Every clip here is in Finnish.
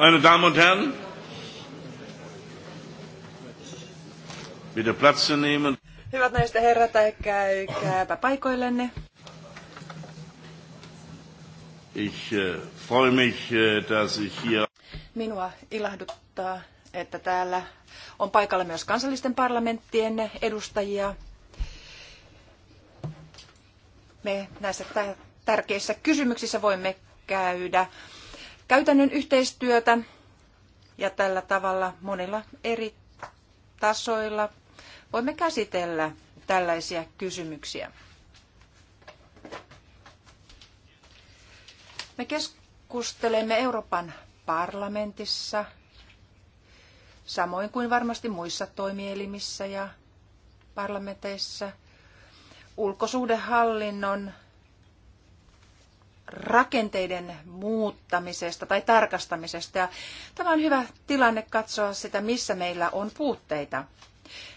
Meine Damen und Herren, bitte Platz zu nehmen. Hyvät naiset ja herrat, käykääpä paikoillenne. Ich äh, freue mich, äh, dass ich hier... Minua ilahduttaa, että täällä on paikalla myös kansallisten parlamenttien edustajia. Me näissä tärkeissä kysymyksissä voimme käydä käytännön yhteistyötä ja tällä tavalla monilla eri tasoilla voimme käsitellä tällaisia kysymyksiä. Me keskustelemme Euroopan parlamentissa, samoin kuin varmasti muissa toimielimissä ja parlamenteissa, ulkosuhdehallinnon rakenteiden muuttamisesta tai tarkastamisesta. Ja tämä on hyvä tilanne katsoa sitä, missä meillä on puutteita.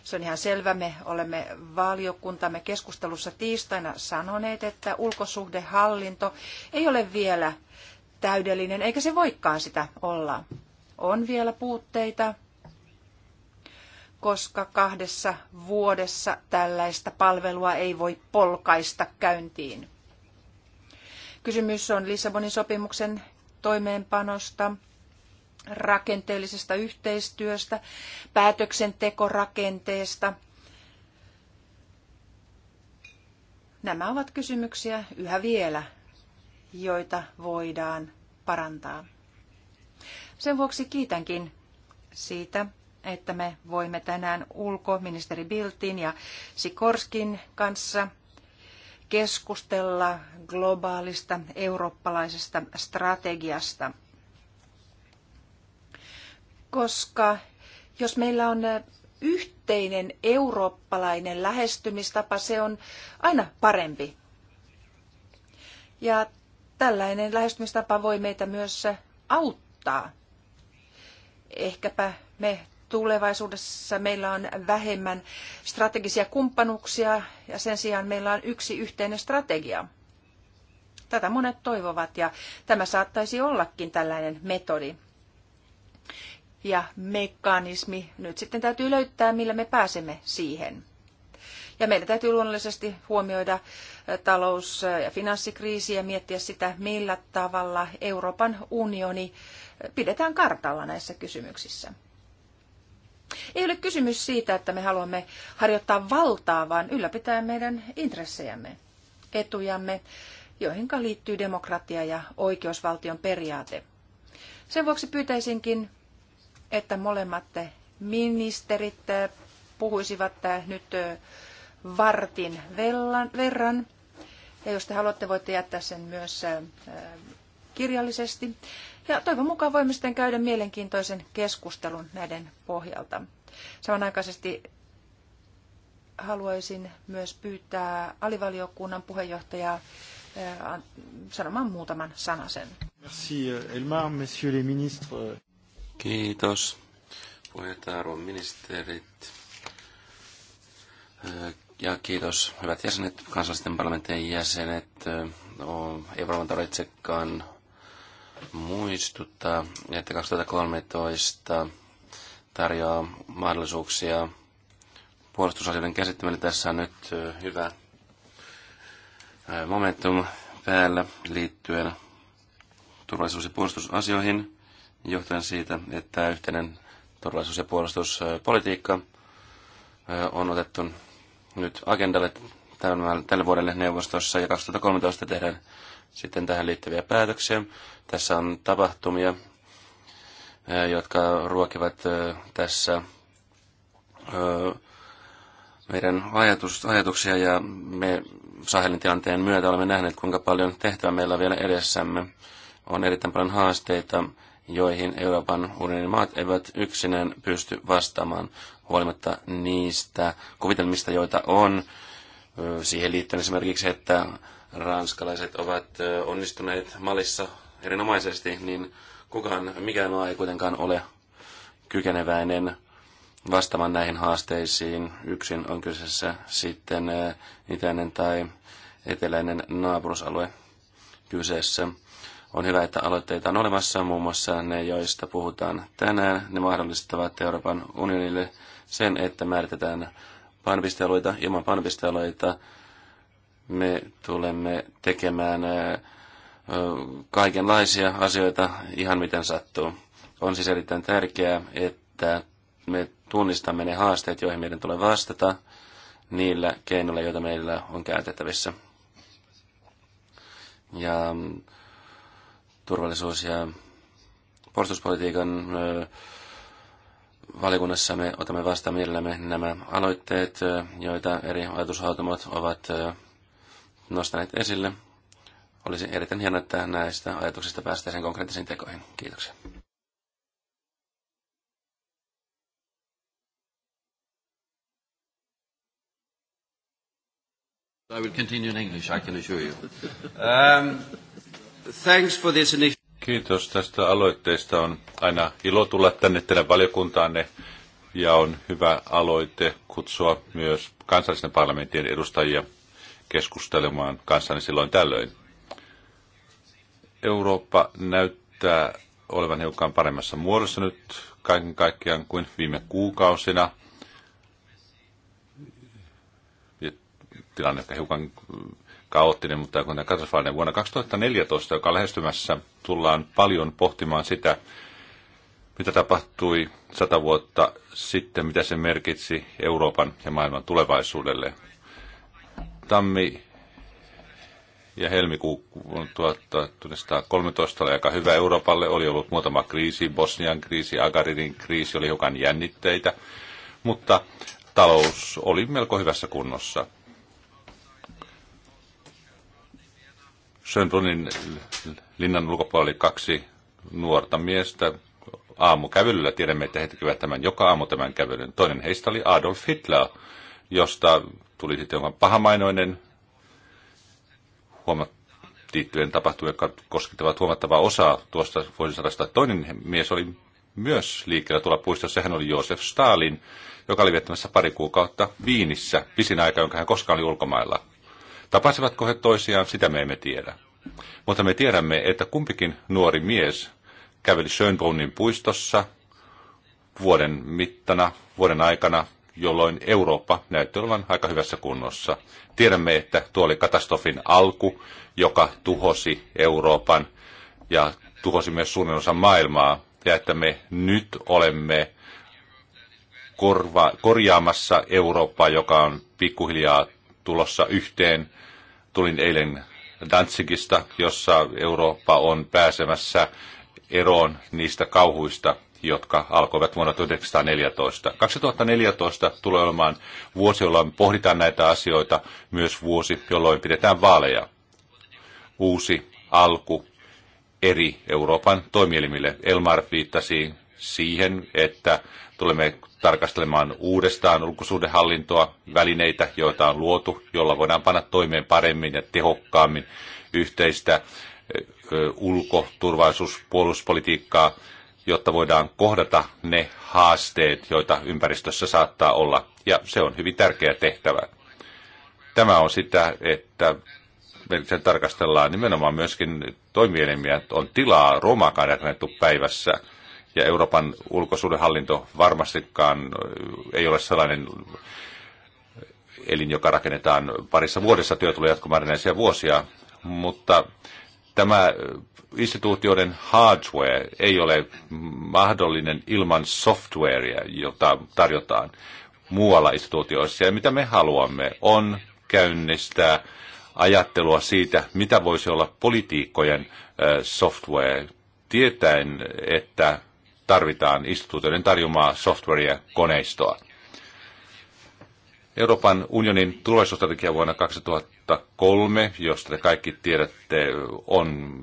Se on ihan selvä. Me olemme valiokuntamme keskustelussa tiistaina sanoneet, että ulkosuhdehallinto ei ole vielä täydellinen, eikä se voikaan sitä olla. On vielä puutteita, koska kahdessa vuodessa tällaista palvelua ei voi polkaista käyntiin. Kysymys on Lissabonin sopimuksen toimeenpanosta, rakenteellisesta yhteistyöstä, päätöksentekorakenteesta. Nämä ovat kysymyksiä yhä vielä, joita voidaan parantaa. Sen vuoksi kiitänkin siitä, että me voimme tänään ulkoministeri Biltin ja Sikorskin kanssa – keskustella globaalista eurooppalaisesta strategiasta. Koska jos meillä on yhteinen eurooppalainen lähestymistapa, se on aina parempi. Ja tällainen lähestymistapa voi meitä myös auttaa. Ehkäpä me tulevaisuudessa meillä on vähemmän strategisia kumppanuuksia ja sen sijaan meillä on yksi yhteinen strategia. Tätä monet toivovat ja tämä saattaisi ollakin tällainen metodi ja mekanismi. Nyt sitten täytyy löytää, millä me pääsemme siihen. Ja meidän täytyy luonnollisesti huomioida talous- ja finanssikriisi ja miettiä sitä, millä tavalla Euroopan unioni pidetään kartalla näissä kysymyksissä. Ei ole kysymys siitä, että me haluamme harjoittaa valtaa, vaan ylläpitää meidän intressejämme, etujamme, joihin liittyy demokratia ja oikeusvaltion periaate. Sen vuoksi pyytäisinkin, että molemmat ministerit äh, puhuisivat äh, nyt äh, vartin verran. Ja jos te haluatte, voitte jättää sen myös kirjallisesti. Ja toivon mukaan voimme sitten käydä mielenkiintoisen keskustelun näiden pohjalta. Samanaikaisesti haluaisin myös pyytää alivaliokunnan puheenjohtajaa eh, sanomaan muutaman sanasen. Merci eh, Elmar, messieurs les ministres. Kiitos puheenjohtaja arvon ministerit. Eh, ja kiitos hyvät jäsenet, kansallisten parlamenttien jäsenet. Ei varmaan tarvitsekaan muistuttaa, että 2013 tarjoaa mahdollisuuksia puolustusasioiden käsittelylle. Tässä on nyt hyvä momentum päällä liittyen turvallisuus- ja puolustusasioihin, johtuen siitä, että yhteinen turvallisuus- ja puolustuspolitiikka on otettu nyt agendalle tälle vuodelle neuvostossa ja 2013 tehdään sitten tähän liittyviä päätöksiä. Tässä on tapahtumia, jotka ruokivat tässä meidän ajatus, ajatuksia ja me Sahelin tilanteen myötä olemme nähneet, kuinka paljon tehtävää meillä on vielä edessämme. On erittäin paljon haasteita, joihin Euroopan unionin maat eivät yksinään pysty vastaamaan, huolimatta niistä kuvitelmista, joita on siihen liittyen esimerkiksi, että ranskalaiset ovat onnistuneet Malissa erinomaisesti, niin kukaan, mikään maa ei kuitenkaan ole kykeneväinen vastaamaan näihin haasteisiin. Yksin on kyseessä sitten itäinen tai eteläinen naapurusalue kyseessä. On hyvä, että aloitteita on olemassa, muun muassa ne, joista puhutaan tänään. Ne mahdollistavat Euroopan unionille sen, että määritetään panvisteloita, Ilman panvisteloita, me tulemme tekemään kaikenlaisia asioita ihan miten sattuu. On siis erittäin tärkeää, että me tunnistamme ne haasteet, joihin meidän tulee vastata niillä keinoilla, joita meillä on käytettävissä. Ja mm, turvallisuus- ja puolustuspolitiikan valiokunnassa me otamme vastaan mielellämme nämä aloitteet, joita eri ajatushautomot ovat nostaneet esille. Olisi erittäin hienoa, että näistä ajatuksista päästäisiin konkreettisiin tekoihin. Kiitoksia. I will continue in English, I can assure you. Um, thanks for this initiative. Kiitos tästä aloitteesta. On aina ilo tulla tänne teidän valiokuntaanne ja on hyvä aloite kutsua myös kansallisten parlamenttien edustajia keskustelemaan kanssani silloin tällöin. Eurooppa näyttää olevan hiukan paremmassa muodossa nyt kaiken kaikkiaan kuin viime kuukausina. Tilanne ehkä hiukan kaoottinen, mutta kuitenkin katastrofaalinen. Vuonna 2014, joka on lähestymässä, tullaan paljon pohtimaan sitä, mitä tapahtui sata vuotta sitten, mitä se merkitsi Euroopan ja maailman tulevaisuudelle. Tammi ja helmikuu 1913 oli aika hyvä Euroopalle. Oli ollut muutama kriisi, Bosnian kriisi, Agaridin kriisi, oli hiukan jännitteitä, mutta talous oli melko hyvässä kunnossa. Schönbrunnin linnan ulkopuolella oli kaksi nuorta miestä aamukävelyllä. Tiedämme, että he tekivät tämän joka aamu tämän kävelyn. Toinen heistä oli Adolf Hitler, josta tuli sitten jonkun pahamainoinen huomattu liittyen tapahtumia, jotka koskettavat huomattavaa osaa tuosta vuosisadasta. Toinen mies oli myös liikkeellä tuolla puistossa, hän oli Josef Stalin, joka oli viettämässä pari kuukautta Viinissä, pisin aika, jonka hän koskaan oli ulkomailla. Tapasivatko he toisiaan, sitä me emme tiedä. Mutta me tiedämme, että kumpikin nuori mies käveli Schönbrunnin puistossa vuoden mittana, vuoden aikana, jolloin Eurooppa näytti olevan aika hyvässä kunnossa. Tiedämme, että tuo oli katastrofin alku, joka tuhosi Euroopan ja tuhosi myös suurin osa maailmaa, ja että me nyt olemme korva, korjaamassa Eurooppaa, joka on pikkuhiljaa tulossa yhteen. Tulin eilen Danzigista, jossa Eurooppa on pääsemässä eroon niistä kauhuista, jotka alkoivat vuonna 1914. 2014 tulee olemaan vuosi, jolloin pohditaan näitä asioita, myös vuosi, jolloin pidetään vaaleja. Uusi alku eri Euroopan toimielimille. Elmar viittasi siihen, että tulemme tarkastelemaan uudestaan ulkosuhdehallintoa, välineitä, joita on luotu, jolla voidaan panna toimeen paremmin ja tehokkaammin yhteistä ulko-, turvallisuus-, puolustuspolitiikkaa, jotta voidaan kohdata ne haasteet, joita ympäristössä saattaa olla. Ja se on hyvin tärkeä tehtävä. Tämä on sitä, että sen tarkastellaan nimenomaan myöskin toimielimiä, on tilaa romakaan päivässä – ja Euroopan ulkosuudenhallinto varmastikaan äh, ei ole sellainen äh, elin, joka rakennetaan parissa vuodessa. Työ tulee jatkumaan vuosia, mutta tämä äh, instituutioiden hardware ei ole mahdollinen ilman softwarea, jota tarjotaan muualla instituutioissa. Ja mitä me haluamme on käynnistää ajattelua siitä, mitä voisi olla politiikkojen software, tietäen, että tarvitaan instituutioiden tarjomaa softwarea koneistoa. Euroopan unionin turvallisuusstrategia vuonna 2003, josta te kaikki tiedätte, on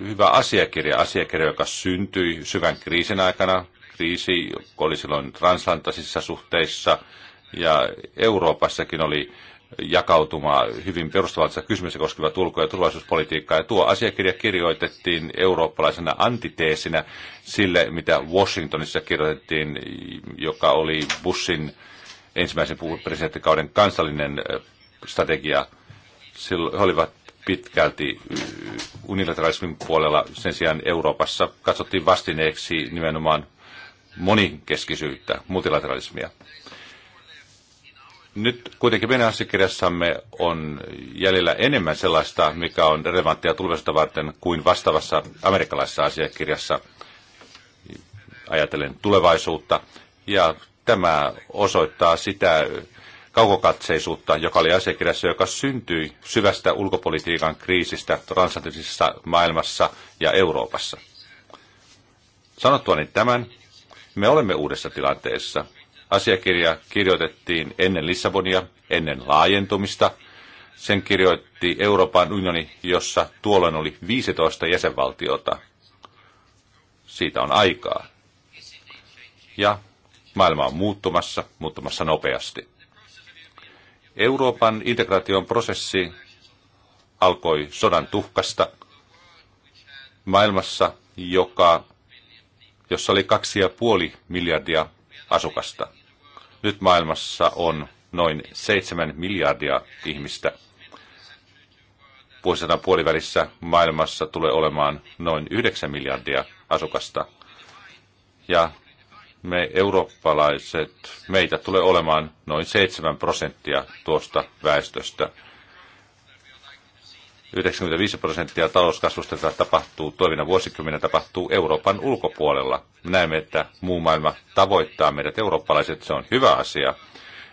hyvä asiakirja, asiakirja, joka syntyi syvän kriisin aikana. Kriisi oli silloin transatlanttisissa suhteissa ja Euroopassakin oli jakautuma hyvin perustavallisessa kysymys koskeva ulko- ja turvallisuuspolitiikkaa. Ja tuo asiakirja kirjoitettiin eurooppalaisena antiteesinä sille, mitä Washingtonissa kirjoitettiin, joka oli Bushin ensimmäisen presidenttikauden kansallinen strategia. Silloin he olivat pitkälti unilateralismin puolella. Sen sijaan Euroopassa katsottiin vastineeksi nimenomaan monikeskisyyttä multilateralismia. Nyt kuitenkin meidän asiakirjassamme on jäljellä enemmän sellaista, mikä on relevanttia tulevaisuutta varten kuin vastaavassa amerikkalaisessa asiakirjassa ajatellen tulevaisuutta. Ja tämä osoittaa sitä kaukokatseisuutta, joka oli asiakirjassa, joka syntyi syvästä ulkopolitiikan kriisistä transatlantisessa maailmassa ja Euroopassa. Sanottuani tämän, me olemme uudessa tilanteessa. Asiakirja kirjoitettiin ennen Lissabonia, ennen laajentumista. Sen kirjoitti Euroopan unioni, jossa tuolloin oli 15 jäsenvaltiota. Siitä on aikaa. Ja maailma on muuttumassa, muuttumassa nopeasti. Euroopan integraation prosessi alkoi sodan tuhkasta maailmassa, joka, jossa oli kaksi ja puoli miljardia asukasta. Nyt maailmassa on noin 7 miljardia ihmistä. Vuosisadan puolivälissä maailmassa tulee olemaan noin 9 miljardia asukasta. Ja me eurooppalaiset, meitä tulee olemaan noin 7 prosenttia tuosta väestöstä. 95 prosenttia talouskasvusta, jota tapahtuu tulevina vuosikymmenen, tapahtuu Euroopan ulkopuolella. Me näemme, että muu maailma tavoittaa meidät eurooppalaiset, se on hyvä asia.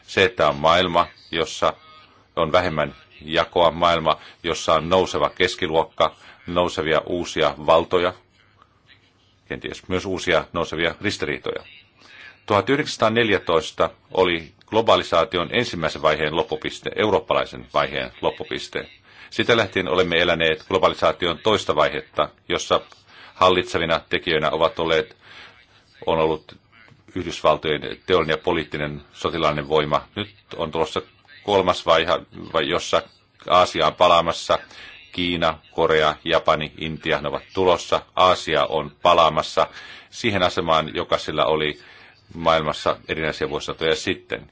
Se, että on maailma, jossa on vähemmän jakoa maailma, jossa on nouseva keskiluokka, nousevia uusia valtoja, kenties myös uusia nousevia ristiriitoja. 1914 oli globalisaation ensimmäisen vaiheen loppupiste, eurooppalaisen vaiheen loppupiste. Sitä lähtien olemme eläneet globalisaation toista vaihetta, jossa hallitsevina tekijöinä ovat olleet, on ollut Yhdysvaltojen teollinen ja poliittinen sotilaallinen voima. Nyt on tulossa kolmas vaihe, jossa Aasia on palaamassa. Kiina, Korea, Japani, Intia, ne ovat tulossa. Aasia on palaamassa siihen asemaan, joka sillä oli maailmassa erinäisiä vuosisatoja sitten.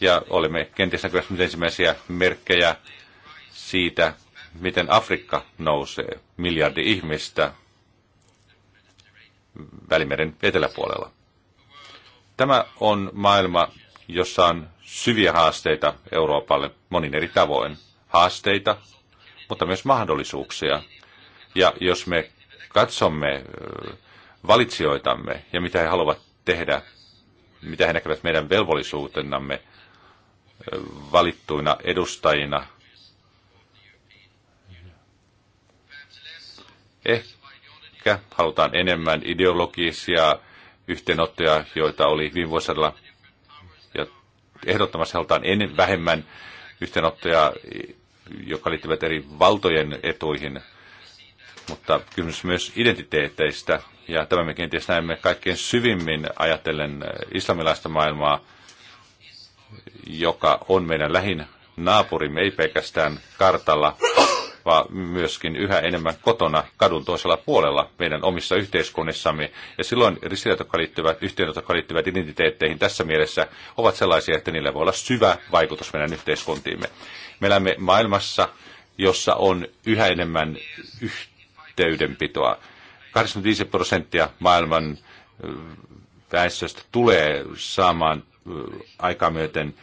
Ja olemme kenties näkyvästi ensimmäisiä merkkejä siitä, miten Afrikka nousee miljardi ihmistä Välimeren eteläpuolella. Tämä on maailma, jossa on syviä haasteita Euroopalle monin eri tavoin. Haasteita, mutta myös mahdollisuuksia. Ja jos me katsomme valitsijoitamme ja mitä he haluavat tehdä, mitä he näkevät meidän velvollisuutenamme valittuina edustajina – Ehkä halutaan enemmän ideologisia yhteenottoja, joita oli viime vuosilla, ja ehdottomasti halutaan en, vähemmän yhteenottoja, jotka liittyvät eri valtojen etuihin, mutta kysymys myös identiteetteistä, ja tämä me kenties näemme kaikkein syvimmin ajatellen islamilaista maailmaa, joka on meidän lähin naapurimme, ei pelkästään kartalla, vaan myöskin yhä enemmän kotona kadun toisella puolella meidän omissa yhteiskunnissamme. Ja silloin ristiriidat, jotka liittyvät, yhteydet, jotka liittyvät identiteetteihin tässä mielessä, ovat sellaisia, että niillä voi olla syvä vaikutus meidän yhteiskuntiimme. Me elämme maailmassa, jossa on yhä enemmän yhteydenpitoa. 85 prosenttia maailman väestöstä tulee saamaan aikaa myöten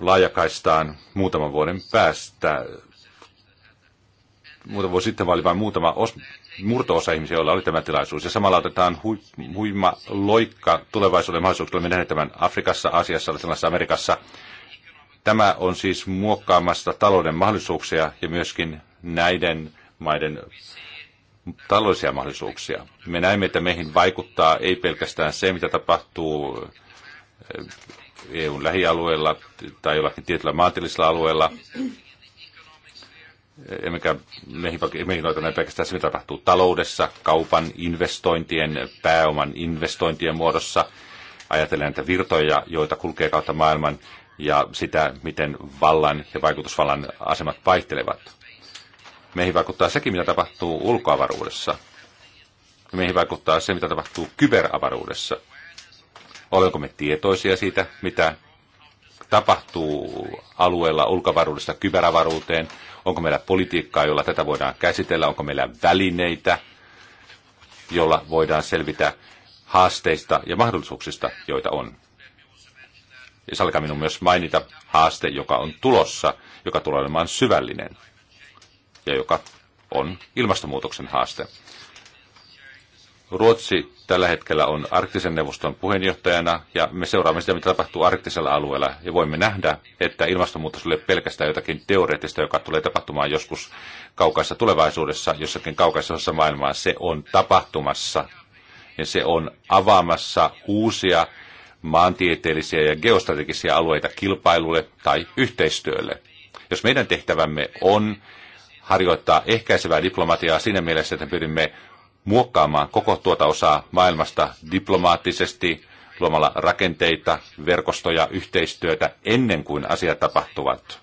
laajakaistaan muutaman vuoden päästä. Muutama vuosi sitten oli vain muutama os, murto-osa ihmisiä, joilla oli tämä tilaisuus. Ja samalla otetaan hui, huima loikka tulevaisuuden mahdollisuuksia. Me nähdään tämän Afrikassa, Aasiassa, Latinalaisessa Amerikassa. Tämä on siis muokkaamassa talouden mahdollisuuksia ja myöskin näiden maiden taloudellisia mahdollisuuksia. Me näemme, että meihin vaikuttaa ei pelkästään se, mitä tapahtuu EUn lähialueella tai jollakin tietyllä maantillisella alueella. Emmekä meihin näin pelkästään se, mitä tapahtuu taloudessa, kaupan, investointien, pääoman investointien muodossa. Ajatellen näitä virtoja, joita kulkee kautta maailman ja sitä, miten vallan ja vaikutusvallan asemat vaihtelevat. Meihin vaikuttaa sekin, mitä tapahtuu ulkoavaruudessa. Meihin vaikuttaa se, mitä tapahtuu kyberavaruudessa – Olemmeko me tietoisia siitä, mitä tapahtuu alueella ulkovaruudesta kyberavaruuteen? Onko meillä politiikkaa, jolla tätä voidaan käsitellä? Onko meillä välineitä, jolla voidaan selvitä haasteista ja mahdollisuuksista, joita on? Ja salkaa minun myös mainita haaste, joka on tulossa, joka tulee olemaan syvällinen ja joka on ilmastonmuutoksen haaste. Ruotsi tällä hetkellä on arktisen neuvoston puheenjohtajana ja me seuraamme sitä, mitä tapahtuu arktisella alueella ja voimme nähdä, että ilmastonmuutos ei ole pelkästään jotakin teoreettista, joka tulee tapahtumaan joskus kaukaisessa tulevaisuudessa, jossakin kaukaisessa maailmaa. Se on tapahtumassa ja se on avaamassa uusia maantieteellisiä ja geostrategisia alueita kilpailulle tai yhteistyölle. Jos meidän tehtävämme on harjoittaa ehkäisevää diplomatiaa siinä mielessä, että pyrimme muokkaamaan koko tuota osaa maailmasta diplomaattisesti, luomalla rakenteita, verkostoja, yhteistyötä ennen kuin asiat tapahtuvat.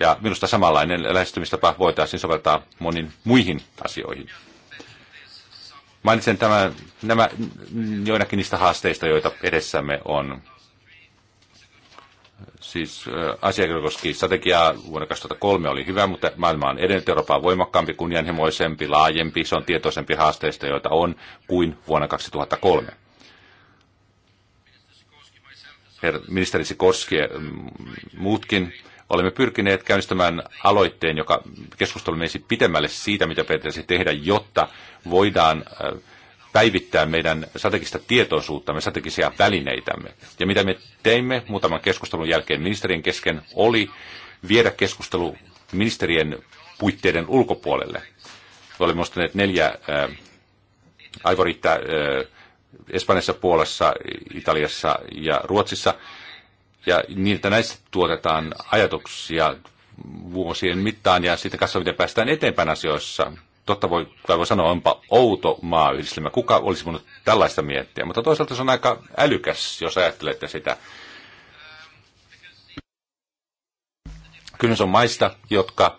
Ja minusta samanlainen lähestymistapa voitaisiin soveltaa moniin muihin asioihin. Mainitsen tämän, nämä joinakin niistä haasteista, joita edessämme on. Siis asia, joka koski strategiaa vuonna 2003 oli hyvä, mutta maailma on edennyt, Eurooppa voimakkaampi, kunnianhimoisempi, laajempi, se on tietoisempi haasteista, joita on, kuin vuonna 2003 ministeri Sikorski ja mm, muutkin, olemme pyrkineet käynnistämään aloitteen, joka keskustelu menisi pitemmälle siitä, mitä pitäisi tehdä, jotta voidaan päivittää meidän strategista tietoisuuttamme, strategisia välineitämme. Ja mitä me teimme muutaman keskustelun jälkeen ministerien kesken oli viedä keskustelu ministerien puitteiden ulkopuolelle. Me olemme ostaneet neljä äh, aivoriittää äh, Espanjassa, Puolassa, Italiassa ja Ruotsissa. Ja niin, että näistä tuotetaan ajatuksia vuosien mittaan ja sitten katsotaan, miten päästään eteenpäin asioissa totta voi, tai voi sanoa, onpa outo maayhdistelmä. Kuka olisi voinut tällaista miettiä? Mutta toisaalta se on aika älykäs, jos ajattelette sitä. se on maista, jotka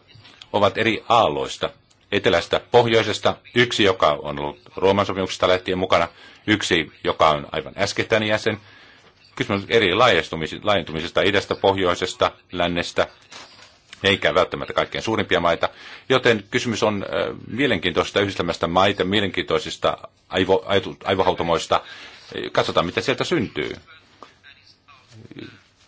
ovat eri aalloista. Etelästä, pohjoisesta, yksi, joka on ollut Rooman sopimuksesta lähtien mukana, yksi, joka on aivan äskettäin jäsen. Kysymys eri laajentumisesta, idästä, pohjoisesta, lännestä, eikä välttämättä kaikkein suurimpia maita. Joten kysymys on äh, mielenkiintoisesta yhdistelmästä maita, mielenkiintoisista aivo, aivohautomoista. Katsotaan, mitä sieltä syntyy.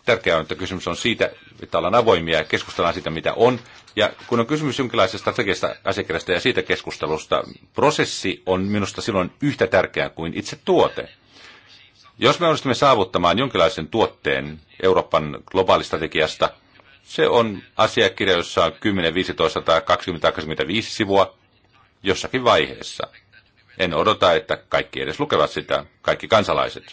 Tärkeää on, että kysymys on siitä, että ollaan avoimia ja keskustellaan siitä, mitä on. Ja kun on kysymys jonkinlaisesta strategisesta asiakirjasta ja siitä keskustelusta, prosessi on minusta silloin yhtä tärkeä kuin itse tuote. Jos me onnistumme saavuttamaan jonkinlaisen tuotteen Euroopan globaalistrategiasta – se on asiakirja, jossa on 10, 15 tai 20 25 sivua jossakin vaiheessa. En odota, että kaikki edes lukevat sitä, kaikki kansalaiset.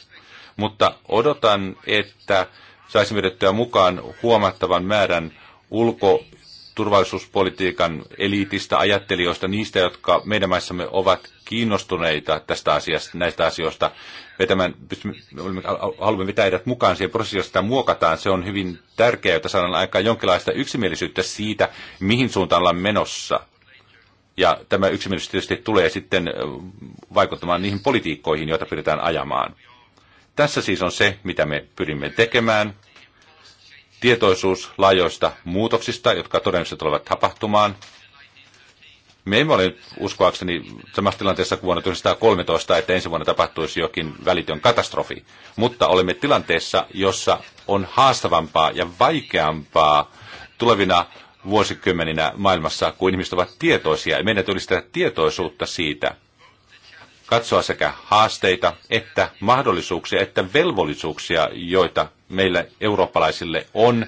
Mutta odotan, että saisimme vedettyä mukaan huomattavan määrän ulko- turvallisuuspolitiikan eliitistä ajattelijoista, niistä, jotka meidän maissamme ovat kiinnostuneita tästä asiasta, näistä asioista. Vetämään, haluamme vetää edät mukaan siihen prosessiin, sitä muokataan. Se on hyvin tärkeää, että saadaan aikaan jonkinlaista yksimielisyyttä siitä, mihin suuntaan ollaan menossa. Ja tämä yksimielisyys tietysti tulee sitten vaikuttamaan niihin politiikkoihin, joita pyritään ajamaan. Tässä siis on se, mitä me pyrimme tekemään tietoisuus laajoista muutoksista, jotka todennäköisesti tulevat tapahtumaan. Me emme ole uskoakseni samassa tilanteessa kuin vuonna 1913, että ensi vuonna tapahtuisi jokin välitön katastrofi, mutta olemme tilanteessa, jossa on haastavampaa ja vaikeampaa tulevina vuosikymmeninä maailmassa, kuin ihmiset ovat tietoisia. Meidän tulisi tehdä tietoisuutta siitä, katsoa sekä haasteita että mahdollisuuksia että velvollisuuksia, joita meillä eurooppalaisille on,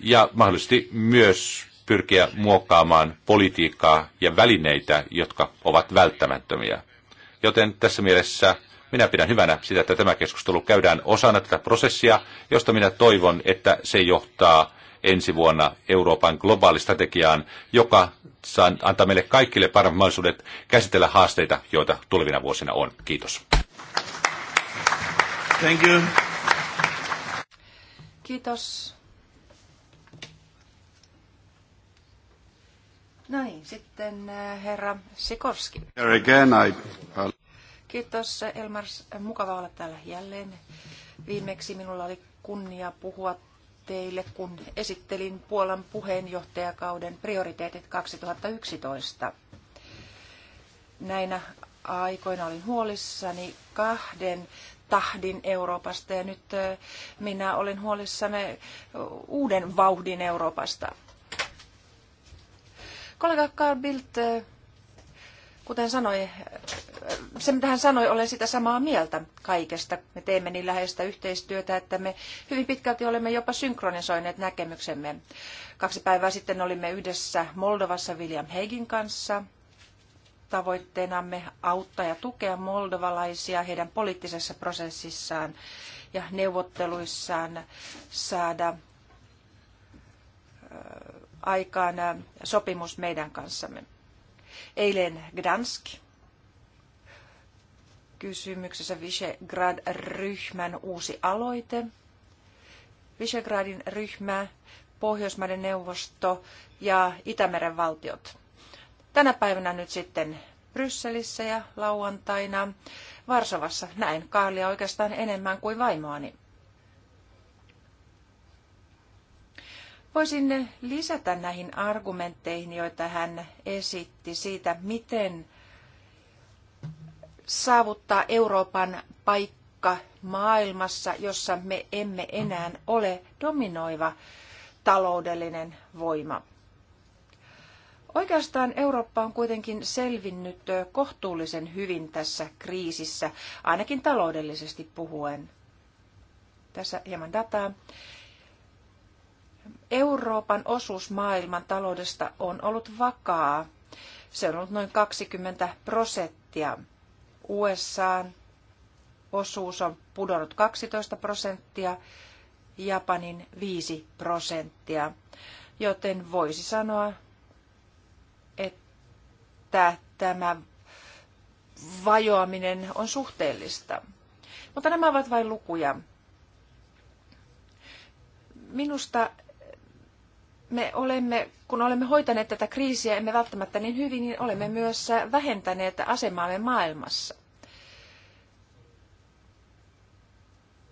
ja mahdollisesti myös pyrkiä muokkaamaan politiikkaa ja välineitä, jotka ovat välttämättömiä. Joten tässä mielessä minä pidän hyvänä sitä, että tämä keskustelu käydään osana tätä prosessia, josta minä toivon, että se johtaa ensi vuonna Euroopan globaalistrategiaan, joka saa, antaa meille kaikille paremmat mahdollisuudet käsitellä haasteita, joita tulevina vuosina on. Kiitos. Thank you. Kiitos. Näin sitten äh, herra Sikorski. Again I... Kiitos Elmar, mukava olla täällä jälleen. Viimeksi minulla oli kunnia puhua teille, kun esittelin Puolan puheenjohtajakauden prioriteetit 2011. Näinä aikoina olin huolissani kahden tahdin Euroopasta ja nyt minä olen huolissani uuden vauhdin Euroopasta. Kollega Carl Bildt, kuten sanoi, se mitä hän sanoi, olen sitä samaa mieltä kaikesta. Me teemme niin läheistä yhteistyötä, että me hyvin pitkälti olemme jopa synkronisoineet näkemyksemme. Kaksi päivää sitten olimme yhdessä Moldovassa William Heigin kanssa – tavoitteenamme auttaa ja tukea moldovalaisia heidän poliittisessa prosessissaan ja neuvotteluissaan saada aikaan sopimus meidän kanssamme. Eilen Gdansk kysymyksessä Visegrad-ryhmän uusi aloite. Visegradin ryhmä, Pohjoismaiden neuvosto ja Itämeren valtiot tänä päivänä nyt sitten Brysselissä ja lauantaina Varsovassa näin Kaalia oikeastaan enemmän kuin vaimoani. Voisin lisätä näihin argumentteihin, joita hän esitti siitä, miten saavuttaa Euroopan paikka maailmassa, jossa me emme enää ole dominoiva taloudellinen voima. Oikeastaan Eurooppa on kuitenkin selvinnyt kohtuullisen hyvin tässä kriisissä, ainakin taloudellisesti puhuen. Tässä hieman dataa. Euroopan osuus maailman taloudesta on ollut vakaa. Se on ollut noin 20 prosenttia. USAn osuus on pudonnut 12 prosenttia, Japanin 5 prosenttia. Joten voisi sanoa, että tämä vajoaminen on suhteellista. Mutta nämä ovat vain lukuja. Minusta me olemme, kun olemme hoitaneet tätä kriisiä, emme välttämättä niin hyvin, niin olemme myös vähentäneet asemaamme maailmassa.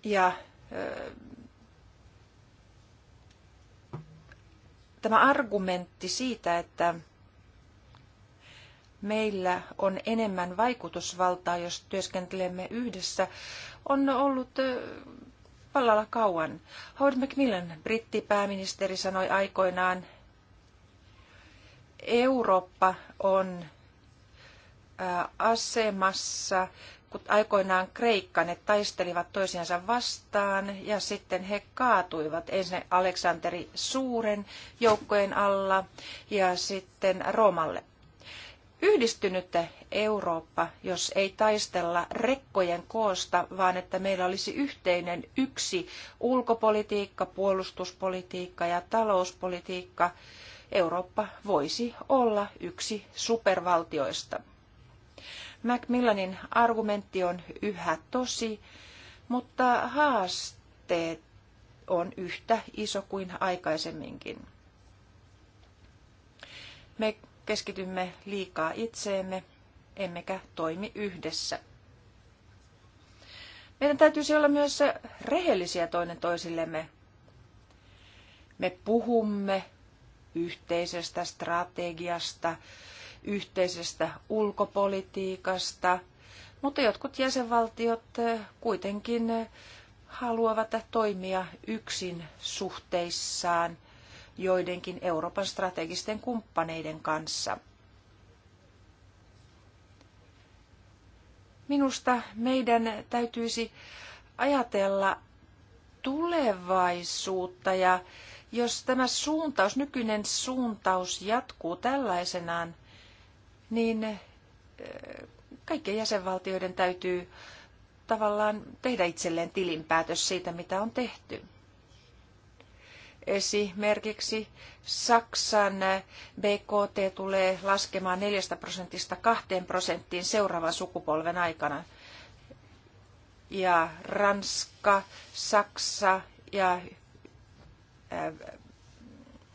Ja tämä argumentti siitä, että meillä on enemmän vaikutusvaltaa, jos työskentelemme yhdessä, on ollut vallalla kauan. Howard Macmillan, brittipääministeri, sanoi aikoinaan, Eurooppa on asemassa, kun aikoinaan Kreikka, ne taistelivat toisiansa vastaan ja sitten he kaatuivat ensin Aleksanteri Suuren joukkojen alla ja sitten Roomalle yhdistynyt Eurooppa, jos ei taistella rekkojen koosta, vaan että meillä olisi yhteinen yksi ulkopolitiikka, puolustuspolitiikka ja talouspolitiikka, Eurooppa voisi olla yksi supervaltioista. Macmillanin argumentti on yhä tosi, mutta haasteet on yhtä iso kuin aikaisemminkin. Me keskitymme liikaa itseemme, emmekä toimi yhdessä. Meidän täytyisi olla myös rehellisiä toinen toisillemme. Me puhumme yhteisestä strategiasta, yhteisestä ulkopolitiikasta, mutta jotkut jäsenvaltiot kuitenkin haluavat toimia yksin suhteissaan joidenkin Euroopan strategisten kumppaneiden kanssa. Minusta meidän täytyisi ajatella tulevaisuutta ja jos tämä suuntaus, nykyinen suuntaus jatkuu tällaisenaan, niin kaikkien jäsenvaltioiden täytyy tavallaan tehdä itselleen tilinpäätös siitä, mitä on tehty. Esimerkiksi Saksan BKT tulee laskemaan 4 prosentista 2 prosenttiin seuraavan sukupolven aikana. Ja Ranska, Saksa ja äh,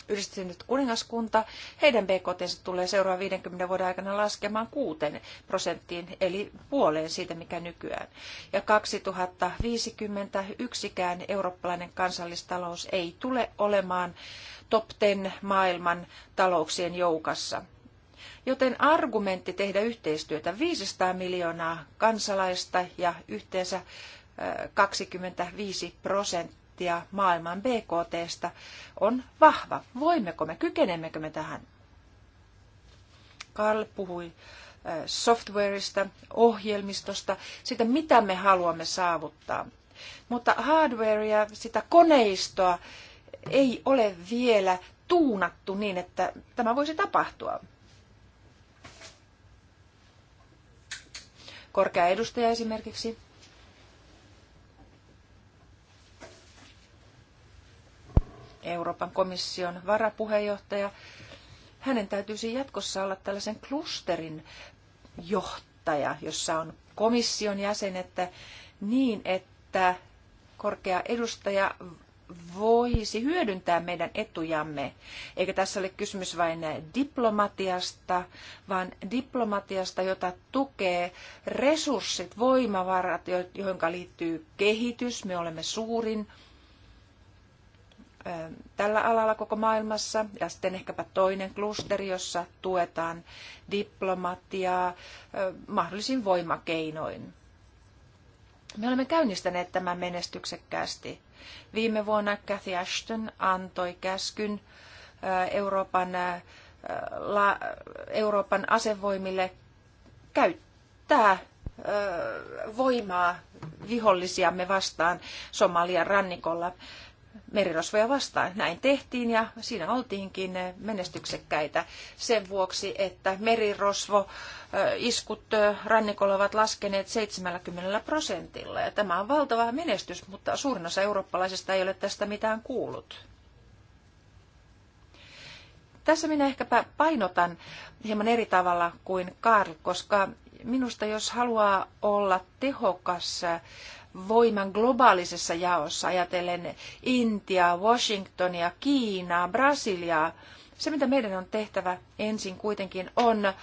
yhdistynyt kuningaskunta, heidän BKT tulee seuraavan 50 vuoden aikana laskemaan 6 prosenttiin, eli puoleen siitä, mikä nykyään. Ja 2050 yksikään eurooppalainen kansallistalous ei tule olemaan top 10 maailman talouksien joukassa. Joten argumentti tehdä yhteistyötä 500 miljoonaa kansalaista ja yhteensä 25 prosenttia prosenttia maailman BKTstä on vahva. Voimmeko me, kykenemmekö me tähän? Karl puhui äh, softwareista, ohjelmistosta, sitä mitä me haluamme saavuttaa. Mutta hardwarea, sitä koneistoa ei ole vielä tuunattu niin, että tämä voisi tapahtua. Korkea edustaja esimerkiksi Euroopan komission varapuheenjohtaja, hänen täytyisi jatkossa olla tällaisen klusterin johtaja, jossa on komission jäsenet niin, että korkea edustaja voisi hyödyntää meidän etujamme. Eikä tässä ole kysymys vain diplomatiasta, vaan diplomatiasta, jota tukee resurssit, voimavarat, joihin liittyy kehitys. Me olemme suurin tällä alalla koko maailmassa. Ja sitten ehkäpä toinen klusteri, jossa tuetaan diplomatiaa mahdollisin voimakeinoin. Me olemme käynnistäneet tämän menestyksekkäästi. Viime vuonna Cathy Ashton antoi käskyn Euroopan, Euroopan asevoimille käyttää voimaa vihollisiamme vastaan Somalian rannikolla merirosvoja vastaan. Näin tehtiin ja siinä oltiinkin menestyksekkäitä sen vuoksi, että merirosvo iskut rannikolla ovat laskeneet 70 prosentilla. Ja tämä on valtava menestys, mutta suurin osa eurooppalaisista ei ole tästä mitään kuullut. Tässä minä ehkä painotan hieman eri tavalla kuin Karl, koska minusta jos haluaa olla tehokas voiman globaalisessa jaossa, ajatellen Intiaa, Washingtonia, Kiinaa, Brasiliaa. Se, mitä meidän on tehtävä ensin kuitenkin, on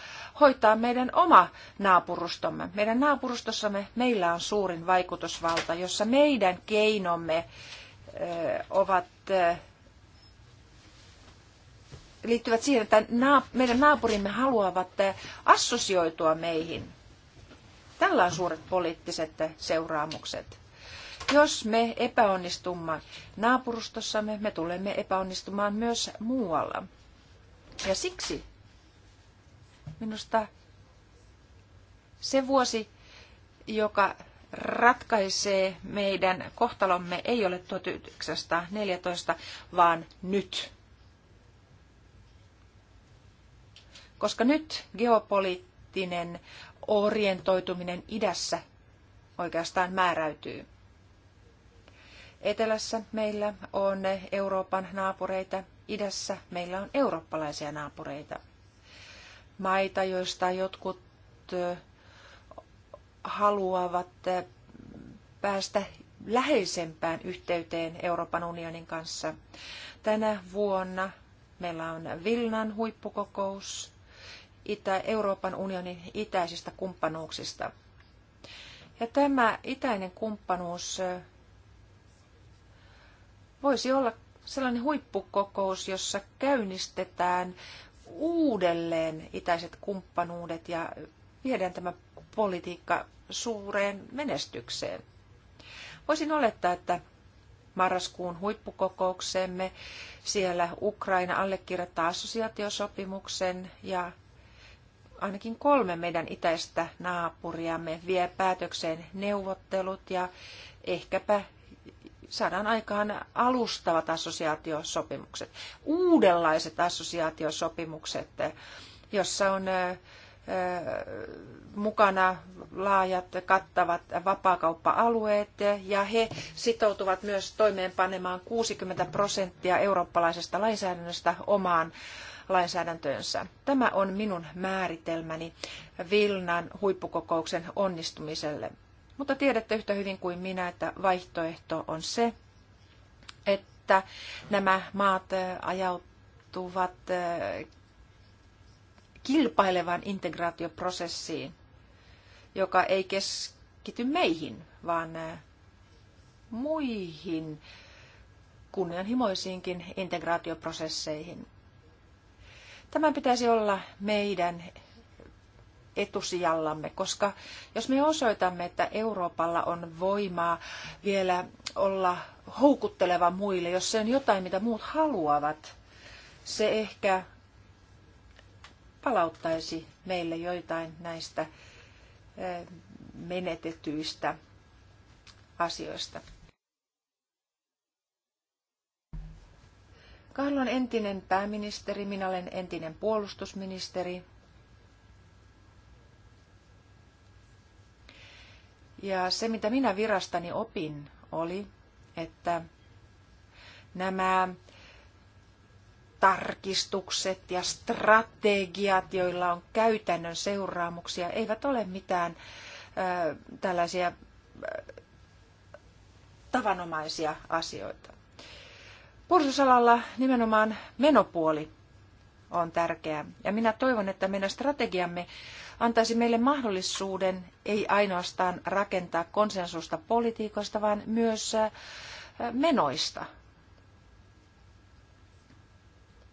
hoitaa meidän oma naapurustomme. Meidän naapurustossamme meillä on suurin vaikutusvalta, jossa meidän keinomme ovat, liittyvät siihen, että meidän naapurimme haluavat assosioitua meihin – Tällä on suuret poliittiset seuraamukset. Jos me epäonnistumme naapurustossamme, me tulemme epäonnistumaan myös muualla. Ja siksi minusta se vuosi, joka ratkaisee meidän kohtalomme, ei ole 1914, vaan nyt. Koska nyt geopoliittinen orientoituminen idässä oikeastaan määräytyy. Etelässä meillä on Euroopan naapureita, idässä meillä on eurooppalaisia naapureita. Maita, joista jotkut haluavat päästä läheisempään yhteyteen Euroopan unionin kanssa. Tänä vuonna meillä on Vilnan huippukokous Itä, Euroopan unionin itäisistä kumppanuuksista. Ja tämä itäinen kumppanuus voisi olla sellainen huippukokous, jossa käynnistetään uudelleen itäiset kumppanuudet ja viedään tämä politiikka suureen menestykseen. Voisin olettaa, että marraskuun huippukokoukseemme siellä Ukraina allekirjoittaa assosiaatiosopimuksen ja ainakin kolme meidän itäistä naapuriamme vie päätökseen neuvottelut ja ehkäpä saadaan aikaan alustavat assosiaatiosopimukset, uudenlaiset assosiaatiosopimukset, jossa on mukana laajat kattavat vapaakauppa-alueet ja he sitoutuvat myös toimeenpanemaan 60 prosenttia eurooppalaisesta lainsäädännöstä omaan lainsäädäntöönsä. Tämä on minun määritelmäni Vilnan huippukokouksen onnistumiselle. Mutta tiedätte yhtä hyvin kuin minä, että vaihtoehto on se, että nämä maat äh, ajautuvat äh, kilpailevan integraatioprosessiin, joka ei keskity meihin, vaan äh, muihin kunnianhimoisiinkin integraatioprosesseihin. Tämän pitäisi olla meidän etusijallamme, koska jos me osoitamme, että Euroopalla on voimaa vielä olla houkutteleva muille, jos se on jotain, mitä muut haluavat, se ehkä palauttaisi meille joitain näistä eh, menetetyistä asioista. Karl on entinen pääministeri, minä olen entinen puolustusministeri. Ja se, mitä minä virastani opin, oli, että nämä tarkistukset ja strategiat, joilla on käytännön seuraamuksia, eivät ole mitään tällaisia ö, tavanomaisia asioita. Puolustusalalla nimenomaan menopuoli on tärkeä Ja minä toivon, että meidän strategiamme antaisi meille mahdollisuuden ei ainoastaan rakentaa konsensusta politiikoista, vaan myös äh, menoista.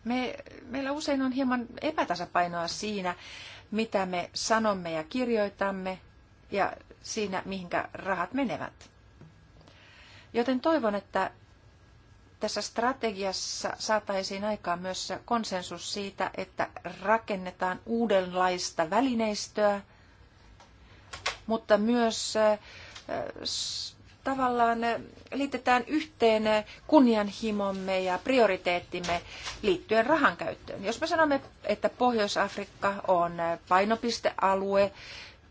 Me, meillä usein on hieman epätasapainoa siinä, mitä me sanomme ja kirjoitamme ja siinä, mihinkä rahat menevät. Joten toivon, että tässä strategiassa saataisiin aikaan myös konsensus siitä, että rakennetaan uudenlaista välineistöä, mutta myös tavallaan liitetään yhteen kunnianhimomme ja prioriteettimme liittyen rahankäyttöön. Jos me sanomme, että Pohjois-Afrikka on painopistealue,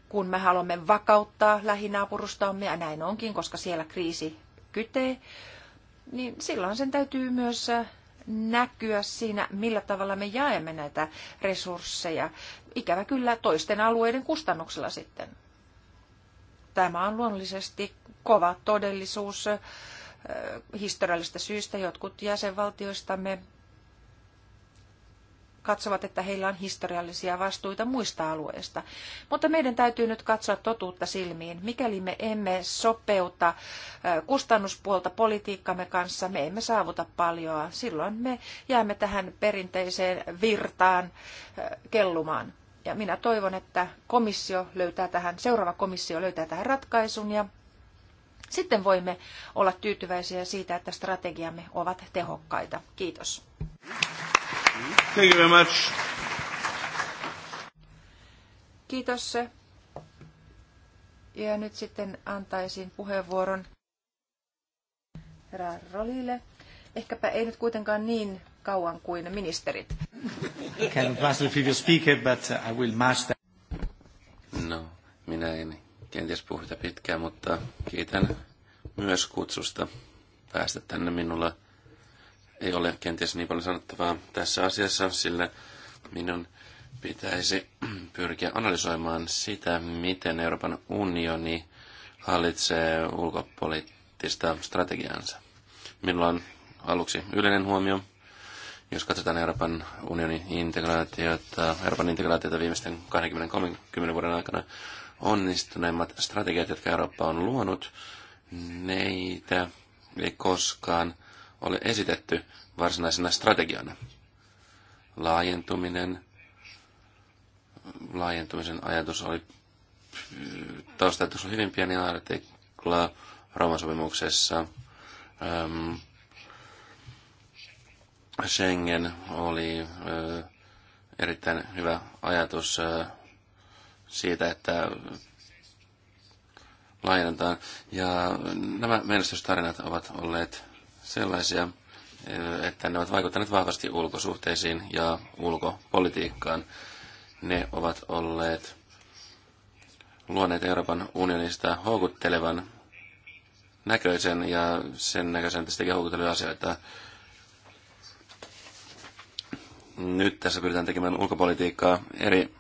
kun me haluamme vakauttaa lähinaapurustamme, ja näin onkin, koska siellä kriisi kytee, niin silloin sen täytyy myös näkyä siinä, millä tavalla me jaemme näitä resursseja. Ikävä kyllä toisten alueiden kustannuksella sitten. Tämä on luonnollisesti kova todellisuus historiallisista syistä. Jotkut jäsenvaltioistamme katsovat, että heillä on historiallisia vastuita muista alueista. Mutta meidän täytyy nyt katsoa totuutta silmiin. Mikäli me emme sopeuta kustannuspuolta politiikkamme kanssa, me emme saavuta paljoa. Silloin me jäämme tähän perinteiseen virtaan kellumaan. Ja minä toivon, että komissio löytää tähän, seuraava komissio löytää tähän ratkaisun ja sitten voimme olla tyytyväisiä siitä, että strategiamme ovat tehokkaita. Kiitos. Thank you very much. Kiitos. Ja nyt sitten antaisin puheenvuoron herra Rolille. Ehkäpä ei nyt kuitenkaan niin kauan kuin ministerit. Can pass the previous speaker, but uh, I will match No, minä en kenties puhuta pitkään, mutta kiitän myös kutsusta päästä tänne. Minulla ei ole kenties niin paljon sanottavaa tässä asiassa, sillä minun pitäisi pyrkiä analysoimaan sitä, miten Euroopan unioni hallitsee ulkopoliittista strategiansa. Minulla on aluksi yleinen huomio. Jos katsotaan Euroopan unionin integraatiota, Euroopan integraatiota viimeisten 20-30 vuoden aikana, onnistuneimmat strategiat, jotka Eurooppa on luonut, neitä ei koskaan – ole esitetty varsinaisena strategiana. Laajentuminen, laajentumisen ajatus oli, äh, taustatus oli hyvin pieni artikla Rooman sopimuksessa. Ähm, Schengen oli äh, erittäin hyvä ajatus äh, siitä, että laajennetaan. Ja nämä menestystarinat ovat olleet sellaisia, eh, että ne ovat vaikuttaneet vahvasti ulkosuhteisiin ja ulkopolitiikkaan. Ne ovat olleet luoneet Euroopan unionista houkuttelevan näköisen ja sen näköisen tästä houkuttelevia asioita. Nyt tässä pyritään tekemään ulkopolitiikkaa eri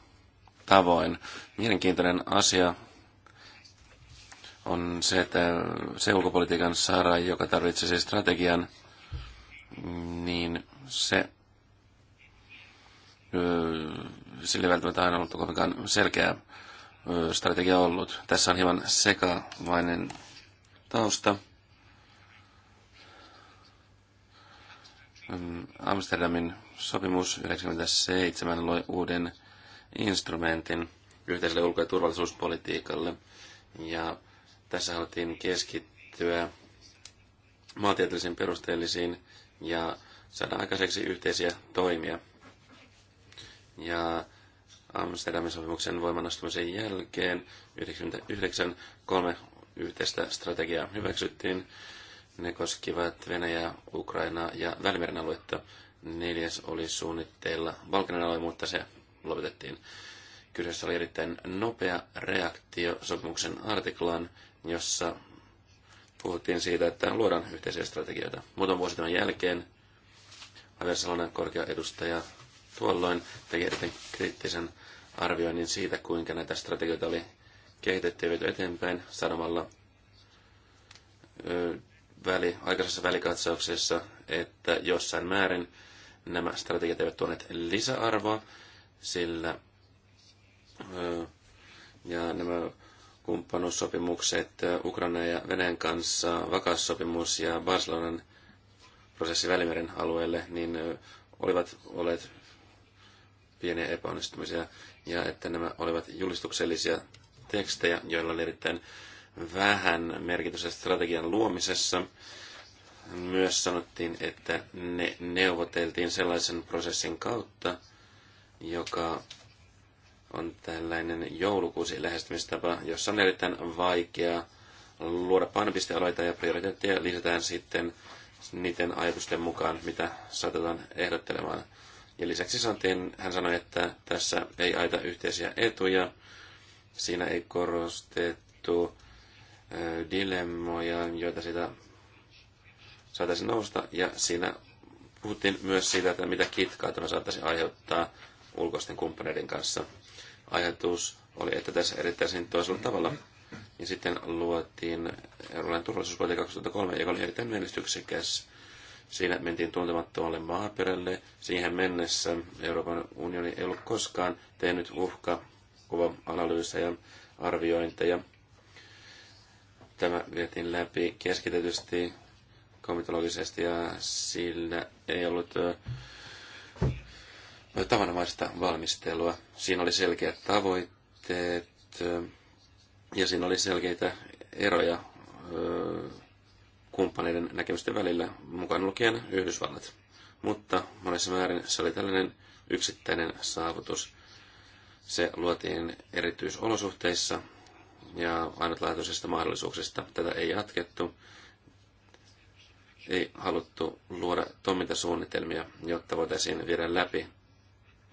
tavoin. Mielenkiintoinen asia on se, että se ulkopolitiikan saara, joka tarvitsee strategian, niin se sille välttämättä aina ollut kovinkaan selkeä strategia ollut. Tässä on hieman sekavainen tausta. Amsterdamin sopimus 97 loi uuden instrumentin yhteiselle ulko- ja turvallisuuspolitiikalle. Ja tässä haluttiin keskittyä maantieteellisiin perusteellisiin ja saada aikaiseksi yhteisiä toimia. Ja Amsterdamin sopimuksen voimanastumisen jälkeen 99 kolme yhteistä strategiaa hyväksyttiin. Ne koskivat Venäjää, Ukrainaa ja Välimeren aluetta. Neljäs oli suunnitteilla Balkanin alue, mutta se lopetettiin. Kyseessä oli erittäin nopea reaktio sopimuksen artiklaan, jossa puhuttiin siitä, että luodaan yhteisiä strategioita. Muutaman vuosi tämän jälkeen Aversalonen korkea edustaja tuolloin teki erittäin kriittisen arvioinnin siitä, kuinka näitä strategioita oli kehitetty ja viety eteenpäin sanomalla väli, aikaisessa välikatsauksessa, että jossain määrin nämä strategiat eivät tuoneet lisäarvoa, sillä ja nämä kumppanuussopimukset Ukraina ja Venäjän kanssa, vakaussopimus ja Barcelonan prosessi Välimeren alueelle, niin olivat olleet pieniä epäonnistumisia ja että nämä olivat julistuksellisia tekstejä, joilla oli erittäin vähän merkitystä strategian luomisessa. Myös sanottiin, että ne neuvoteltiin sellaisen prosessin kautta, joka on tällainen joulukuusi lähestymistapa, jossa on erittäin vaikea luoda painopistealoita ja prioriteetteja lisätään sitten niiden ajatusten mukaan, mitä saatetaan ehdottelemaan. Ja lisäksi sanottiin, hän sanoi, että tässä ei aita yhteisiä etuja, siinä ei korostettu dilemmoja, joita sitä saataisiin nousta, ja siinä puhuttiin myös siitä, että mitä kitkaa tämä saattaisi aiheuttaa ulkoisten kumppaneiden kanssa ajatus oli, että tässä erittäin toisella tavalla. Ja sitten luotiin Euroopan turvallisuusvuoteen 2003, joka oli erittäin menestyksekäs. Siinä mentiin tuntemattomalle maaperälle. Siihen mennessä Euroopan unioni ei ollut koskaan tehnyt uhkakuva-analyysejä, arviointeja. Tämä vietiin läpi keskitetysti, komitologisesti ja sillä ei ollut tavanomaista valmistelua. Siinä oli selkeät tavoitteet ja siinä oli selkeitä eroja kumppaneiden näkemysten välillä, mukaan lukien Yhdysvallat. Mutta monessa määrin se oli tällainen yksittäinen saavutus. Se luotiin erityisolosuhteissa ja ainutlaatuisista mahdollisuuksista. Tätä ei jatkettu. Ei haluttu luoda toimintasuunnitelmia, jotta voitaisiin viedä läpi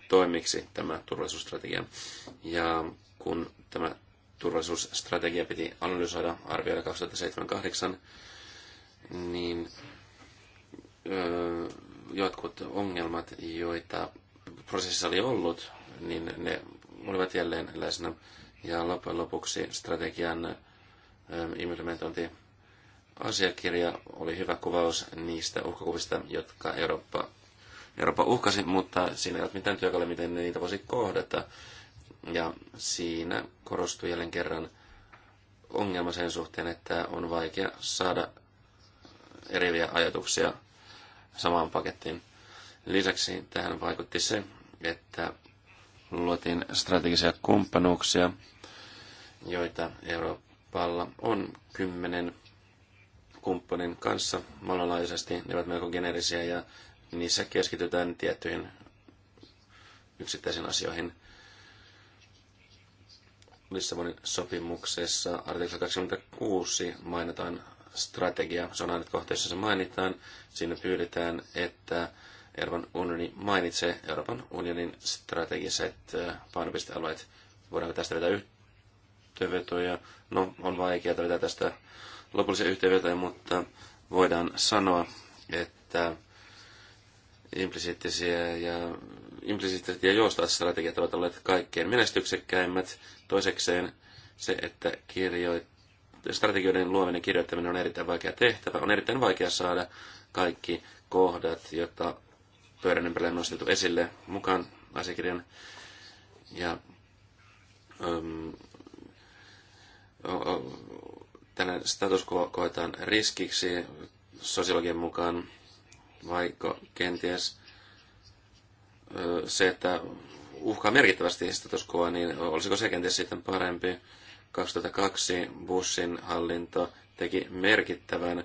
toimiksi tämä turvallisuusstrategia. Ja kun tämä turvallisuusstrategia piti analysoida, arvioida 2007-2008, niin öö, jotkut ongelmat, joita prosessissa oli ollut, niin ne olivat jälleen läsnä. Ja loppujen lopuksi strategian implementointi asiakirja oli hyvä kuvaus niistä uhkakuvista, jotka Eurooppa Eurooppa uhkasi, mutta siinä ei ole mitään työkaluja, miten niitä voisi kohdata. Ja siinä korostui jälleen kerran ongelma sen suhteen, että on vaikea saada eriviä ajatuksia samaan pakettiin. Lisäksi tähän vaikutti se, että luotiin strategisia kumppanuuksia, joita Euroopalla on kymmenen kumppanin kanssa maailmanlaajuisesti. Ne ovat melko generisiä ja niin Niissä keskitytään tiettyihin yksittäisiin asioihin. Lissabonin sopimuksessa artikla 26 mainitaan strategia. Se on ainut kohta, jossa se mainitaan. Siinä pyydetään, että Euroopan unioni mainitsee Euroopan unionin strategiset painopistealueet. Voidaanko tästä vetää yhteenvetoja? No, on vaikea vetää tästä lopullisia yhteenvetoja, mutta voidaan sanoa, että implisiittisiä ja implisiittiset ja joustavat strategiat ovat olleet kaikkein menestyksekkäimmät. Toisekseen se, että kirjoit, strategioiden luominen kirjoittaminen on erittäin vaikea tehtävä. On erittäin vaikea saada kaikki kohdat, jotta pöydän ympärille on nostettu esille mukaan asiakirjan. Ja um, tällainen status quo koetaan riskiksi sosiologian mukaan vaikka kenties se, että uhkaa merkittävästi status quo, niin olisiko se kenties sitten parempi? 2002 Bushin hallinto teki merkittävän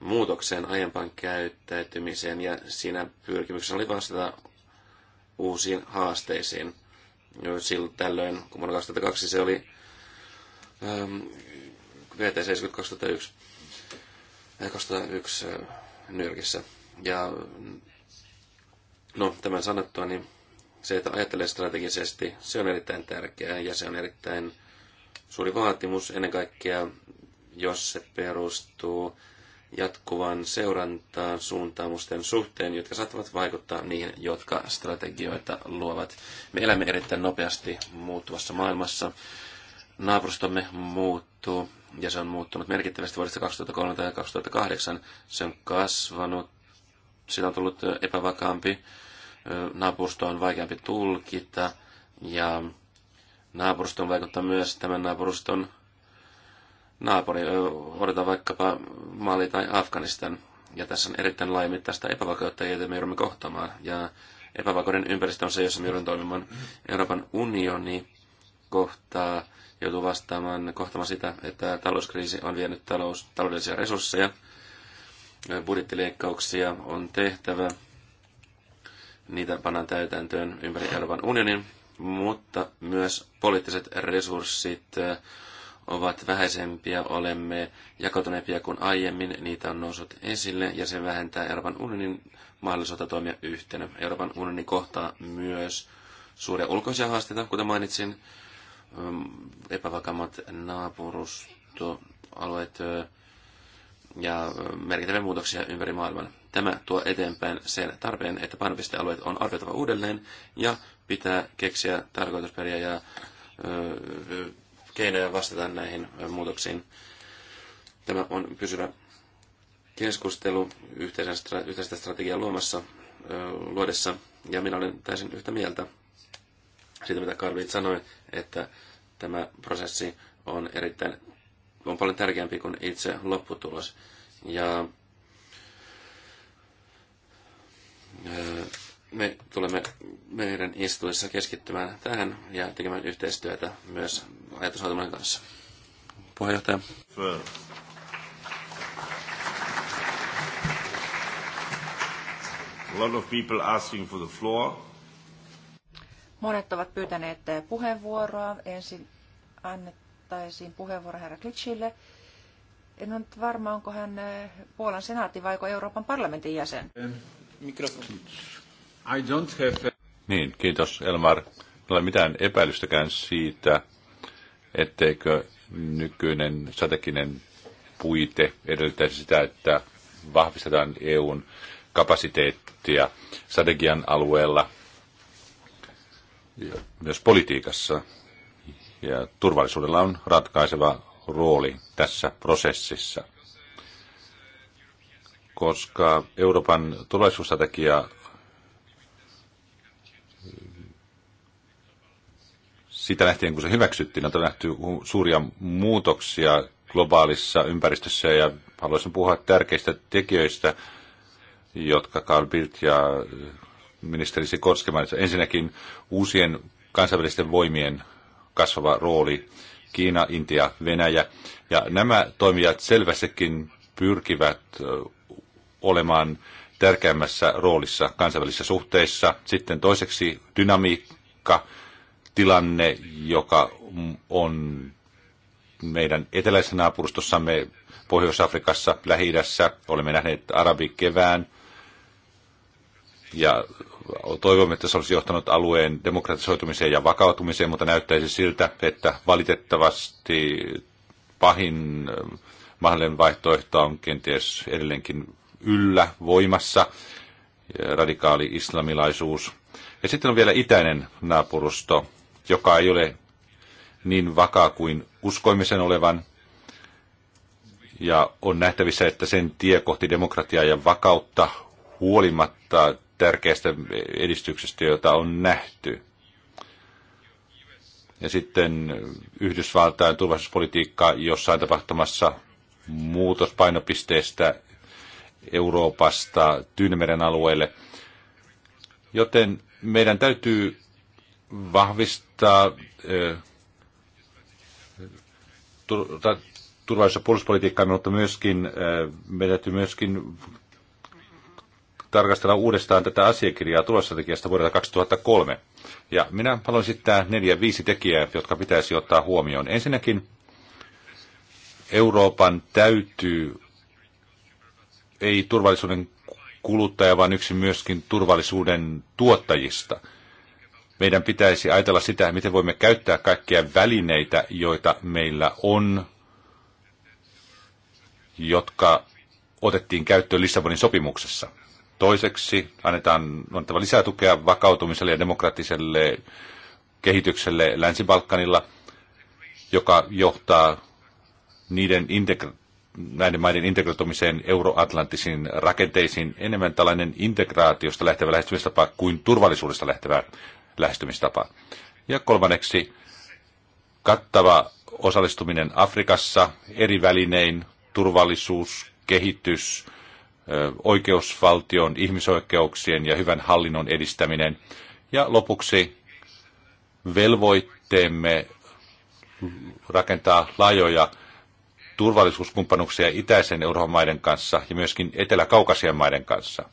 muutokseen aiempaan käyttäytymiseen ja siinä pyrkimyksessä oli vastata uusiin haasteisiin. Silloin tällöin, kun vuonna 2002 se oli ähm, VT70 2001, 2001 Nyrkissä. Ja no, tämän sanottua, niin se, että ajattelee strategisesti, se on erittäin tärkeää ja se on erittäin suuri vaatimus ennen kaikkea, jos se perustuu jatkuvan seurantaan suuntaamusten suhteen, jotka saattavat vaikuttaa niihin, jotka strategioita luovat. Me elämme erittäin nopeasti muuttuvassa maailmassa. Naapurustomme muuttuu ja se on muuttunut merkittävästi vuodesta 2003 tai 2008. Se on kasvanut sillä on tullut epävakaampi, naapurusto on vaikeampi tulkita ja naapuruston vaikuttaa myös tämän naapuruston naapuri. Odotetaan vaikkapa Mali tai Afganistan. Ja tässä on erittäin laajamittaista epävakautta, jota me joudumme kohtaamaan. Ja epävakauden ympäristö on se, jossa me joudumme toimimaan. Euroopan unioni kohtaa, joutuu vastaamaan kohtamaan sitä, että talouskriisi on vienyt talous, taloudellisia resursseja – budjettileikkauksia on tehtävä. Niitä pannaan täytäntöön ympäri Euroopan unionin, mutta myös poliittiset resurssit äh, ovat vähäisempiä, olemme jakautuneempia kuin aiemmin, niitä on noussut esille ja se vähentää Euroopan unionin mahdollisuutta toimia yhtenä. Euroopan unioni kohtaa myös suuria ulkoisia haasteita, kuten mainitsin, epävakaammat naapurustoalueet, ja merkittäviä muutoksia ympäri maailman. Tämä tuo eteenpäin sen tarpeen, että painopistealueet on arvioitava uudelleen ja pitää keksiä tarkoitusperiä ja keinoja vastata näihin muutoksiin. Tämä on pysyvä keskustelu yhteisen, yhteistä strategiaa luomassa, ö, luodessa ja minä olen täysin yhtä mieltä siitä, mitä Karvit sanoi, että tämä prosessi on erittäin on paljon tärkeämpi kuin itse lopputulos. Ja me tulemme meidän istuessa keskittymään tähän ja tekemään yhteistyötä myös ajatushautoman kanssa. Puheenjohtaja. A lot of people asking for the floor. Monet ovat pyytäneet puheenvuoroa. Ensin annet annettaisiin puheenvuoro herra Klitschille. En ole nyt varma, onko hän eh, Puolan senaatti vai Euroopan parlamentin jäsen. I don't have... Niin, kiitos Elmar. Ei ole mitään epäilystäkään siitä, etteikö nykyinen strateginen puite edellyttäisi sitä, että vahvistetaan EUn kapasiteettia strategian alueella, myös politiikassa ja turvallisuudella on ratkaiseva rooli tässä prosessissa. Koska Euroopan turvallisuusstrategia sitä lähtien, kun se hyväksyttiin, on nähty suuria muutoksia globaalissa ympäristössä ja haluaisin puhua tärkeistä tekijöistä, jotka Carl Bildt ja ministeri Sikorski mainitsivat. Ensinnäkin uusien kansainvälisten voimien kasvava rooli Kiina, Intia, Venäjä. Ja nämä toimijat selvästikin pyrkivät olemaan tärkeämmässä roolissa kansainvälisissä suhteissa. Sitten toiseksi dynamiikka, tilanne, joka on meidän eteläisessä naapurustossamme Pohjois-Afrikassa, Lähi-idässä. Olemme nähneet arabikevään ja toivomme, että se olisi johtanut alueen demokratisoitumiseen ja vakautumiseen, mutta näyttäisi siltä, että valitettavasti pahin äh, mahdollinen vaihtoehto on kenties edelleenkin yllä voimassa, äh, radikaali islamilaisuus. Ja sitten on vielä itäinen naapurusto, joka ei ole niin vakaa kuin uskoimisen olevan. Ja on nähtävissä, että sen tie kohti demokratiaa ja vakautta huolimatta tärkeästä edistyksestä, jota on nähty. Ja sitten Yhdysvaltain turvallisuuspolitiikka, jossain tapahtumassa muutos painopisteestä Euroopasta Tyynemeren alueelle. Joten meidän täytyy vahvistaa turvallisuus- ja puolustuspolitiikkaa, mutta myöskin, meidän täytyy myöskin tarkastella uudestaan tätä asiakirjaa tulossatekijästä vuodelta 2003. Ja minä haluan sitten neljä viisi tekijää, jotka pitäisi ottaa huomioon. Ensinnäkin Euroopan täytyy, ei turvallisuuden kuluttaja, vaan yksi myöskin turvallisuuden tuottajista. Meidän pitäisi ajatella sitä, miten voimme käyttää kaikkia välineitä, joita meillä on, jotka otettiin käyttöön Lissabonin sopimuksessa. Toiseksi annetaan annettava lisää tukea vakautumiselle ja demokraattiselle kehitykselle Länsi-Balkanilla, joka johtaa niiden integra- näiden maiden integroitumiseen euroatlanttisiin rakenteisiin enemmän tällainen integraatiosta lähtevä lähestymistapa kuin turvallisuudesta lähtevä lähestymistapa. Ja kolmanneksi kattava osallistuminen Afrikassa eri välinein, turvallisuus, kehitys, oikeusvaltion, ihmisoikeuksien ja hyvän hallinnon edistäminen. Ja lopuksi velvoitteemme rakentaa laajoja turvallisuuskumppanuksia itäisen Euroopan maiden kanssa ja myöskin etelä-kaukasian maiden kanssa.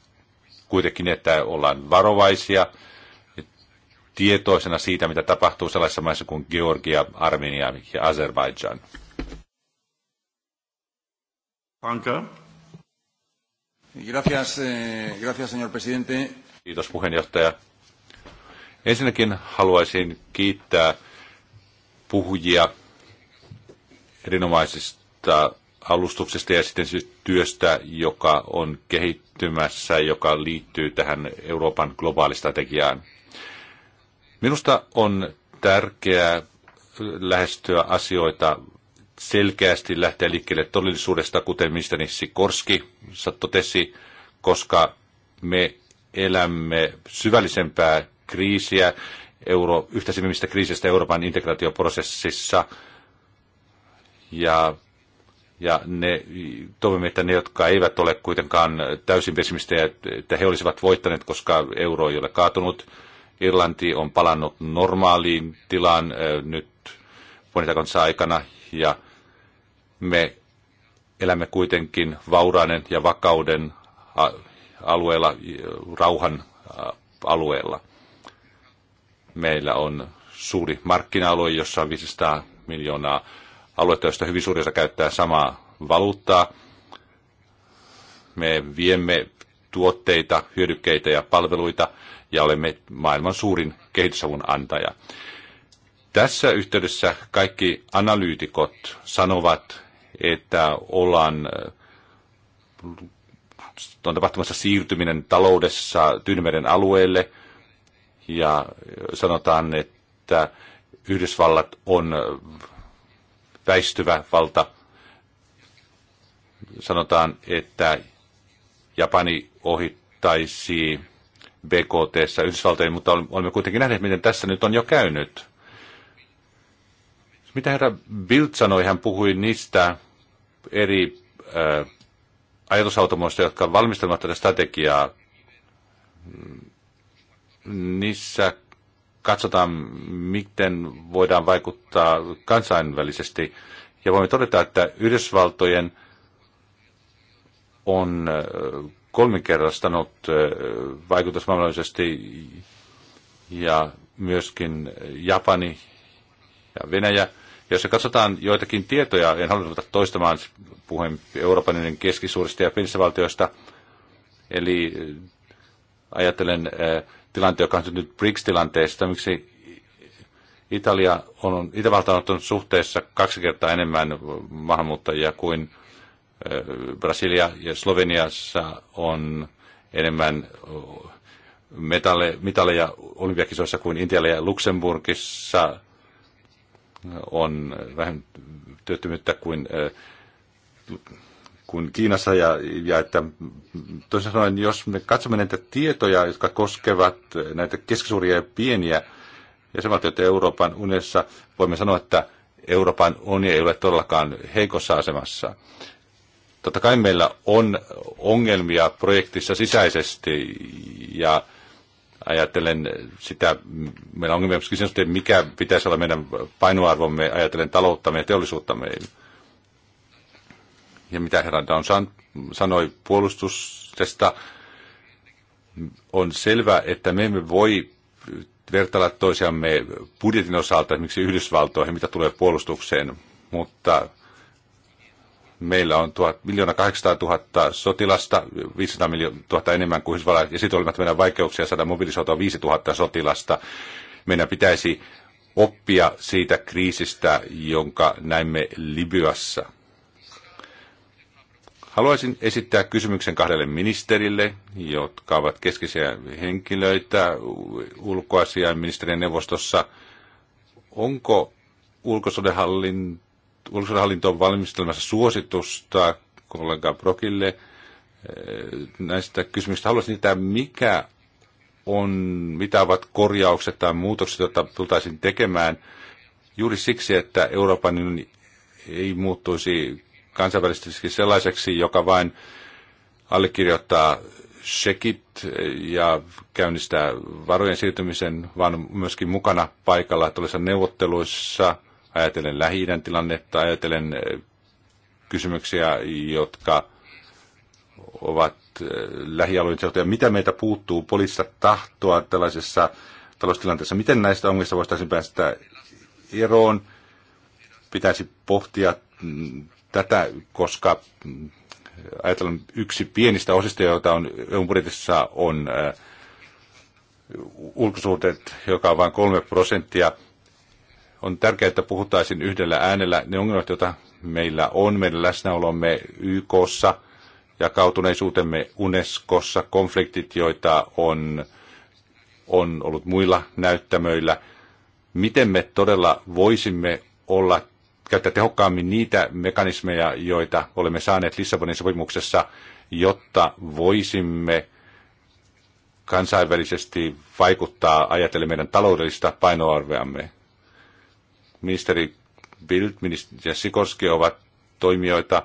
Kuitenkin, että ollaan varovaisia, tietoisena siitä, mitä tapahtuu sellaisissa maissa kuin Georgia, Armenia ja Azerbaidžan. you. Gracias, eh, gracias, señor presidente. Kiitos puheenjohtaja. Ensinnäkin haluaisin kiittää puhujia erinomaisista alustuksesta ja sitten siis työstä, joka on kehittymässä, joka liittyy tähän Euroopan globaalistrategiaan. Minusta on tärkeää lähestyä asioita selkeästi lähteä liikkeelle todellisuudesta, kuten ministeri Sikorski totesi, koska me elämme syvällisempää kriisiä, euro, yhtä kriisistä Euroopan integraatioprosessissa. Ja, ja ne, toivomme, että ne, jotka eivät ole kuitenkaan täysin pessimistejä, että he olisivat voittaneet, koska euro ei ole kaatunut. Irlanti on palannut normaaliin tilaan eh, nyt vuoden aikana ja me elämme kuitenkin vaurainen ja vakauden alueella, rauhan alueella. Meillä on suuri markkina-alue, jossa on 500 miljoonaa aluetta, joista hyvin suuri osa käyttää samaa valuuttaa. Me viemme tuotteita, hyödykkeitä ja palveluita ja olemme maailman suurin kehitysavun antaja. Tässä yhteydessä kaikki analyytikot sanovat, että ollaan äh, on tapahtumassa siirtyminen taloudessa Tyynemeren alueelle ja äh, sanotaan, että Yhdysvallat on äh, väistyvä valta. Sanotaan, että Japani ohittaisi BKT Yhdysvaltojen, mutta olemme kuitenkin nähneet, miten tässä nyt on jo käynyt. Mitä herra Bild sanoi, hän puhui niistä eri äh, ajatusautomoista, jotka valmistelevat tätä strategiaa, niissä katsotaan, miten voidaan vaikuttaa kansainvälisesti. Ja voimme todeta, että Yhdysvaltojen on kolminkertaistanut vaikutus maailmanlaajuisesti ja myöskin Japani ja Venäjä – jos katsotaan joitakin tietoja, en halua ruveta toistamaan puheen Euroopan keskisuurista ja pienistä valtioista, eli eh, ajattelen eh, tilanteen, joka on nyt BRICS-tilanteesta, miksi Italia on, Itävalta on ottanut suhteessa kaksi kertaa enemmän maahanmuuttajia kuin eh, Brasilia ja Sloveniassa on enemmän metalleja olympiakisoissa kuin Intialla ja Luxemburgissa on vähän työttömyyttä kuin, kuin Kiinassa. Ja, ja että, toisin sanoen, jos me katsomme näitä tietoja, jotka koskevat näitä keskisuuria ja pieniä jäsenvaltioita Euroopan unessa, voimme sanoa, että Euroopan on ei ole todellakaan heikossa asemassa. Totta kai meillä on ongelmia projektissa sisäisesti ja ajatellen sitä, meillä on ongelmia myöskin että mikä pitäisi olla meidän painoarvomme, ajatellen talouttamme ja teollisuuttamme. Ja mitä herra on san, sanoi puolustuksesta, on selvää, että me emme voi vertailla toisiamme budjetin osalta esimerkiksi Yhdysvaltoihin, mitä tulee puolustukseen, mutta meillä on 1 800 000 sotilasta, 500 000 enemmän kuin Hysvallat, ja sitten olemme meidän vaikeuksia saada mobilisoitua 5 000 sotilasta. Meidän pitäisi oppia siitä kriisistä, jonka näimme Libyassa. Haluaisin esittää kysymyksen kahdelle ministerille, jotka ovat keskeisiä henkilöitä ulkoasiainministerien neuvostossa. Onko ulkosuhdehallinto ulkosuudenhallinto on valmistelemassa suositusta kollega Brokille eh, näistä kysymyksistä. Haluaisin tietää, mikä on, mitä ovat korjaukset tai muutokset, joita tultaisiin tekemään juuri siksi, että Euroopan niin ei muuttuisi kansainvälisesti sellaiseksi, joka vain allekirjoittaa shekit eh, ja käynnistää varojen siirtymisen, vaan myöskin mukana paikalla tuollaisissa neuvotteluissa – ajatellen lähi tilannetta, ajatellen eh, kysymyksiä, jotka ovat eh, lähialueen seutuja. Mitä meitä puuttuu poliisista tahtoa tällaisessa taloustilanteessa? Miten näistä ongelmista voitaisiin päästä eroon? Pitäisi pohtia mm, tätä, koska mm, ajatellaan yksi pienistä osista, joita on EU budjetissa on eh, ulkosuhteet, joka on vain kolme prosenttia – on tärkeää, että puhutaisiin yhdellä äänellä ne ongelmat, joita meillä on, meidän läsnäolomme YKssa, jakautuneisuutemme Unescossa, konfliktit, joita on, on ollut muilla näyttämöillä. Miten me todella voisimme olla käyttää tehokkaammin niitä mekanismeja, joita olemme saaneet Lissabonin sopimuksessa, jotta voisimme kansainvälisesti vaikuttaa ajatellen meidän taloudellista painoarveamme. Ministeri Bild ja Sikorski ovat toimijoita,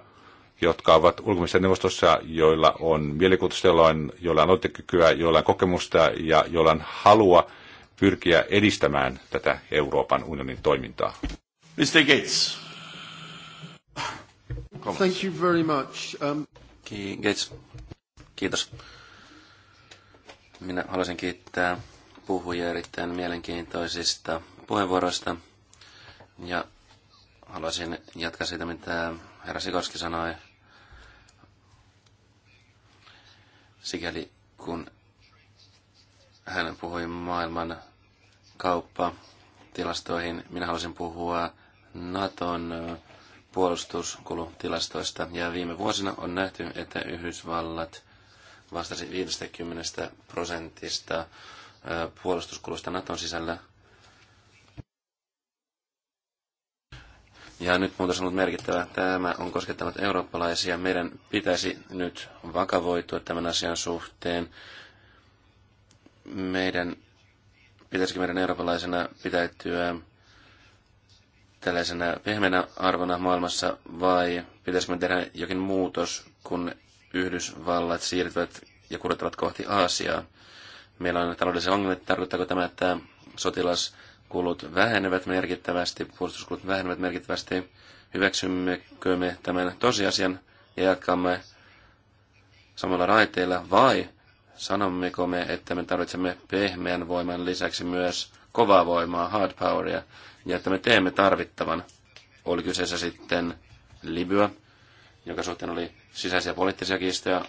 jotka ovat ulkoministeriön neuvostossa, joilla on mielikuvitusta, joilla on, joilla otekykyä, joilla on kokemusta ja joilla on halua pyrkiä edistämään tätä Euroopan unionin toimintaa. Mr. Gates. Thank you very much. Um... Gates. Kiitos. Minä haluaisin kiittää puhujia erittäin mielenkiintoisista puheenvuoroista. Ja haluaisin jatkaa siitä, mitä herra Sikorski sanoi. Sikäli kun hän puhui maailman kauppatilastoihin, minä haluaisin puhua Naton puolustuskulutilastoista. Ja viime vuosina on nähty, että Yhdysvallat vastasi 50 prosentista puolustuskulusta Naton sisällä – Ja nyt muutos on ollut merkittävä. Tämä on koskettanut eurooppalaisia. Meidän pitäisi nyt vakavoitua tämän asian suhteen. Meidän, pitäisikö meidän eurooppalaisena pitäytyä tällaisena pehmeänä arvona maailmassa vai pitäisikö me tehdä jokin muutos, kun Yhdysvallat siirtyvät ja kurottavat kohti Aasiaa? Meillä on taloudellisia ongelmia. Tarkoittaako tämä, että sotilas kulut vähenevät merkittävästi, puolustuskulut vähenevät merkittävästi. Hyväksymmekö me tämän tosiasian ja jatkamme samalla raiteilla vai sanommeko me, että me tarvitsemme pehmeän voiman lisäksi myös kovaa voimaa, hard poweria, ja että me teemme tarvittavan. Oli kyseessä sitten Libya, joka suhteen oli sisäisiä poliittisia kiistoja,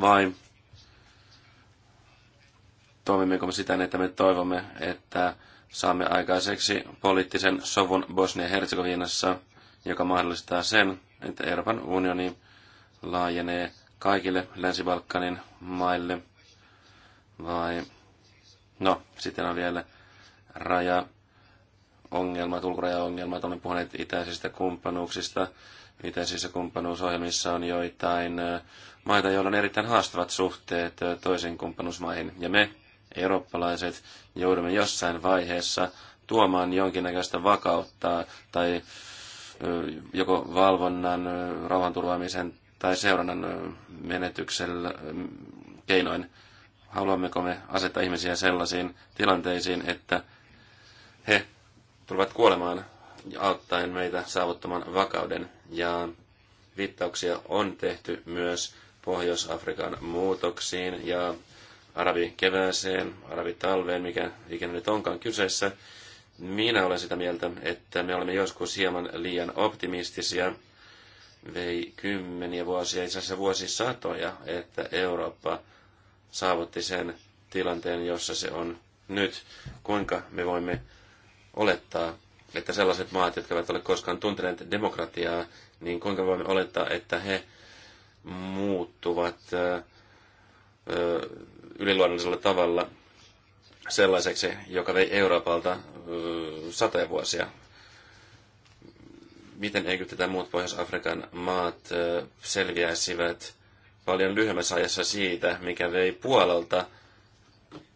vai toimimmeko me sitä, että me toivomme, että saamme aikaiseksi poliittisen sovun Bosnia-Herzegovinassa, joka mahdollistaa sen, että Euroopan unioni laajenee kaikille Länsi-Balkanin maille. Vai, no, sitten on vielä raja ongelmat, ulkorajaongelmat, olemme puhuneet itäisistä kumppanuuksista. Itäisissä kumppanuusohjelmissa on joitain maita, joilla on erittäin haastavat suhteet toisiin kumppanuusmaihin. Ja me eurooppalaiset joudumme jossain vaiheessa tuomaan jonkinnäköistä vakautta tai joko valvonnan, rauhanturvaamisen tai seurannan menetyksellä keinoin. Haluammeko me asettaa ihmisiä sellaisiin tilanteisiin, että he tulevat kuolemaan auttaen meitä saavuttamaan vakauden. Ja viittauksia on tehty myös Pohjois-Afrikan muutoksiin ja arabi arabitalveen, arabi talveen, mikä ikinä nyt onkaan kyseessä. Minä olen sitä mieltä, että me olemme joskus hieman liian optimistisia. Vei kymmeniä vuosia, itse asiassa vuosisatoja, että Eurooppa saavutti sen tilanteen, jossa se on nyt. Kuinka me voimme olettaa, että sellaiset maat, jotka eivät ole koskaan tunteneet demokratiaa, niin kuinka voimme olettaa, että he muuttuvat yliluonnollisella tavalla sellaiseksi, joka vei Euroopalta satoja vuosia. Miten Egypti tai muut Pohjois-Afrikan maat selviäisivät paljon lyhyemmässä ajassa siitä, mikä vei Puolalta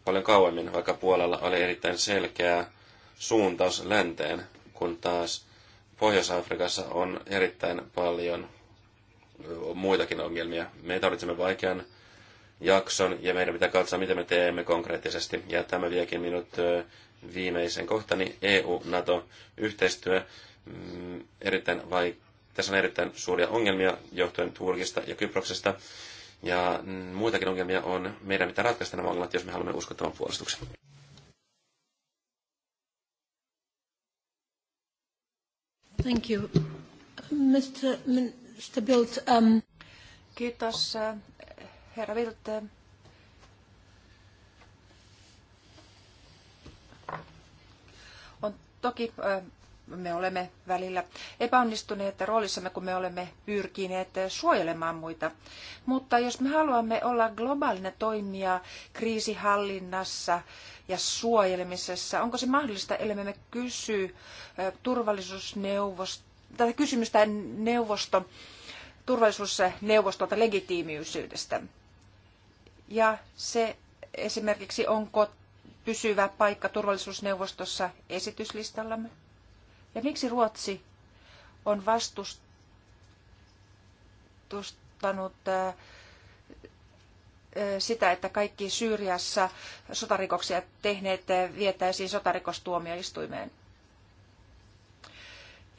paljon kauemmin, vaikka Puolalla oli erittäin selkeä suuntaus länteen, kun taas Pohjois-Afrikassa on erittäin paljon muitakin ongelmia. Me tarvitsemme vaikean jakson, ja meidän pitää katsoa, mitä me teemme konkreettisesti. Ja tämä viekin minut viimeisen kohtani, EU-NATO-yhteistyö. Mm, erittäin vai... Tässä on erittäin suuria ongelmia johtuen Turkista ja Kyproksesta. Ja mm, muitakin ongelmia on. Meidän pitää ratkaista nämä ongelmat, jos me haluamme uskottavan puolustuksen. Thank you. Mr. Mr. Bild, um... Kiitos herra Vilte. On toki me olemme välillä epäonnistuneet roolissamme, kun me olemme pyrkineet suojelemaan muita. Mutta jos me haluamme olla globaalinen toimija kriisihallinnassa ja suojelemisessa, onko se mahdollista, ellei me kysy turvallisuusneuvosto, tätä kysymystä neuvosto, turvallisuusneuvostolta legitiimiysyydestä? ja se esimerkiksi onko pysyvä paikka turvallisuusneuvostossa esityslistallamme? Ja miksi Ruotsi on vastustanut äh, äh, sitä, että kaikki Syyriassa sotarikoksia tehneet äh, vietäisiin sotarikostuomioistuimeen?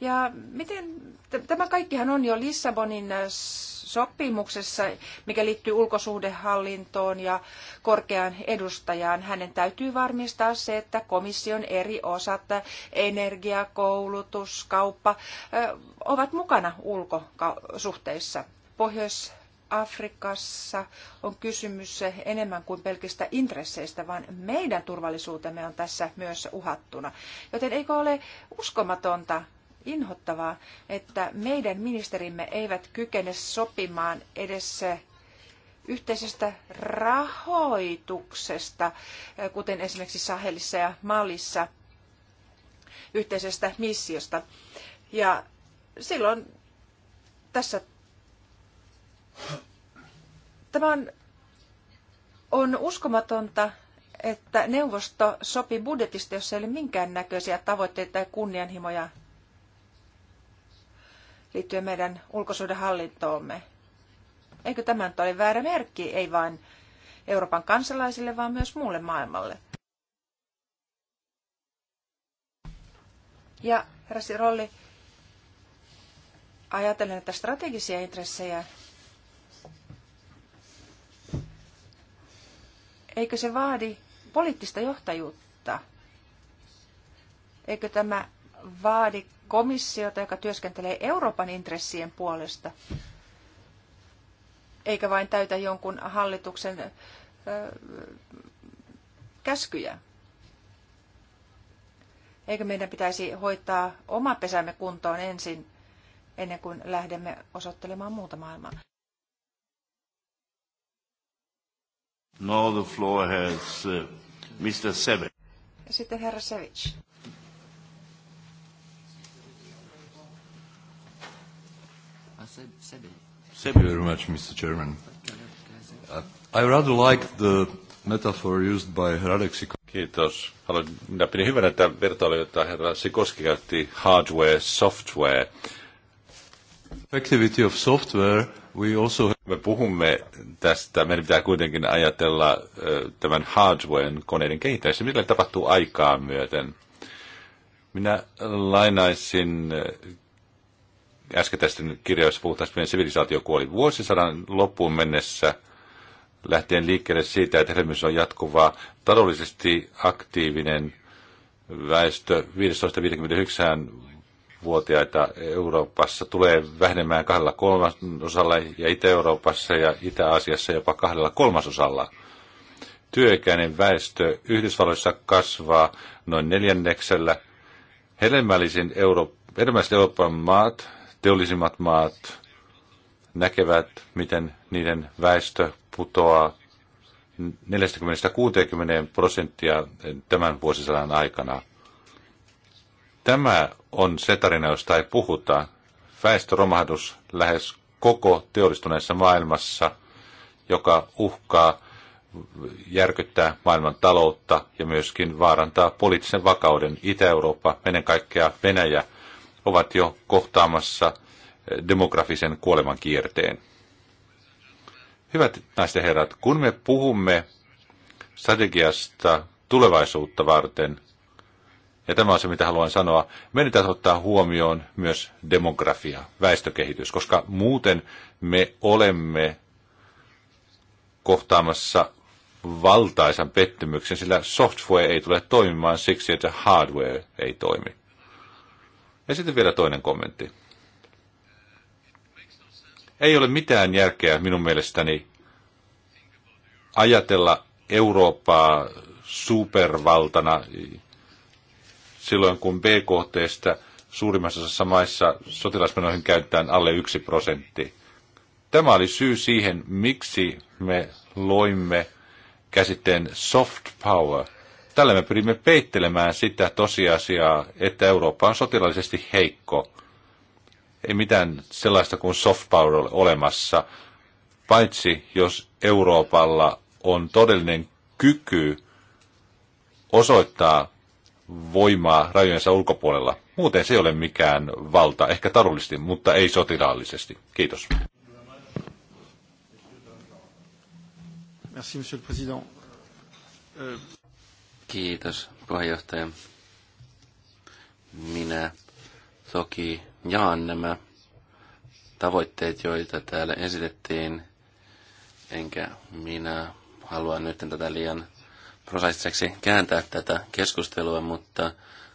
Ja miten, tämä kaikkihan on jo Lissabonin äh, sopimuksessa, mikä liittyy ulkosuhdehallintoon ja korkeaan edustajaan. Hänen täytyy varmistaa se, että komission eri osat, äh, energia, koulutus, kauppa, äh, ovat mukana ulkosuhteissa. Pohjois Afrikassa on kysymys enemmän kuin pelkistä intresseistä, vaan meidän turvallisuutemme on tässä myös uhattuna. Joten eikö ole uskomatonta, inhottavaa, että meidän ministerimme eivät kykene sopimaan edes yhteisestä rahoituksesta, kuten esimerkiksi Sahelissa ja Malissa yhteisestä missiosta. Ja silloin tässä tämä on, on uskomatonta, että neuvosto sopi budjetista, jossa ei ole minkäännäköisiä tavoitteita ja kunnianhimoja liittyen meidän ulkosuhdehallintoomme. Eikö tämä nyt ole väärä merkki, ei vain Euroopan kansalaisille, vaan myös muulle maailmalle? Ja herra rolli, ajatellen näitä strategisia intressejä, eikö se vaadi poliittista johtajuutta? Eikö tämä vaadi komissiota, joka työskentelee Euroopan intressien puolesta, eikä vain täytä jonkun hallituksen käskyjä. Eikö meidän pitäisi hoitaa oma pesämme kuntoon ensin, ennen kuin lähdemme osoittelemaan muuta maailmaa? Now the floor has uh, Mr. Sevic. Sitten herra Sevic. Thank you very much, Mr. Chairman. I rather like the metaphor used by Radek Kiitos. Haluan, minä pidin hyvänä tämän vertailun, jota herra Sikorski käytti hardware, software. Effectivity of software, we also have... Me puhumme tästä, meidän pitää kuitenkin ajatella tämän hardwaren koneiden kehittämistä, mitä tapahtuu aikaa myöten. Minä lainaisin tästä kirjoissa puhutaan, että sivilisaatio kuoli vuosisadan loppuun mennessä lähtien liikkeelle siitä, että hedelmys on jatkuvaa, taloudellisesti aktiivinen väestö 15-59-vuotiaita Euroopassa tulee vähenemään kahdella kolmasosalla ja Itä-Euroopassa ja Itä-Aasiassa jopa kahdella kolmasosalla. Työikäinen väestö Yhdysvalloissa kasvaa noin neljänneksellä. Hedelmällisin Euro- Euroopan maat teollisimmat maat näkevät, miten niiden väestö putoaa 40-60 prosenttia tämän vuosisadan aikana. Tämä on se tarina, josta ei puhuta. Väestöromahdus lähes koko teollistuneessa maailmassa, joka uhkaa järkyttää maailman taloutta ja myöskin vaarantaa poliittisen vakauden. Itä-Eurooppa, ennen kaikkea Venäjä, ovat jo kohtaamassa eh, demografisen kuoleman kierteen. Hyvät naiset ja herrat, kun me puhumme strategiasta tulevaisuutta varten, ja tämä on se, mitä haluan sanoa, meidän täytyy ottaa huomioon myös demografia, väestökehitys, koska muuten me olemme kohtaamassa valtaisan pettymyksen, sillä software ei tule toimimaan siksi, että hardware ei toimi. Ja sitten vielä toinen kommentti. Ei ole mitään järkeä minun mielestäni ajatella Eurooppaa supervaltana silloin, kun BKTstä suurimmassa osassa maissa sotilasmenoihin käytetään alle yksi prosentti. Tämä oli syy siihen, miksi me loimme käsitteen soft power – Tällä me pyrimme peittelemään sitä tosiasiaa, että Eurooppa on sotilaallisesti heikko. Ei mitään sellaista kuin soft power ole olemassa, paitsi jos Euroopalla on todellinen kyky osoittaa voimaa rajojensa ulkopuolella. Muuten se ei ole mikään valta, ehkä tarullisesti, mutta ei sotilaallisesti. Kiitos. Merci, monsieur le président. Euh, Kiitos, puheenjohtaja. Minä toki jaan nämä tavoitteet, joita täällä esitettiin, enkä minä halua nyt tätä liian prosaistiseksi kääntää tätä keskustelua, mutta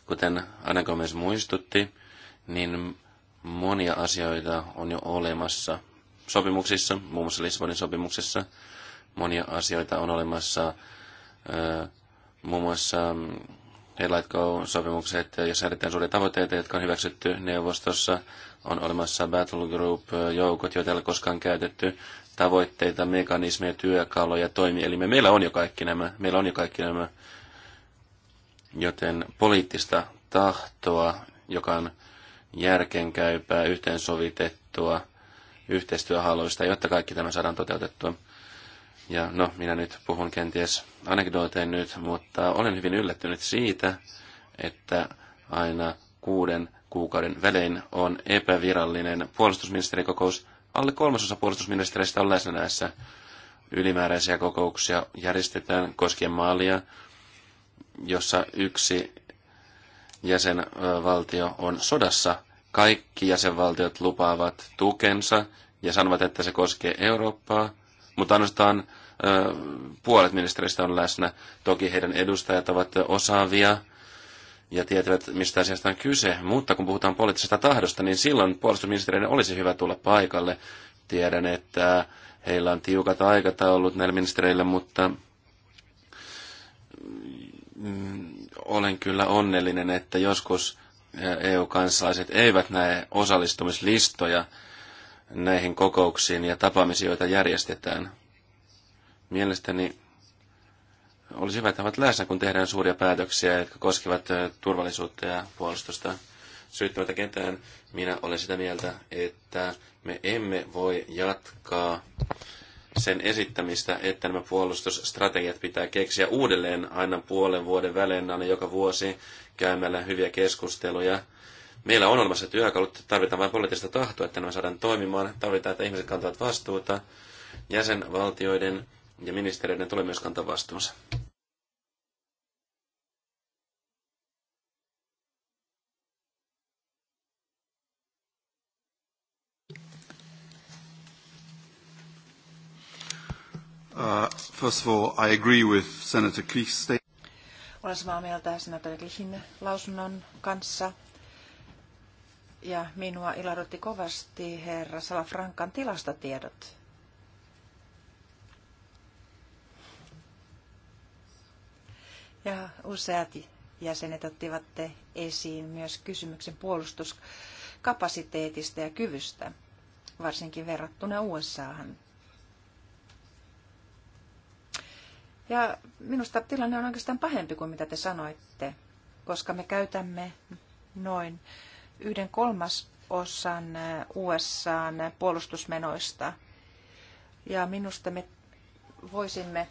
kuten Anna Gomez muistutti, niin monia asioita on jo olemassa sopimuksissa, muun muassa Lissabonin sopimuksessa. Monia asioita on olemassa muun muassa mm, Headlight Go-sopimukset, jos säädetään suuria tavoitteita, jotka on hyväksytty neuvostossa, on olemassa Battle Group-joukot, joita ei ole koskaan käytetty, tavoitteita, mekanismeja, työkaluja, toimielimiä. Meillä on jo kaikki nämä, meillä on jo kaikki nämä, joten poliittista tahtoa, joka on järkenkäypää, yhteensovitettua, yhteistyöhaluista, jotta kaikki tämä saadaan toteutettua. Ja no, minä nyt puhun kenties anekdootein nyt, mutta olen hyvin yllättynyt siitä, että aina kuuden kuukauden välein on epävirallinen puolustusministerikokous. Alle kolmasosa puolustusministeristä on läsnä näissä ylimääräisiä kokouksia järjestetään koskien maalia, jossa yksi jäsenvaltio on sodassa. Kaikki jäsenvaltiot lupaavat tukensa ja sanovat, että se koskee Eurooppaa, mutta ainoastaan puolet ministeristä on läsnä. Toki heidän edustajat ovat osaavia ja tietävät, mistä asiasta on kyse. Mutta kun puhutaan poliittisesta tahdosta, niin silloin puolustusministeriöiden olisi hyvä tulla paikalle. Tiedän, että heillä on tiukat aikataulut näillä ministereillä, mutta mm, olen kyllä onnellinen, että joskus EU-kansalaiset eivät näe osallistumislistoja näihin kokouksiin ja tapaamisiin, joita järjestetään. Mielestäni olisi hyvä, että ovat läsnä, kun tehdään suuria päätöksiä, jotka koskevat turvallisuutta ja puolustusta syyttämättä ketään. Minä olen sitä mieltä, että me emme voi jatkaa sen esittämistä, että nämä puolustusstrategiat pitää keksiä uudelleen aina puolen vuoden välein, aina joka vuosi käymällä hyviä keskusteluja. Meillä on olemassa työkalut, tarvitaan vain poliittista tahtoa, että nämä saadaan toimimaan, tarvitaan, että ihmiset kantavat vastuuta jäsenvaltioiden ja ministeriöiden tulee myös kantaa vastuunsa. Uh, first of all, I agree with Senator Klich's statement. Olen samaa mieltä senator Klichin lausunnon kanssa. Ja minua ilahdutti kovasti herra Salafrankan tilastotiedot. Ja useat jäsenet ottivat esiin myös kysymyksen puolustuskapasiteetista ja kyvystä, varsinkin verrattuna USAhan. Ja minusta tilanne on oikeastaan pahempi kuin mitä te sanoitte, koska me käytämme noin yhden kolmas osan äh, USAn puolustusmenoista. Ja minusta me voisimme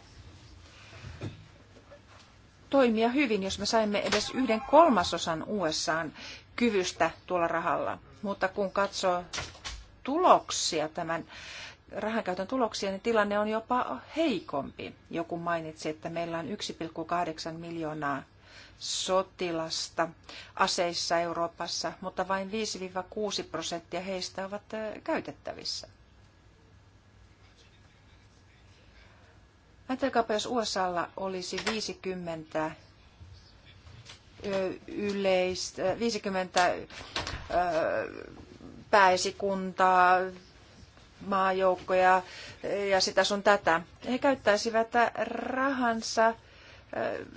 toimia hyvin, jos me saimme edes yhden kolmasosan USAn kyvystä tuolla rahalla. Mutta kun katsoo tuloksia, tämän rahankäytön tuloksia, niin tilanne on jopa heikompi. Joku mainitsi, että meillä on 1,8 miljoonaa sotilasta aseissa Euroopassa, mutta vain 5-6 prosenttia heistä ovat käytettävissä. Ajatelkaapa, jos USAlla olisi 50 yleistä, 50 pääesikuntaa, maajoukkoja ja sitä sun tätä. He käyttäisivät rahansa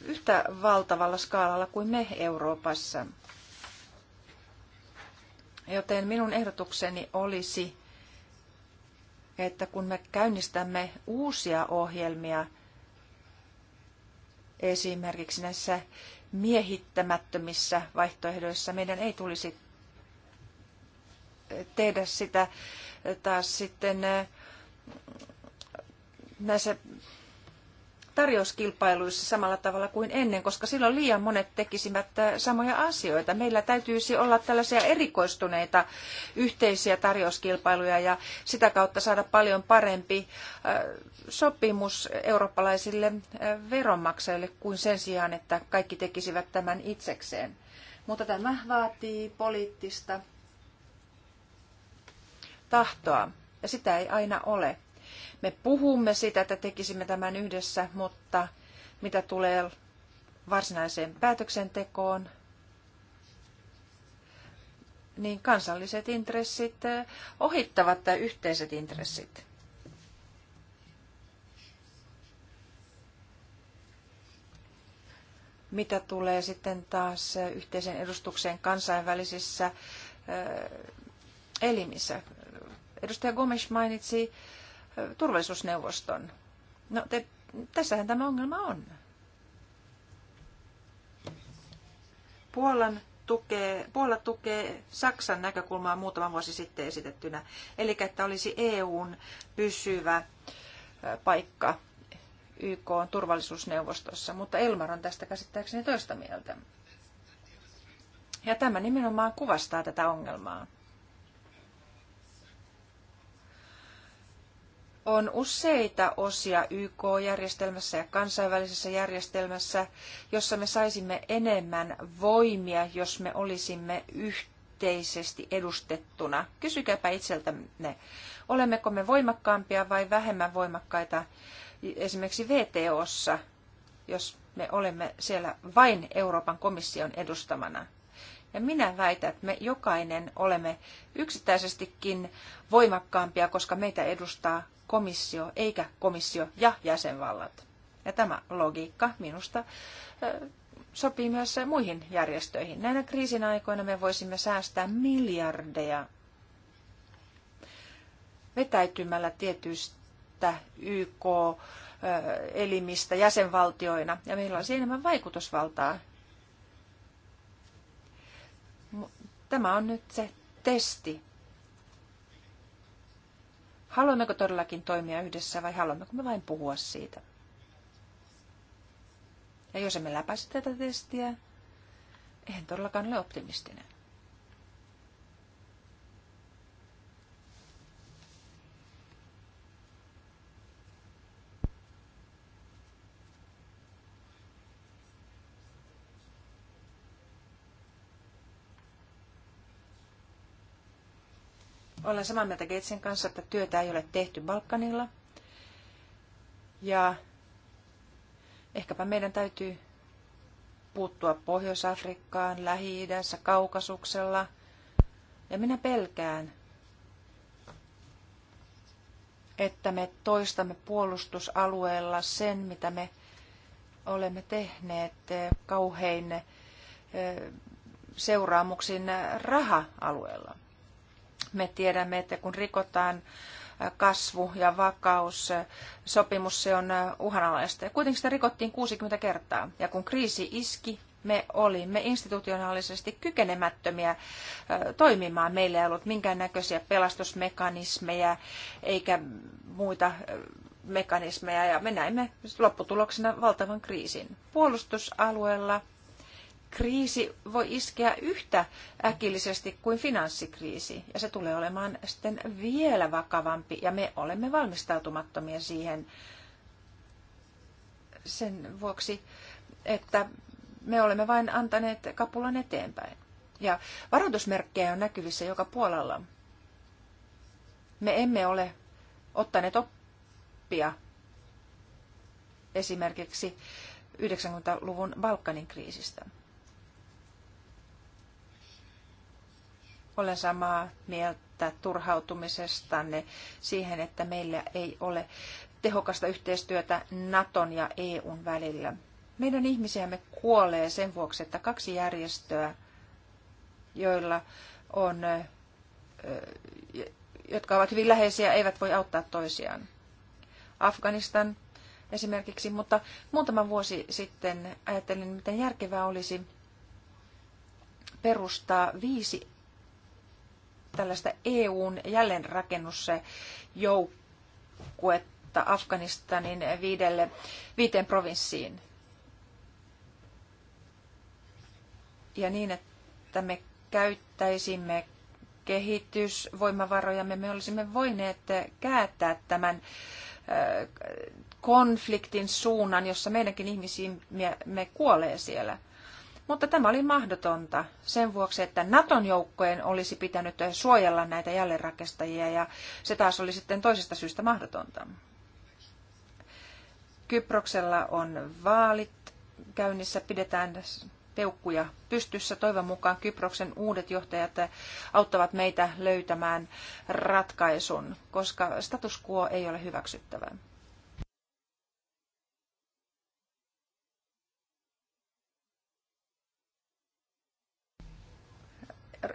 yhtä valtavalla skaalalla kuin me Euroopassa. Joten minun ehdotukseni olisi että kun me käynnistämme uusia ohjelmia, esimerkiksi näissä miehittämättömissä vaihtoehdoissa, meidän ei tulisi tehdä sitä taas sitten näissä tarjouskilpailuissa samalla tavalla kuin ennen, koska silloin liian monet tekisivät äh, samoja asioita. Meillä täytyisi olla tällaisia erikoistuneita yhteisiä tarjouskilpailuja ja sitä kautta saada paljon parempi äh, sopimus eurooppalaisille äh, veronmaksajille kuin sen sijaan, että kaikki tekisivät tämän itsekseen. Mutta tämä vaatii poliittista tahtoa ja sitä ei aina ole. Me puhumme sitä, että tekisimme tämän yhdessä, mutta mitä tulee varsinaiseen päätöksentekoon, niin kansalliset intressit eh, ohittavat tai yhteiset intressit. Mitä tulee sitten taas eh, yhteisen edustukseen kansainvälisissä eh, elimissä? Edustaja Gomes mainitsi turvallisuusneuvoston. No te, tässähän tämä ongelma on. Puolan tukee, Puola tukee Saksan näkökulmaa muutama vuosi sitten esitettynä, eli että olisi EUn pysyvä paikka YK on turvallisuusneuvostossa, mutta Elmar on tästä käsittääkseni toista mieltä. Ja tämä nimenomaan kuvastaa tätä ongelmaa. on useita osia YK-järjestelmässä ja kansainvälisessä järjestelmässä, jossa me saisimme enemmän voimia, jos me olisimme yhteisesti edustettuna. Kysykääpä itseltänne, olemmeko me voimakkaampia vai vähemmän voimakkaita esimerkiksi VTOssa, jos me olemme siellä vain Euroopan komission edustamana. Ja minä väitän, että me jokainen olemme yksittäisestikin voimakkaampia, koska meitä edustaa komissio eikä komissio ja jäsenvallat. Ja tämä logiikka minusta sopii myös muihin järjestöihin. Näinä kriisin aikoina me voisimme säästää miljardeja vetäytymällä tietystä YK elimistä jäsenvaltioina, ja meillä olisi enemmän vaikutusvaltaa. Tämä on nyt se testi, Haluammeko todellakin toimia yhdessä vai haluammeko me vain puhua siitä? Ja jos emme läpäise tätä testiä, en todellakaan ole optimistinen. Olen samaa mieltä Gatesin kanssa, että työtä ei ole tehty Balkanilla. Ja ehkäpä meidän täytyy puuttua Pohjois-Afrikkaan, Lähi-idässä, Kaukasuksella. Ja minä pelkään, että me toistamme puolustusalueella sen, mitä me olemme tehneet eh, kauhein eh, seuraamuksin eh, raha-alueella. Me tiedämme, että kun rikotaan kasvu- ja sopimus se on uhanalaista. Ja kuitenkin sitä rikottiin 60 kertaa. Ja kun kriisi iski, me olimme institutionaalisesti kykenemättömiä toimimaan. Meillä ei ollut minkäännäköisiä pelastusmekanismeja eikä muita mekanismeja ja me näimme lopputuloksena valtavan kriisin. Puolustusalueella kriisi voi iskeä yhtä äkillisesti kuin finanssikriisi, ja se tulee olemaan sitten vielä vakavampi, ja me olemme valmistautumattomia siihen sen vuoksi, että me olemme vain antaneet kapulan eteenpäin. Ja varoitusmerkkejä on näkyvissä joka puolella. Me emme ole ottaneet oppia esimerkiksi 90-luvun Balkanin kriisistä. Olen samaa mieltä turhautumisestanne siihen, että meillä ei ole tehokasta yhteistyötä Naton ja EUn välillä. Meidän ihmisiämme kuolee sen vuoksi, että kaksi järjestöä, joilla on, jotka ovat hyvin läheisiä, eivät voi auttaa toisiaan. Afganistan esimerkiksi, mutta muutama vuosi sitten ajattelin, miten järkevää olisi perustaa viisi tällaista EUn jälleenrakennusjoukkuetta Afganistanin viidelle, viiteen provinssiin. Ja niin, että me käyttäisimme kehitysvoimavarojamme, me olisimme voineet kääntää tämän konfliktin suunnan, jossa meidänkin me kuolee siellä – mutta tämä oli mahdotonta sen vuoksi, että Naton joukkojen olisi pitänyt suojella näitä jälleenrakastajia ja se taas oli sitten toisesta syystä mahdotonta. Kyproksella on vaalit käynnissä, pidetään peukkuja pystyssä. Toivon mukaan Kyproksen uudet johtajat auttavat meitä löytämään ratkaisun, koska status quo ei ole hyväksyttävää.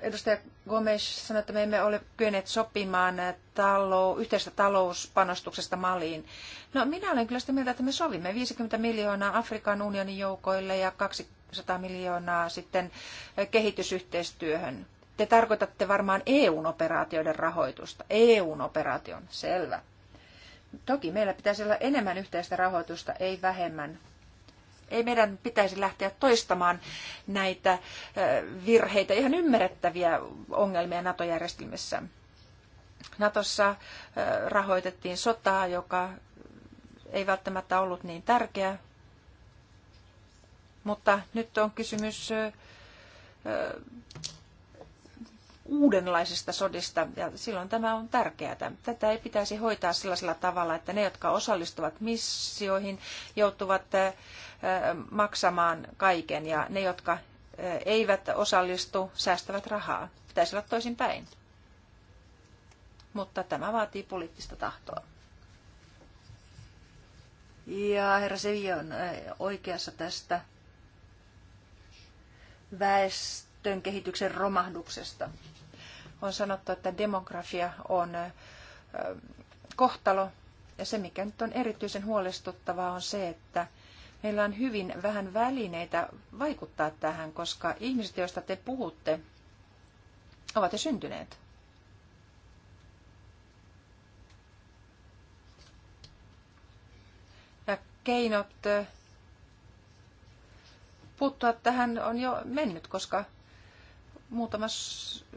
edustaja Gomes sanoi, että me emme ole kyenneet sopimaan talou, yhteistä talouspanostuksesta maliin. No minä olen kyllä sitä mieltä, että me sovimme 50 miljoonaa Afrikan unionin joukoille ja 200 miljoonaa sitten kehitysyhteistyöhön. Te tarkoitatte varmaan EUn operaatioiden rahoitusta. EUn operaation, selvä. Toki meillä pitäisi olla enemmän yhteistä rahoitusta, ei vähemmän. Ei meidän pitäisi lähteä toistamaan näitä virheitä, ihan ymmärrettäviä ongelmia NATO-järjestelmissä. Natossa rahoitettiin sotaa, joka ei välttämättä ollut niin tärkeä, mutta nyt on kysymys uudenlaisista sodista, ja silloin tämä on tärkeää. Tätä ei pitäisi hoitaa sellaisella tavalla, että ne, jotka osallistuvat missioihin, joutuvat äh, maksamaan kaiken, ja ne, jotka äh, eivät osallistu, säästävät rahaa. Pitäisi olla toisinpäin. Mutta tämä vaatii poliittista tahtoa. Ja herra Sevi on äh, oikeassa tästä väestön kehityksen romahduksesta. On sanottu, että demografia on kohtalo. Ja se, mikä nyt on erityisen huolestuttavaa, on se, että meillä on hyvin vähän välineitä vaikuttaa tähän, koska ihmiset, joista te puhutte, ovat jo syntyneet. Ja keinot puuttua tähän on jo mennyt, koska muutama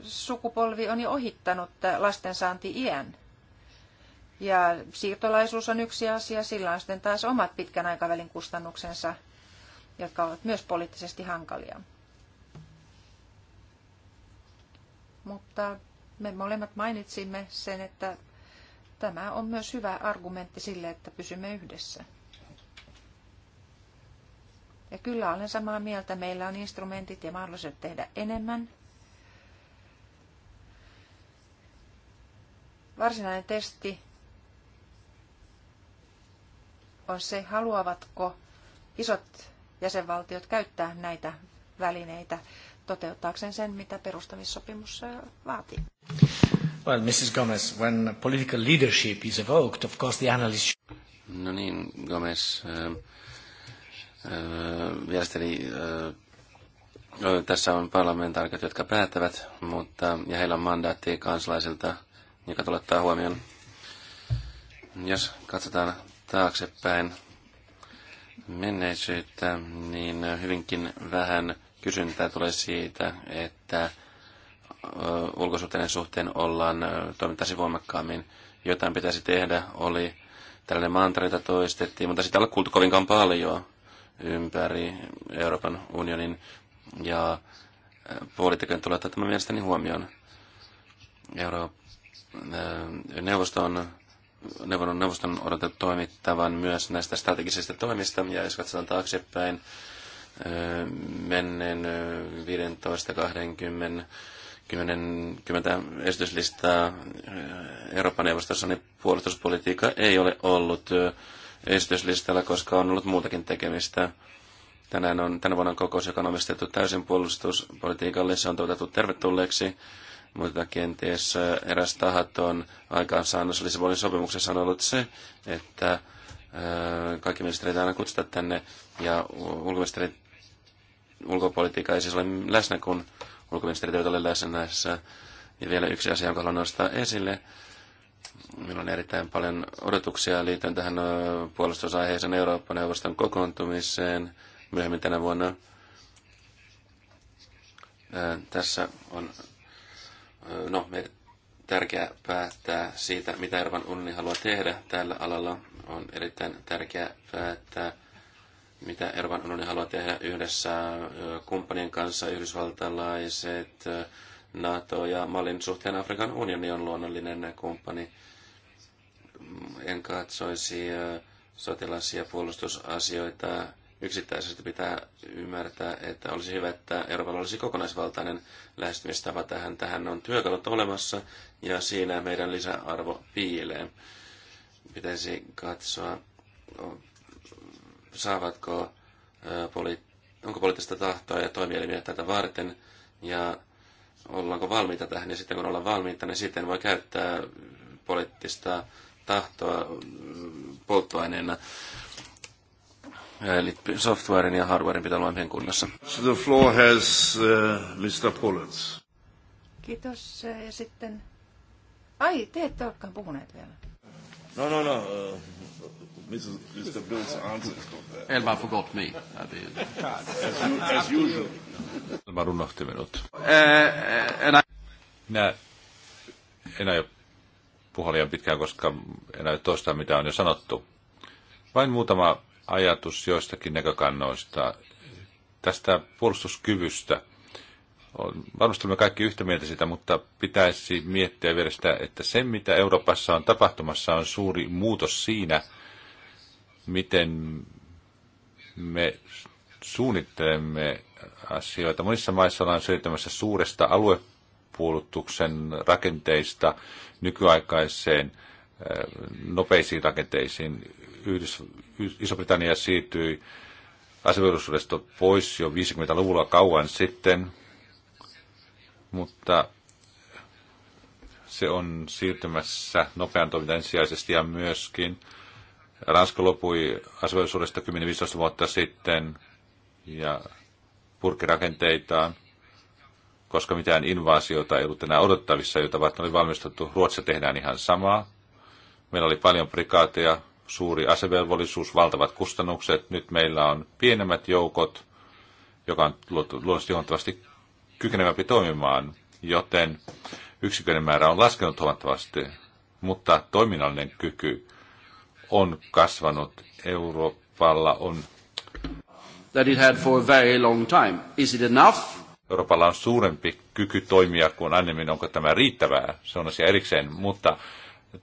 sukupolvi on jo ohittanut lastensaanti-iän. Ja siirtolaisuus on yksi asia, sillä on sitten taas omat pitkän aikavälin kustannuksensa, jotka ovat myös poliittisesti hankalia. Mutta me molemmat mainitsimme sen, että tämä on myös hyvä argumentti sille, että pysymme yhdessä. Ja kyllä olen samaa mieltä, meillä on instrumentit ja mahdollisuudet tehdä enemmän – Varsinainen testi on se, haluavatko isot jäsenvaltiot käyttää näitä välineitä toteuttaakseen sen, mitä perustamissopimus vaatii. Well, Mrs. Gomez, when political leadership is evoked, of course the analyst... No niin, Gomez äh, äh, äh, tässä on parlamentaarikot, jotka päättävät, mutta, ja heillä on mandaatti kansalaisilta joka tulee ottaa huomioon. Jos katsotaan taaksepäin menneisyyttä, niin hyvinkin vähän kysyntää tulee siitä, että ulkosuhteiden suhteen ollaan toimintasi voimakkaammin. Jotain pitäisi tehdä, oli tällainen mantra, jota toistettiin, mutta sitä ei ole kuultu kovinkaan paljon ympäri Euroopan unionin ja poliitikkojen tulee ottaa tämä mielestäni huomioon. Eurooppa Äh, neuvoston neuvonnon neuvoston odotettu toimittavan myös näistä strategisista toimista, ja jos katsotaan taaksepäin äh, menneen 15, 20, 10, 10 esityslistaa äh, Euroopan neuvostossa, niin puolustuspolitiikka ei ole ollut esityslistalla, koska on ollut muutakin tekemistä. Tänään on, tänä vuonna on kokous, joka on omistettu täysin puolustuspolitiikalle. Se on toivotettu tervetulleeksi mutta kenties äh, eräs tahaton aikaansaannos Lissabonin sopimuksessa on ollut se, että äh, kaikki ministerit aina kutsuta tänne ja ulkoministerit ulkopolitiikka ei siis ole läsnä, kun ulkoministerit eivät ole läsnä näissä. Ja vielä yksi asia, jonka haluan nostaa esille. Minulla on erittäin paljon odotuksia liittyen tähän puolustusaiheeseen Eurooppa-neuvoston kokoontumiseen myöhemmin tänä vuonna. Tässä on No, me tärkeää päättää siitä, mitä Euroopan unioni haluaa tehdä tällä alalla. On erittäin tärkeää päättää, mitä Euroopan unioni haluaa tehdä yhdessä kumppanien kanssa, yhdysvaltalaiset, NATO ja Malin suhteen Afrikan unioni on luonnollinen kumppani. Mm, en katsoisi sotilas- ja puolustusasioita yksittäisesti pitää ymmärtää, että olisi hyvä, että Euroopan olisi kokonaisvaltainen lähestymistapa tähän. Tähän on työkalut olemassa ja siinä meidän lisäarvo piilee. Pitäisi katsoa, saavatko, onko poliittista tahtoa ja toimielimiä tätä varten ja ollaanko valmiita tähän. Ja sitten kun ollaan valmiita, niin sitten voi käyttää poliittista tahtoa mm, polttoaineena Eli softwaren ja hardwaren pitää olla kunnossa. So the floor has uh, Mr. Pullets. Kiitos. Eh, ja sitten... Ai, te ette olekaan puhuneet vielä. No, no, no. Uh, Mr. Bill's answer is not there. Elmar forgot me. as, you, as usual. Elmar unohti minut. Uh, eh, I... Eh, Minä en aio puhua liian pitkään, koska en aio toistaa, mitä on jo sanottu. Vain muutama ajatus joistakin näkökannoista tästä puolustuskyvystä. on Varmasti me kaikki yhtä mieltä sitä, mutta pitäisi miettiä vielä sitä, että se mitä Euroopassa on tapahtumassa on suuri muutos siinä, miten me suunnittelemme asioita. Monissa maissa ollaan siirtymässä suuresta aluepuolustuksen rakenteista nykyaikaiseen nopeisiin rakenteisiin. Yhdys, Iso-Britannia siirtyi asevelvollisuudesta pois jo 50-luvulla kauan sitten, mutta se on siirtymässä nopean toiminta ensisijaisesti ja myöskin Ranska lopui asevelvollisuudesta 10-15 vuotta sitten ja purki rakenteitaan, koska mitään invaasiota ei ollut enää odottavissa, joita varten oli valmistettu. Ruotsissa tehdään ihan samaa. Meillä oli paljon prikaateja, suuri asevelvollisuus, valtavat kustannukset. Nyt meillä on pienemmät joukot, joka on luonnollisesti huomattavasti kykenevämpi toimimaan, joten yksiköiden määrä on laskenut huomattavasti, mutta toiminnallinen kyky on kasvanut. Euroopalla on that it had for a very long time. Is it enough? Euroopalla on suurempi kyky toimia kuin aiemmin, onko tämä riittävää, se on asia erikseen, mutta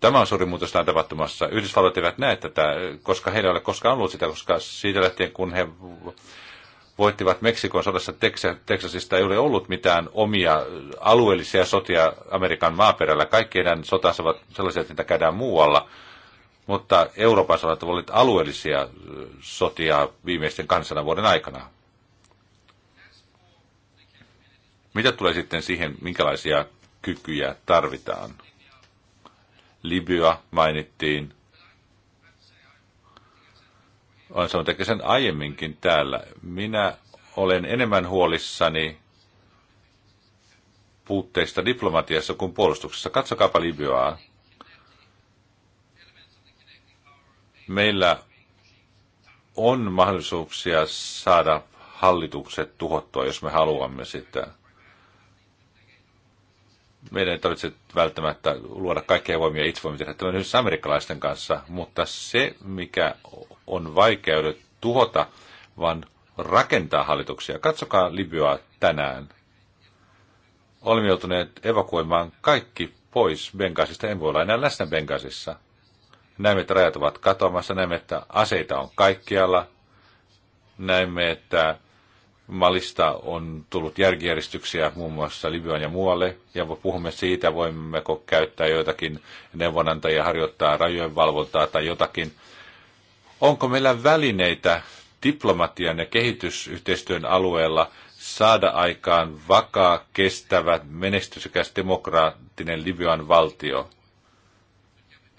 Tämä on suuri muutos näin tapahtumassa. Yhdysvallat eivät näe tätä, koska heillä ei ole koskaan ollut sitä, koska siitä lähtien kun he voittivat Meksikon sodassa Teksasista, ei ole ollut mitään omia alueellisia sotia Amerikan maaperällä. Kaikki heidän sotansa ovat sellaisia, että niitä käydään muualla. Mutta Euroopan sodat olivat alueellisia sotia viimeisten kansana vuoden aikana. Mitä tulee sitten siihen, minkälaisia kykyjä tarvitaan? Libya mainittiin. On sanonut ehkä sen aiemminkin täällä. Minä olen enemmän huolissani puutteista diplomatiassa kuin puolustuksessa. Katsokaapa Libyaa. Meillä on mahdollisuuksia saada hallitukset tuhottua, jos me haluamme sitä meidän ei tarvitse välttämättä luoda kaikkea voimia, itse voimme tehdä tämän yhdessä amerikkalaisten kanssa, mutta se, mikä on vaikeudet tuhota, vaan rakentaa hallituksia. Katsokaa Libyaa tänään. Olemme joutuneet evakuoimaan kaikki pois Bengasista. En voi olla enää läsnä Bengasissa. Näemme, että rajat ovat katoamassa. Näemme, että aseita on kaikkialla. Näemme, että Malista on tullut järkijärjestyksiä muun muassa Libyan ja muualle, ja puhumme siitä, voimmeko käyttää joitakin neuvonantajia, harjoittaa rajojen valvontaa tai jotakin. Onko meillä välineitä diplomatian ja kehitysyhteistyön alueella saada aikaan vakaa, kestävä, menestyksekäs demokraattinen Libyan valtio?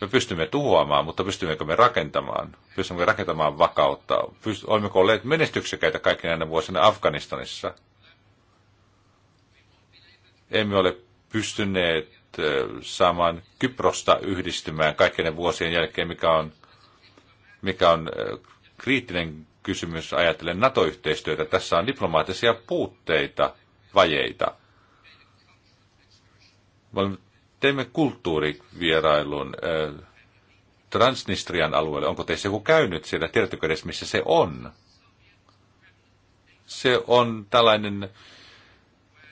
me pystymme tuhoamaan, mutta pystymmekö me rakentamaan? Pystymmekö rakentamaan vakautta? Pyst- olemmeko olleet menestyksekäitä kaikki näinä vuosina Afganistanissa? Emme ole pystyneet saamaan Kyprosta yhdistymään kaikkien vuosien jälkeen, mikä on, mikä on kriittinen kysymys ajatellen NATO-yhteistyötä. Tässä on diplomaattisia puutteita, vajeita. Me olemme Teimme kulttuurivierailun Transnistrian alueelle. Onko teissä joku käynyt siellä? Tiedättekö edes, missä se on? Se on tällainen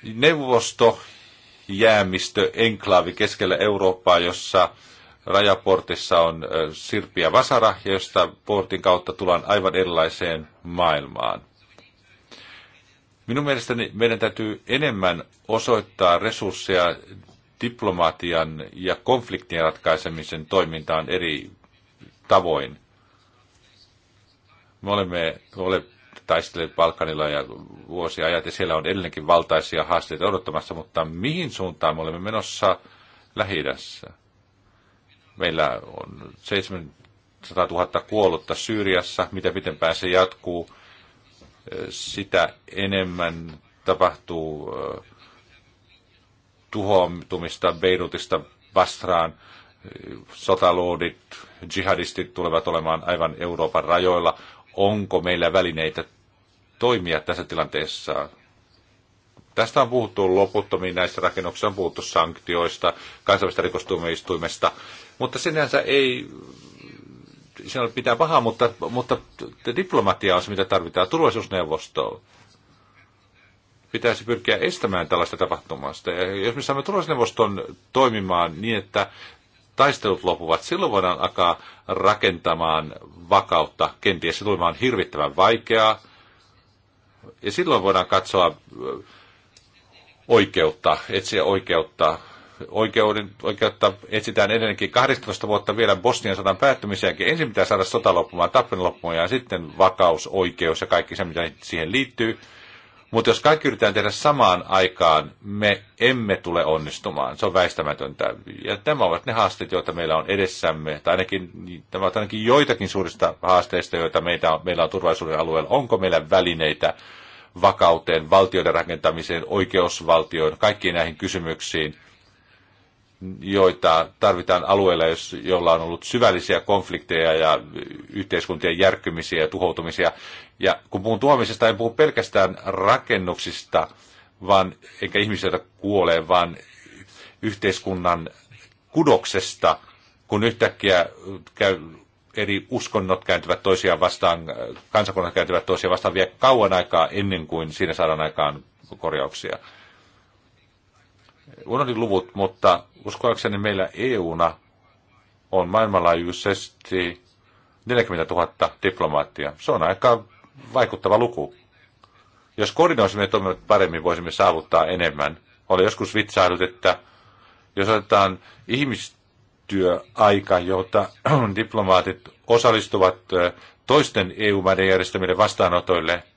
neuvostojäämistö, enklaavi keskellä Eurooppaa, jossa rajaportissa on Sirpi ja Vasara, josta portin kautta tullaan aivan erilaiseen maailmaan. Minun mielestäni meidän täytyy enemmän osoittaa resursseja diplomatian ja konfliktien ratkaisemisen toimintaan eri tavoin. Me olemme olemme taistelleet Balkanilla ja vuosia ajat, ja siellä on edelleenkin valtaisia haasteita odottamassa, mutta mihin suuntaan me olemme menossa lähi -idässä? Meillä on 700 000 kuollutta Syyriassa, mitä pitempään se jatkuu, sitä enemmän tapahtuu tuhoamista Beirutista Basraan. Sotaloodit, jihadistit tulevat olemaan aivan Euroopan rajoilla. Onko meillä välineitä toimia tässä tilanteessa? Tästä on puhuttu loputtomiin näistä rakennuksista, on puhuttu sanktioista, kansainvälistä rikostuomioistuimesta, mutta sinänsä ei siinä pitää pahaa, mutta, mutta diplomatia on se, mitä tarvitaan. Turvallisuusneuvosto, pitäisi pyrkiä estämään tällaista tapahtumasta. Ja jos me saamme turvallisuusneuvoston toimimaan niin, että taistelut lopuvat, silloin voidaan alkaa rakentamaan vakautta. Kenties se tulemaan hirvittävän vaikeaa. Ja silloin voidaan katsoa oikeutta, etsiä oikeutta. Oikeuden, oikeutta etsitään edelleenkin 18 vuotta vielä Bosnian sodan päättymiseenkin. Ensin pitää saada sota loppumaan, tappelun loppumaan ja sitten vakaus, oikeus ja kaikki se, mitä siihen liittyy. Mutta jos kaikki yritetään tehdä samaan aikaan, me emme tule onnistumaan. Se on väistämätöntä. Ja nämä ovat ne haasteet, joita meillä on edessämme. Tai ainakin, tämä on ainakin joitakin suurista haasteista, joita meitä meillä on turvallisuuden alueella. Onko meillä välineitä vakauteen, valtioiden rakentamiseen, oikeusvaltioon, kaikkiin näihin kysymyksiin, joita tarvitaan alueella, jos, jolla on ollut syvällisiä konflikteja ja yhteiskuntien järkkymisiä ja tuhoutumisia. Ja kun puhun tuomisesta, en puhu pelkästään rakennuksista, vaan eikä ihmisiltä kuolee, vaan yhteiskunnan kudoksesta, kun yhtäkkiä käy, eri uskonnot kääntyvät toisiaan vastaan, kansakunnat kääntyvät toisiaan vastaan vielä kauan aikaa ennen kuin siinä saadaan aikaan korjauksia. Unohdin luvut, mutta uskoakseni meillä EUna on maailmanlaajuisesti 40 000 diplomaattia. Se on aika vaikuttava luku. Jos koordinoisimme toimivat paremmin, voisimme saavuttaa enemmän. Olen joskus vitsailut, että jos otetaan ihmistyöaika, jota diplomaatit osallistuvat toisten EU-maiden järjestämille vastaanotoille –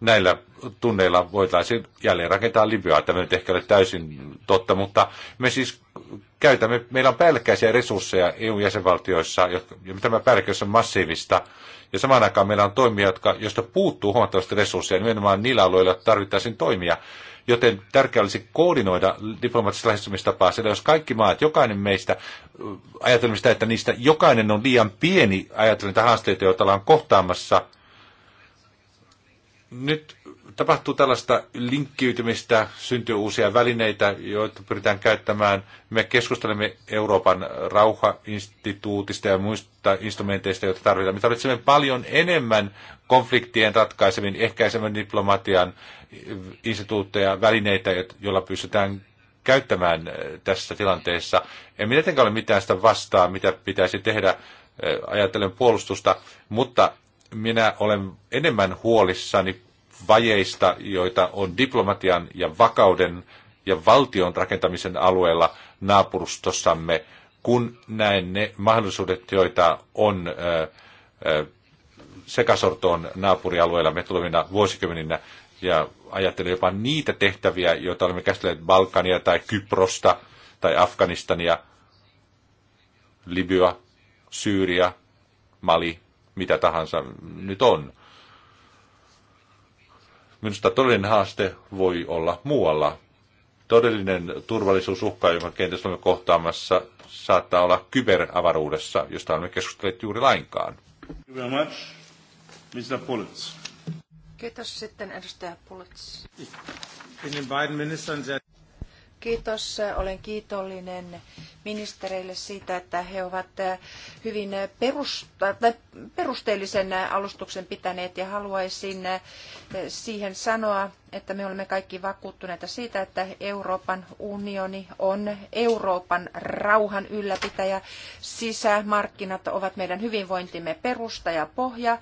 näillä tunneilla voitaisiin jälleen rakentaa Libyaa. Tämä nyt ehkä ole täysin totta, mutta me siis käytämme, meillä on päällekkäisiä resursseja EU-jäsenvaltioissa, ja tämä päällekkäys on massiivista. Ja samaan aikaan meillä on toimia, jotka, joista puuttuu huomattavasti resursseja, nimenomaan niillä alueilla tarvittaisiin toimia. Joten tärkeää olisi koordinoida diplomaattista lähestymistapaa, sillä jos kaikki maat, jokainen meistä, ajatellaan sitä, että niistä jokainen on liian pieni, ajatellen niitä haasteita, joita ollaan kohtaamassa – nyt tapahtuu tällaista linkkiytymistä, syntyy uusia välineitä, joita pyritään käyttämään. Me keskustelemme Euroopan rauhainstituutista ja muista instrumenteista, joita tarvitaan. Me tarvitsemme paljon enemmän konfliktien ratkaisemin, ehkäisevän diplomatian instituutteja, välineitä, joilla pystytään käyttämään äh, tässä tilanteessa. En mitenkään tietenkään ole mitään sitä vastaa, mitä pitäisi tehdä äh, ajatellen puolustusta, mutta minä olen enemmän huolissani vajeista, joita on diplomatian ja vakauden ja valtion rakentamisen alueella naapurustossamme, kun näen ne mahdollisuudet, joita on sekasortoon naapurialueella me tulevina vuosikymmeninä. Ja ajattelen jopa niitä tehtäviä, joita olemme käsitelleet Balkania tai Kyprosta tai Afganistania, Libya, Syyria, Mali, mitä tahansa nyt on. Minusta todellinen haaste voi olla muualla. Todellinen turvallisuusuhka, jonka kenties olemme kohtaamassa, saattaa olla kyberavaruudessa, josta olemme keskustelleet juuri lainkaan. Kiitos sitten edustaja Pulitz. Kiitos. Olen kiitollinen ministereille siitä, että he ovat hyvin perusteellisen alustuksen pitäneet ja haluaisin siihen sanoa, että me olemme kaikki vakuuttuneita siitä, että Euroopan unioni on Euroopan rauhan ylläpitäjä. Sisämarkkinat ovat meidän hyvinvointimme perusta ja pohja,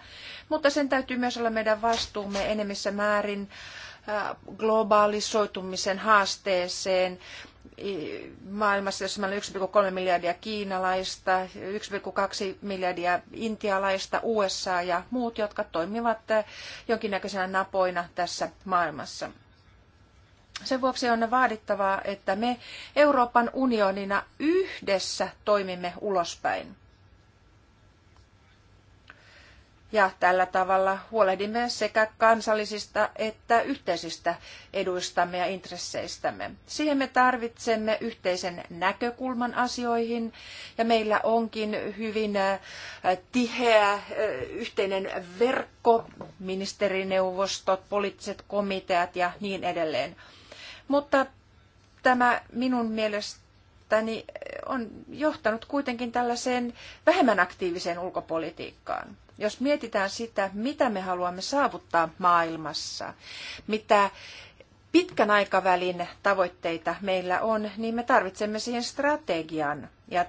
mutta sen täytyy myös olla meidän vastuumme enemmissä määrin globaalisoitumisen haasteeseen maailmassa, jossa meillä on 1,3 miljardia kiinalaista, 1,2 miljardia intialaista, USA ja muut, jotka toimivat jonkinnäköisenä napoina tässä maailmassa. Sen vuoksi on vaadittavaa, että me Euroopan unionina yhdessä toimimme ulospäin. Ja tällä tavalla huolehdimme sekä kansallisista että yhteisistä eduistamme ja intresseistämme. Siihen me tarvitsemme yhteisen näkökulman asioihin ja meillä onkin hyvin äh, tiheä äh, yhteinen verkko, ministerineuvostot, poliittiset komiteat ja niin edelleen. Mutta tämä minun mielestäni on johtanut kuitenkin tällaiseen vähemmän aktiiviseen ulkopolitiikkaan. Jos mietitään sitä, mitä me haluamme saavuttaa maailmassa, mitä pitkän aikavälin tavoitteita meillä on, niin me tarvitsemme siihen strategian. Ja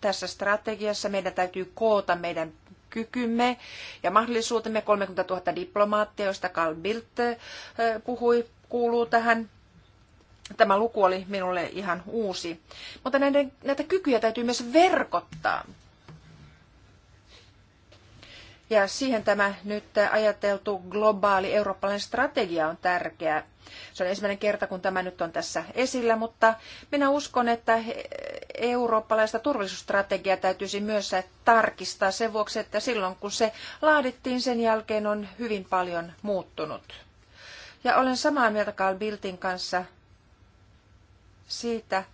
tässä strategiassa meidän täytyy koota meidän kykymme ja mahdollisuutemme 30 000 diplomaattia, joista Carl Bildt puhui, kuuluu tähän. Tämä luku oli minulle ihan uusi. Mutta näiden, näitä kykyjä täytyy myös verkottaa. Ja siihen tämä nyt ajateltu globaali eurooppalainen strategia on tärkeä. Se on ensimmäinen kerta, kun tämä nyt on tässä esillä, mutta minä uskon, että eurooppalaista turvallisuusstrategiaa täytyisi myös tarkistaa sen vuoksi, että silloin kun se laadittiin, sen jälkeen on hyvin paljon muuttunut. Ja olen samaa mieltä Carl Biltin kanssa siitä,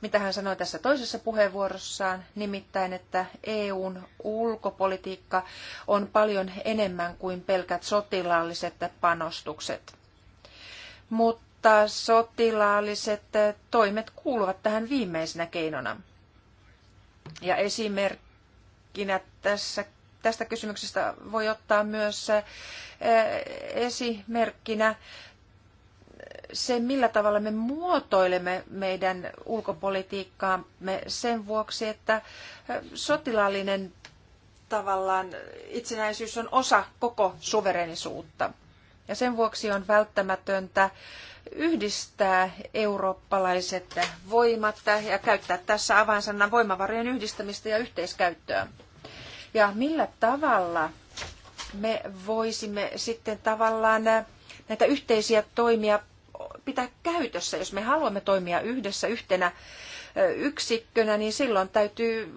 mitä hän sanoi tässä toisessa puheenvuorossaan, nimittäin, että EUn ulkopolitiikka on paljon enemmän kuin pelkät sotilaalliset panostukset. Mutta sotilaalliset toimet kuuluvat tähän viimeisenä keinona. Ja esimerkkinä tässä, tästä kysymyksestä voi ottaa myös eh, esimerkkinä se, millä tavalla me muotoilemme meidän ulkopolitiikkaamme sen vuoksi, että sotilaallinen tavallaan itsenäisyys on osa koko suverenisuutta. Ja sen vuoksi on välttämätöntä yhdistää eurooppalaiset voimat ja käyttää tässä avainsanan voimavarojen yhdistämistä ja yhteiskäyttöä. Ja millä tavalla me voisimme sitten tavallaan näitä yhteisiä toimia pitää käytössä. Jos me haluamme toimia yhdessä yhtenä yksikkönä, niin silloin täytyy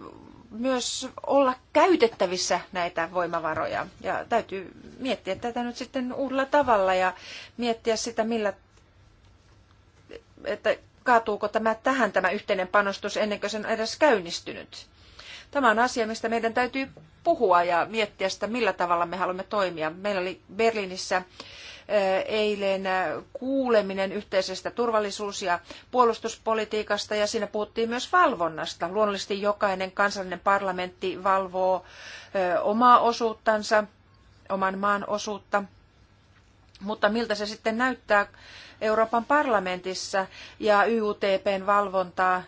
myös olla käytettävissä näitä voimavaroja. Ja täytyy miettiä tätä nyt sitten uudella tavalla ja miettiä sitä, millä, että kaatuuko tämä tähän tämä yhteinen panostus ennen kuin sen on edes käynnistynyt. Tämä on asia, mistä meidän täytyy puhua ja miettiä sitä, millä tavalla me haluamme toimia. Meillä oli Berliinissä eilen kuuleminen yhteisestä turvallisuus- ja puolustuspolitiikasta ja siinä puhuttiin myös valvonnasta. Luonnollisesti jokainen kansallinen parlamentti valvoo omaa osuuttansa, oman maan osuutta, mutta miltä se sitten näyttää Euroopan parlamentissa ja YUTPn valvontaa,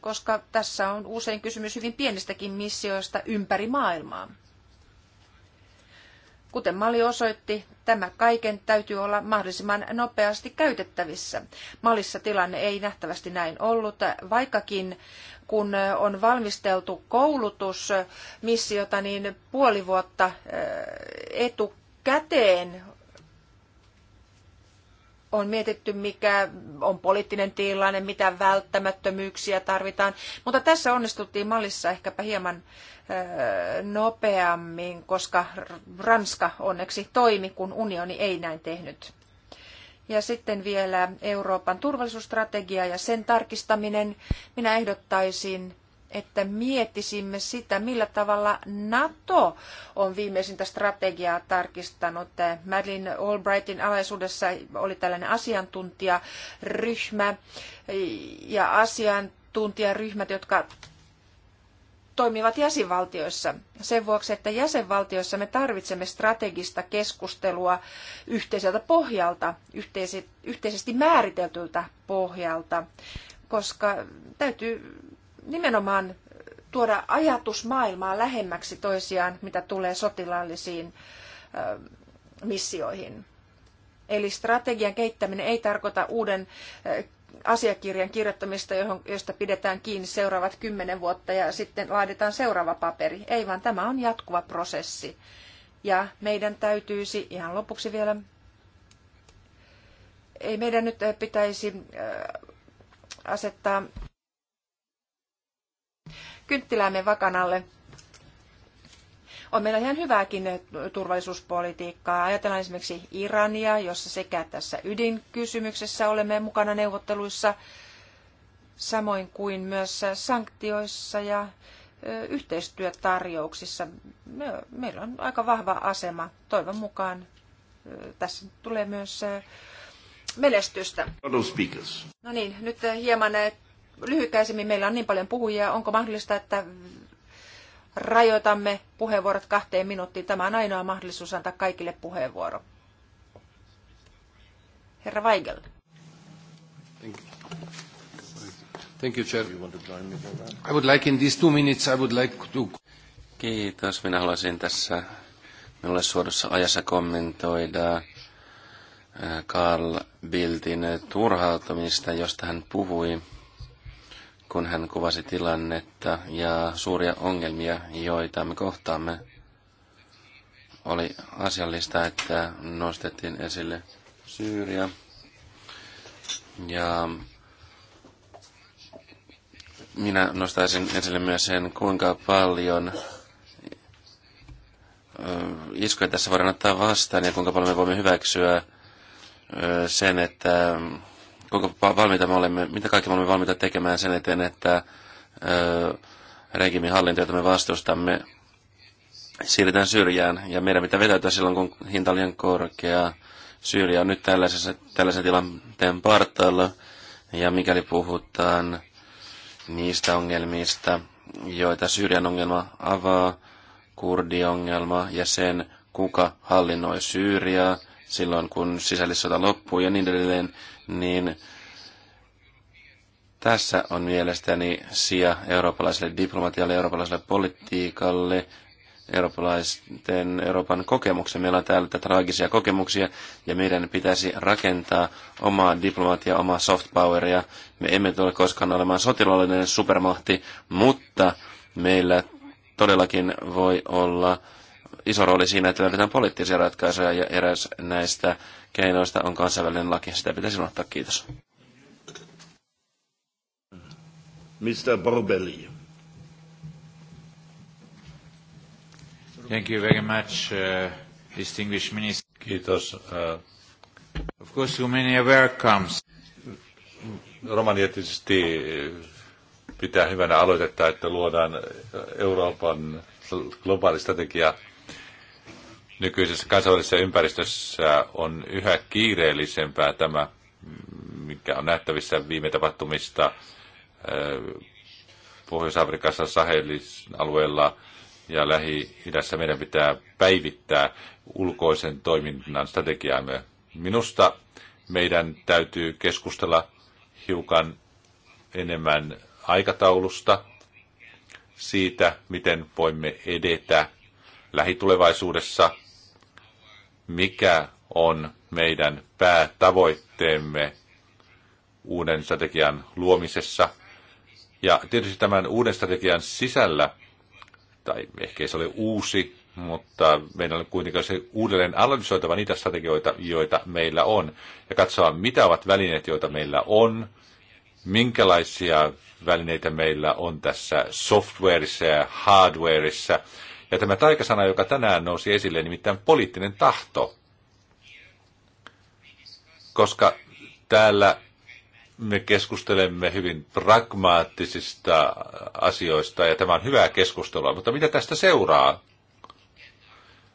koska tässä on usein kysymys hyvin pienistäkin missioista ympäri maailmaa. Kuten Mali osoitti, tämä kaiken täytyy olla mahdollisimman nopeasti käytettävissä. Malissa tilanne ei nähtävästi näin ollut, vaikkakin kun on valmisteltu koulutusmissiota, niin puoli vuotta eh, etukäteen on mietitty, mikä on poliittinen tilanne, mitä välttämättömyyksiä tarvitaan. Mutta tässä onnistuttiin mallissa ehkäpä hieman äh, nopeammin, koska Ranska onneksi toimi, kun unioni ei näin tehnyt. Ja sitten vielä Euroopan turvallisuusstrategia ja sen tarkistaminen. Minä ehdottaisin että miettisimme sitä, millä tavalla NATO on viimeisintä strategiaa tarkistanut. Madeleine Albrightin alaisuudessa oli tällainen asiantuntijaryhmä ja asiantuntijaryhmät, jotka toimivat jäsenvaltioissa sen vuoksi, että jäsenvaltioissa me tarvitsemme strategista keskustelua yhteiseltä pohjalta, yhteisesti määriteltyltä pohjalta, koska täytyy nimenomaan tuoda ajatusmaailmaa lähemmäksi toisiaan, mitä tulee sotilaallisiin missioihin. Eli strategian kehittäminen ei tarkoita uuden asiakirjan kirjoittamista, josta pidetään kiinni seuraavat kymmenen vuotta ja sitten laaditaan seuraava paperi. Ei vaan tämä on jatkuva prosessi. Ja meidän täytyisi ihan lopuksi vielä, ei meidän nyt pitäisi asettaa kynttiläämme vakanalle. On meillä ihan hyvääkin turvallisuuspolitiikkaa. Ajatellaan esimerkiksi Irania, jossa sekä tässä ydinkysymyksessä olemme mukana neuvotteluissa, samoin kuin myös sanktioissa ja yhteistyötarjouksissa. meillä on aika vahva asema. Toivon mukaan tässä tulee myös menestystä. No niin, nyt hieman lyhykäisemmin. Meillä on niin paljon puhujia. Onko mahdollista, että rajoitamme puheenvuorot kahteen minuuttiin? Tämä on ainoa mahdollisuus antaa kaikille puheenvuoro. Herra Weigel. Thank you. Thank you, Chair. I would like in these two minutes, I would like to... Kiitos. Minä haluaisin tässä minulle suorassa ajassa kommentoida Karl eh, Biltin turhautumista, josta hän puhui kun hän kuvasi tilannetta ja suuria ongelmia, joita me kohtaamme. Oli asiallista, että nostettiin esille Syyria ja minä nostaisin esille myös sen, kuinka paljon iskoja tässä voidaan ottaa vastaan ja kuinka paljon me voimme hyväksyä sen, että kuinka valmiita me olemme, mitä kaikki me olemme valmiita tekemään sen eteen, että ö, regimin hallinto, jota me vastustamme, siirretään syrjään. Ja meidän pitää vetäytyä silloin, kun hinta on liian korkea. Syyria on nyt tällaisessa, tällaisen tilanteen partaalla. Ja mikäli puhutaan niistä ongelmista, joita Syyrian ongelma avaa, kurdiongelma ja sen, kuka hallinnoi Syyriaa, silloin, kun sisällissota loppuu ja niin edelleen, niin tässä on mielestäni sija eurooppalaiselle diplomatialle, eurooppalaiselle politiikalle, eurooppalaisten Euroopan kokemuksen. Meillä on täällä traagisia kokemuksia ja meidän pitäisi rakentaa omaa diplomatiaa, omaa soft poweria. Me emme tule koskaan olemaan sotilaallinen supermahti, mutta meillä todellakin voi olla iso rooli siinä, että löydetään poliittisia ratkaisuja ja eräs näistä keinoista on kansainvälinen laki. Sitä pitäisi ottaa. Kiitos. Mr. Borbelli. Thank you very much, uh, distinguished minister. Kiitos. Uh, of course, Romania welcomes. Romania tietysti pitää hyvänä aloitetta, että luodaan Euroopan globaali strategia nykyisessä kansainvälisessä ympäristössä on yhä kiireellisempää tämä, mikä on nähtävissä viime tapahtumista Pohjois-Afrikassa, Sahelin alueella ja Lähi-idässä. Meidän pitää päivittää ulkoisen toiminnan strategiaamme. Minusta meidän täytyy keskustella hiukan enemmän aikataulusta, siitä, miten voimme edetä lähitulevaisuudessa mikä on meidän päätavoitteemme uuden strategian luomisessa. Ja tietysti tämän uuden strategian sisällä, tai ehkä se ole uusi, mutta meidän on kuitenkin se uudelleen analysoitava niitä strategioita, joita meillä on, ja katsoa, mitä ovat välineet, joita meillä on, minkälaisia välineitä meillä on tässä softwareissa ja hardwareissa, ja tämä taikasana, joka tänään nousi esille, nimittäin poliittinen tahto. Koska täällä me keskustelemme hyvin pragmaattisista asioista ja tämä on hyvää keskustelua, mutta mitä tästä seuraa?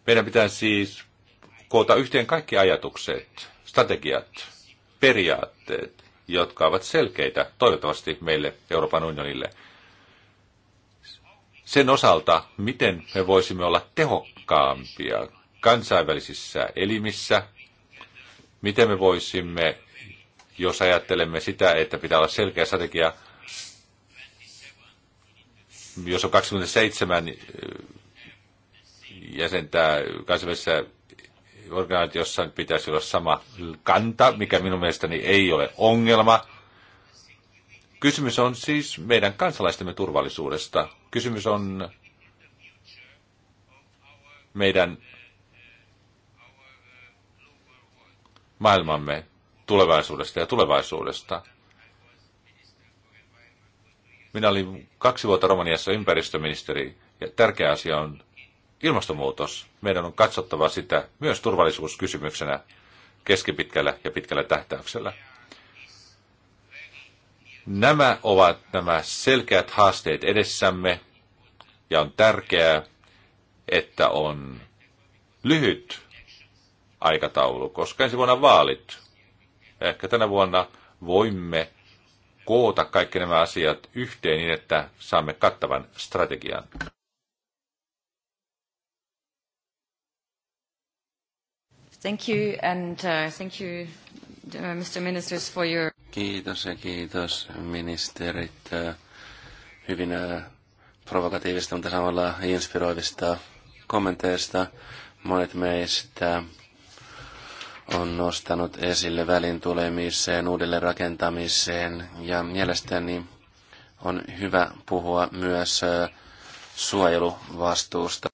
Meidän pitää siis koota yhteen kaikki ajatukset, strategiat, periaatteet, jotka ovat selkeitä toivottavasti meille Euroopan unionille – sen osalta, miten me voisimme olla tehokkaampia kansainvälisissä elimissä, miten me voisimme, jos ajattelemme sitä, että pitää olla selkeä strategia, jos on 27 äh, jäsentää kansainvälisessä organisaatiossa, niin pitäisi olla sama kanta, mikä minun mielestäni ei ole ongelma Kysymys on siis meidän kansalaistemme turvallisuudesta. Kysymys on meidän maailmamme tulevaisuudesta ja tulevaisuudesta. Minä olin kaksi vuotta Romaniassa ympäristöministeri, ja tärkeä asia on ilmastonmuutos. Meidän on katsottava sitä myös turvallisuuskysymyksenä keskipitkällä ja pitkällä tähtäyksellä. Nämä ovat nämä selkeät haasteet edessämme ja on tärkeää, että on lyhyt aikataulu, koska ensi vuonna vaalit. Ehkä tänä vuonna voimme koota kaikki nämä asiat yhteen niin, että saamme kattavan strategian. Thank you and uh, thank you Uh, Mr. Ministers, for your... Kiitos ja kiitos ministerit äh, hyvin äh, provokatiivista, mutta samalla inspiroivista kommenteista. Monet meistä on nostanut esille välin tulemiseen, uudelle rakentamiseen ja mielestäni on hyvä puhua myös äh, suojeluvastuusta.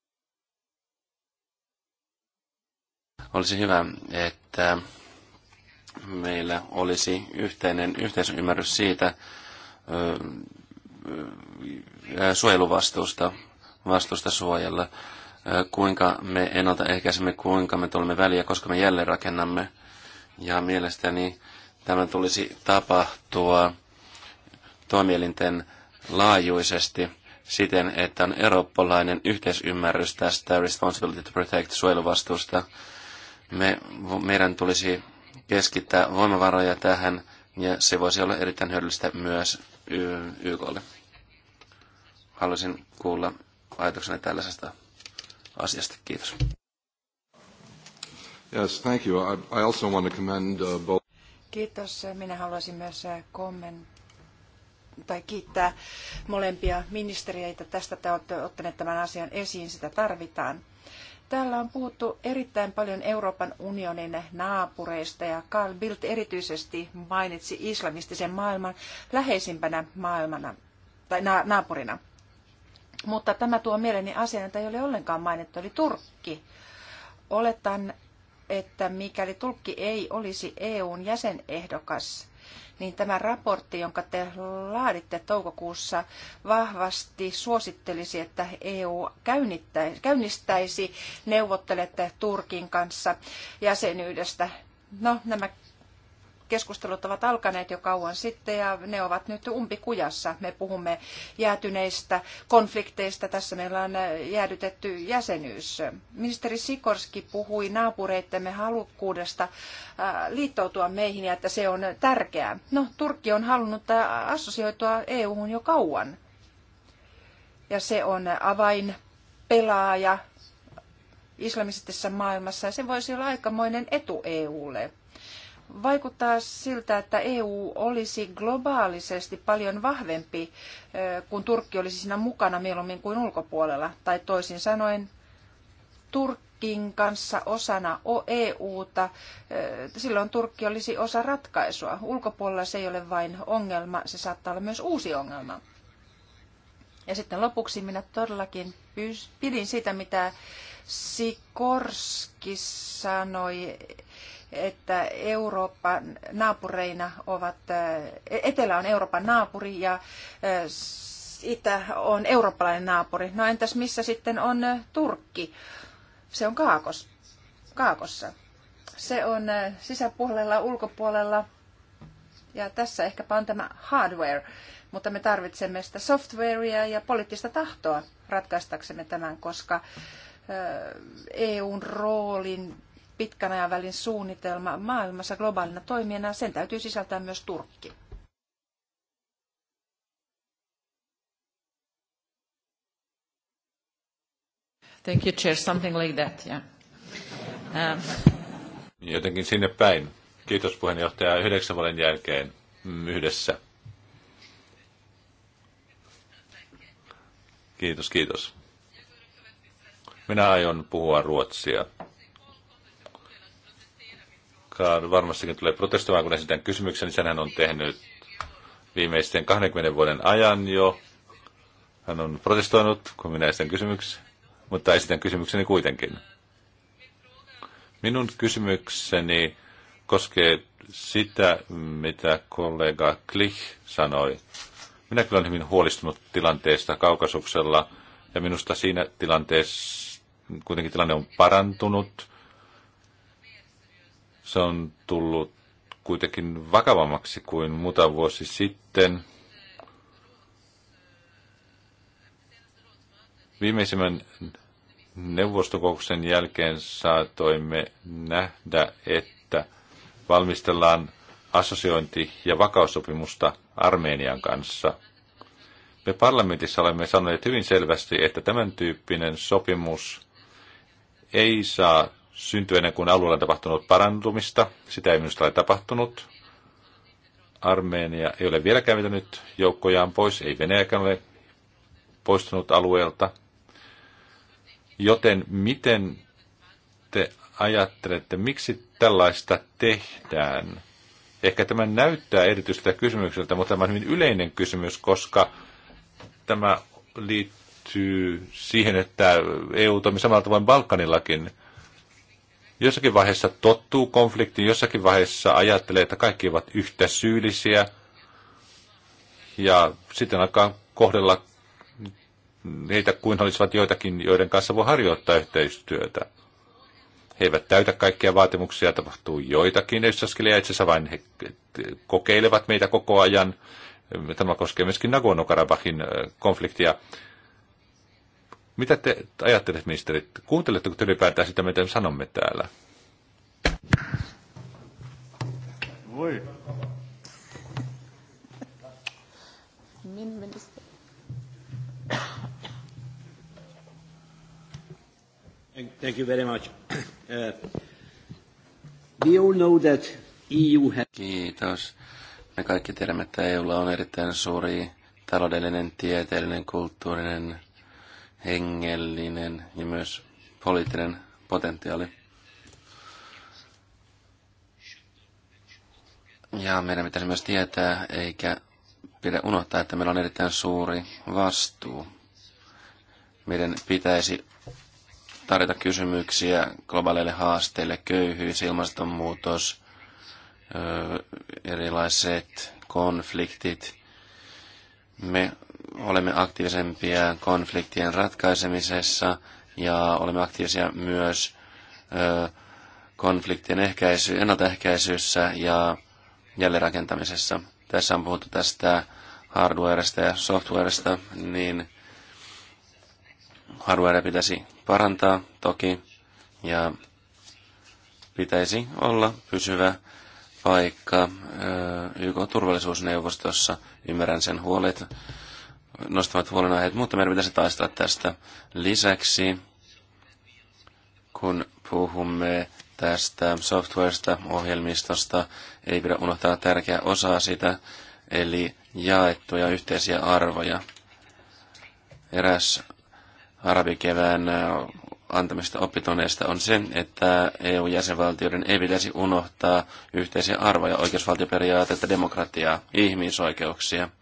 Olisi hyvä, että meillä olisi yhteinen yhteisymmärrys siitä suojeluvastuusta, vastuusta suojella, kuinka me ennaltaehkäisemme, kuinka me tulemme väliä, koska me jälleen rakennamme. Ja mielestäni tämän tulisi tapahtua toimielinten laajuisesti siten, että on eurooppalainen yhteisymmärrys tästä Responsibility to Protect suojeluvastuusta. Me, meidän tulisi keskittää voimavaroja tähän, ja se voisi olla erittäin hyödyllistä myös YKlle. Haluaisin kuulla ajatuksena tällaisesta asiasta. Kiitos. Yes, thank you. I, I also want to commend uh, both. Kiitos. Minä haluaisin myös uh, kommen tai kiittää molempia ministeriöitä tästä, että olette ottaneet tämän asian esiin, sitä tarvitaan. Täällä on puhuttu erittäin paljon Euroopan unionin naapureista ja Carl Bildt erityisesti mainitsi islamistisen maailman läheisimpänä maailmana tai naapurina. Mutta tämä tuo mieleeni asian, jota ei ole ollenkaan mainittu, eli Turkki. Oletan, että mikäli Turkki ei olisi EUn jäsenehdokas, niin tämä raportti, jonka te laaditte toukokuussa, vahvasti suosittelisi, että EU käynnistäisi neuvottelet Turkin kanssa jäsenyydestä. No, nämä keskustelut ovat alkaneet jo kauan sitten ja ne ovat nyt umpikujassa. Me puhumme jäätyneistä konflikteista. Tässä meillä on jäädytetty jäsenyys. Ministeri Sikorski puhui naapureittemme halukkuudesta äh, liittoutua meihin ja että se on tärkeää. No, Turkki on halunnut äh, assosioitua EU-hun jo kauan. Ja se on avainpelaaja islamistisessa maailmassa ja se voisi olla aikamoinen etu EUlle vaikuttaa siltä, että EU olisi globaalisesti paljon vahvempi, kun Turkki olisi siinä mukana mieluummin kuin ulkopuolella. Tai toisin sanoen, Turkin kanssa osana EUta, silloin Turkki olisi osa ratkaisua. Ulkopuolella se ei ole vain ongelma, se saattaa olla myös uusi ongelma. Ja sitten lopuksi minä todellakin pidin sitä, mitä Sikorski sanoi että Eurooppa naapureina ovat, eh, etelä on Euroopan naapuri ja eh, itä on eurooppalainen naapuri. No entäs missä sitten on eh, Turkki? Se on kaakos, kaakossa. Se on sisäpuolella, ulkopuolella ja tässä ehkäpä on tämä hardware, mutta me tarvitsemme sitä softwarea ja poliittista tahtoa ratkaistaksemme tämän, koska EUn roolin pitkän ajan suunnitelma maailmassa globaalina toimijana, sen täytyy sisältää myös Turkki. Thank you, Chair. Something like that, yeah. Um. Niin jotenkin sinne päin. Kiitos puheenjohtaja yhdeksän vuoden jälkeen mm, yhdessä. Kiitos, kiitos. Minä aion puhua ruotsia. Kreikkaan varmastikin tulee protestoimaan, kun esitän kysymyksen, niin sen hän on tehnyt viimeisten 20 vuoden ajan jo. Hän on protestoinut, kun minä esitän kysymyksen, mutta esitän kysymykseni kuitenkin. Minun kysymykseni koskee sitä, mitä kollega Klich sanoi. Minä kyllä olen hyvin huolistunut tilanteesta kaukasuksella, ja minusta siinä tilanteessa kuitenkin tilanne on parantunut. Se on tullut kuitenkin vakavammaksi kuin muutama vuosi sitten. Viimeisimmän neuvostokouksen jälkeen saatoimme nähdä, että valmistellaan assosiointi- ja vakaussopimusta Armenian kanssa. Me parlamentissa olemme sanoneet hyvin selvästi, että tämän tyyppinen sopimus ei saa syntyi ennen kuin alueella tapahtunut parantumista. Sitä ei minusta ole tapahtunut. Armeenia ei ole vielä kävitänyt joukkojaan pois, ei Venäjäkään ole poistunut alueelta. Joten miten te ajattelette, miksi tällaista tehdään? Ehkä tämä näyttää erityiseltä kysymykseltä, mutta tämä on hyvin yleinen kysymys, koska tämä liittyy siihen, että EU toimii samalla tavoin Balkanillakin – Jossakin vaiheessa tottuu konfliktiin, jossakin vaiheessa ajattelee, että kaikki ovat yhtä syyllisiä. Ja sitten alkaa kohdella heitä kuin olisivat joitakin, joiden kanssa voi harjoittaa yhteistyötä. He eivät täytä kaikkia vaatimuksia, tapahtuu joitakin yhdessäskelejä, itse asiassa vain he kokeilevat meitä koko ajan. Tämä koskee myöskin Nagorno-Karabahin äh, konfliktia. Mitä te ajattelet, ministerit? Kuunteletteko te ylipäätään sitä, mitä me sanomme täällä? Voi. Min Thank you very much. Uh, we all know that EU has... Kiitos. Me kaikki tiedämme, että EUlla on erittäin suuri taloudellinen, tieteellinen, kulttuurinen hengellinen ja myös poliittinen potentiaali. Ja meidän pitäisi myös tietää, eikä pidä unohtaa, että meillä on erittäin suuri vastuu. Meidän pitäisi tarjota kysymyksiä globaaleille haasteille, köyhyys, ilmastonmuutos, erilaiset konfliktit. Me olemme aktiivisempia konfliktien ratkaisemisessa ja olemme aktiivisia myös ö, konfliktien ehkäisy, ennaltaehkäisyssä ja jälleenrakentamisessa. Tässä on puhuttu tästä hardwaresta ja softwaresta, niin hardwarea pitäisi parantaa toki ja pitäisi olla pysyvä paikka YK-turvallisuusneuvostossa. Ymmärrän sen huolet nostavat huolenaiheet, mutta meidän pitäisi taistella tästä. Lisäksi, kun puhumme tästä softwaresta, ohjelmistosta, ei pidä unohtaa tärkeää osaa sitä, eli jaettuja yhteisiä arvoja. Eräs arabikevään antamista oppitoneista on se, että EU-jäsenvaltioiden ei pitäisi unohtaa yhteisiä arvoja, oikeusvaltioperiaatetta, demokratiaa, ihmisoikeuksia –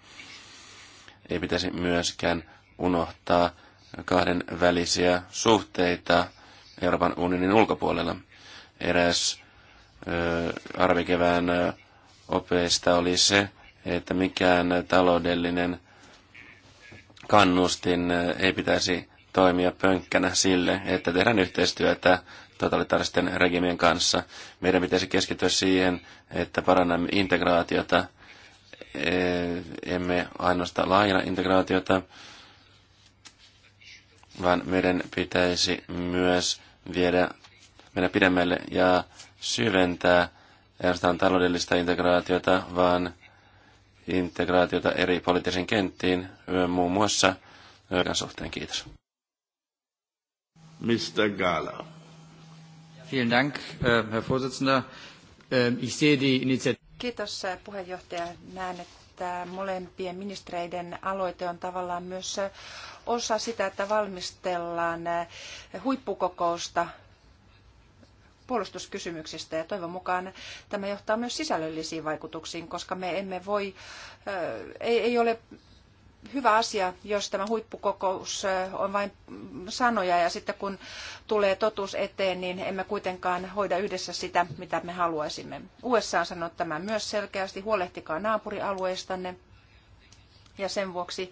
ei pitäisi myöskään unohtaa kahden välisiä suhteita Euroopan unionin ulkopuolella. Eräs arvikevään opeista oli se, että mikään taloudellinen kannustin ei pitäisi toimia pönkkänä sille, että tehdään yhteistyötä totalitaaristen regimien kanssa. Meidän pitäisi keskittyä siihen, että parannamme integraatiota – emme ainoastaan laajena integraatiota, vaan meidän pitäisi myös viedä mennä pidemmälle ja syventää ainoastaan taloudellista integraatiota, vaan integraatiota eri poliittisiin kenttiin, muun muassa suhteen. Kiitos. Mr. Gala. Vielen Dank, äh, Herr Vorsitzender. Ähm, ich sehe die Initiative. Kiitos eh, puheenjohtaja. Näen, että molempien ministereiden aloite on tavallaan myös eh, osa sitä, että valmistellaan eh, huippukokousta puolustuskysymyksistä ja toivon mukaan tämä johtaa myös sisällöllisiin vaikutuksiin, koska me emme voi, ei, ei ole hyvä asia, jos tämä huippukokous on vain sanoja ja sitten kun tulee totuus eteen, niin emme kuitenkaan hoida yhdessä sitä, mitä me haluaisimme. USA on sanonut tämän myös selkeästi, huolehtikaa naapurialueistanne ja sen vuoksi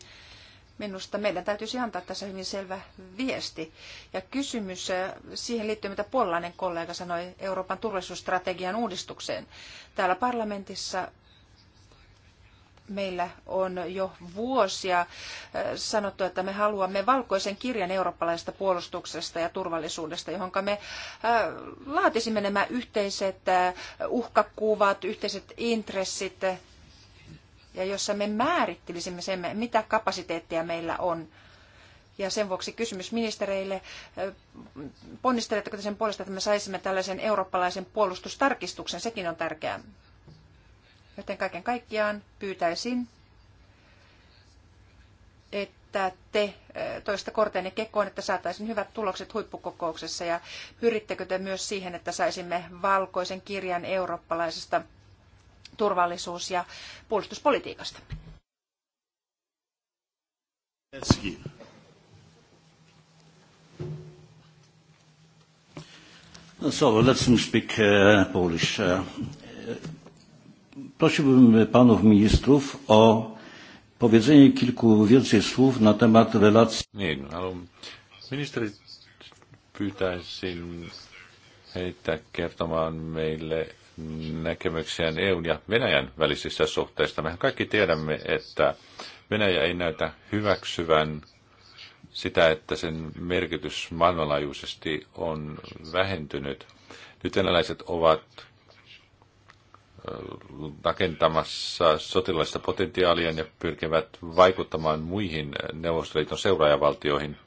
minusta meidän täytyisi antaa tässä hyvin selvä viesti. Ja kysymys siihen liittyen, mitä puolalainen kollega sanoi Euroopan turvallisuusstrategian uudistukseen. Täällä parlamentissa meillä on jo vuosia äh, sanottu, että me haluamme valkoisen kirjan eurooppalaisesta puolustuksesta ja turvallisuudesta, johon me äh, laatisimme nämä yhteiset äh, uhkakuvat, yhteiset intressit ja jossa me määrittelisimme sen, mitä kapasiteettia meillä on. Ja sen vuoksi kysymys ministereille, ponnisteletteko te sen puolesta, että me saisimme tällaisen eurooppalaisen puolustustarkistuksen, sekin on tärkeää. Joten kaiken kaikkiaan pyytäisin, että te toista korteenne kekoon, että saataisiin hyvät tulokset huippukokouksessa ja pyrittekö te myös siihen, että saisimme valkoisen kirjan eurooppalaisesta turvallisuus- ja puolustuspolitiikasta? So let's speak uh, Polish. Uh, Prosiłbym panów ministrów o powiedzenie kilku więcej słów na temat relacji. Niin, pyytäisin heitä kertomaan meille näkemyksiään EUn ja Venäjän välisissä suhteista. Mehän kaikki tiedämme, että Venäjä ei näytä hyväksyvän sitä, että sen merkitys maailmanlaajuisesti on vähentynyt. Nyt venäläiset ovat rakentamassa sotilaista potentiaalia ja pyrkivät vaikuttamaan muihin Neuvostoliiton seuraajavaltioihin.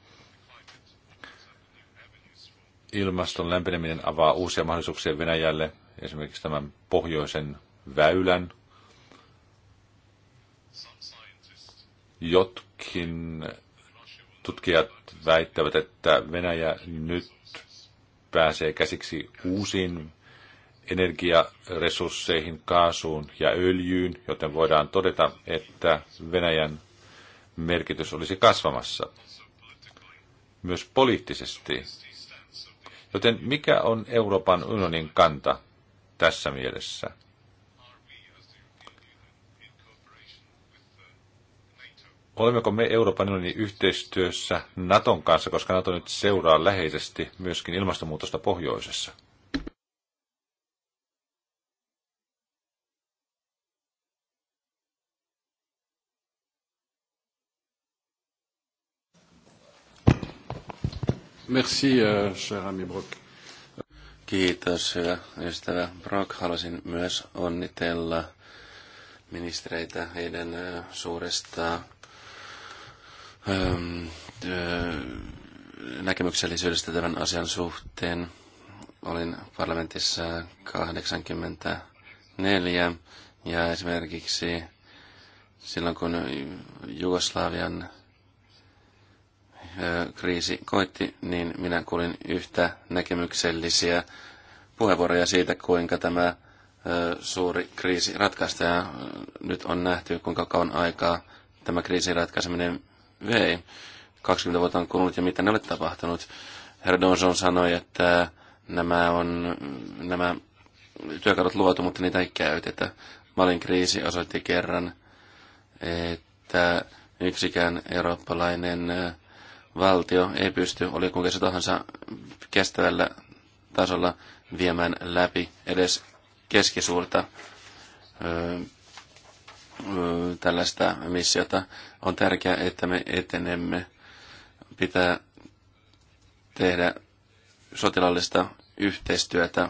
Ilmaston lämpeneminen avaa uusia mahdollisuuksia Venäjälle, esimerkiksi tämän pohjoisen väylän. Jotkin tutkijat väittävät, että Venäjä nyt pääsee käsiksi uusiin energiaresursseihin, kaasuun ja öljyyn, joten voidaan todeta, että Venäjän merkitys olisi kasvamassa myös poliittisesti. Joten mikä on Euroopan unionin kanta tässä mielessä? Olemmeko me Euroopan unionin yhteistyössä Naton kanssa, koska Nato nyt seuraa läheisesti myöskin ilmastonmuutosta pohjoisessa? Merci, euh, cher ami Brock. Kiitos, hyvä ystävä Brock. Haluaisin myös onnitella ministereitä heidän suuresta näkemyksellisyydestä tämän asian suhteen. Olin parlamentissa 84 ja esimerkiksi silloin kun Jugoslavian kriisi koitti, niin minä kuulin yhtä näkemyksellisiä puheenvuoroja siitä, kuinka tämä suuri kriisi ratkaistaan. Ja nyt on nähty, kuinka kauan aikaa tämä kriisin ratkaiseminen vei. 20 vuotta on kulunut ja mitä ne ole tapahtunut. Herr Donson sanoi, että nämä, on, nämä työkalut luotu, mutta niitä ei käytetä. Malin kriisi osoitti kerran, että yksikään eurooppalainen valtio ei pysty, oli kuinka se tahansa, kestävällä tasolla viemään läpi edes keskisuurta ö, ö, tällaista missiota. On tärkeää, että me etenemme. Pitää tehdä sotilaallista yhteistyötä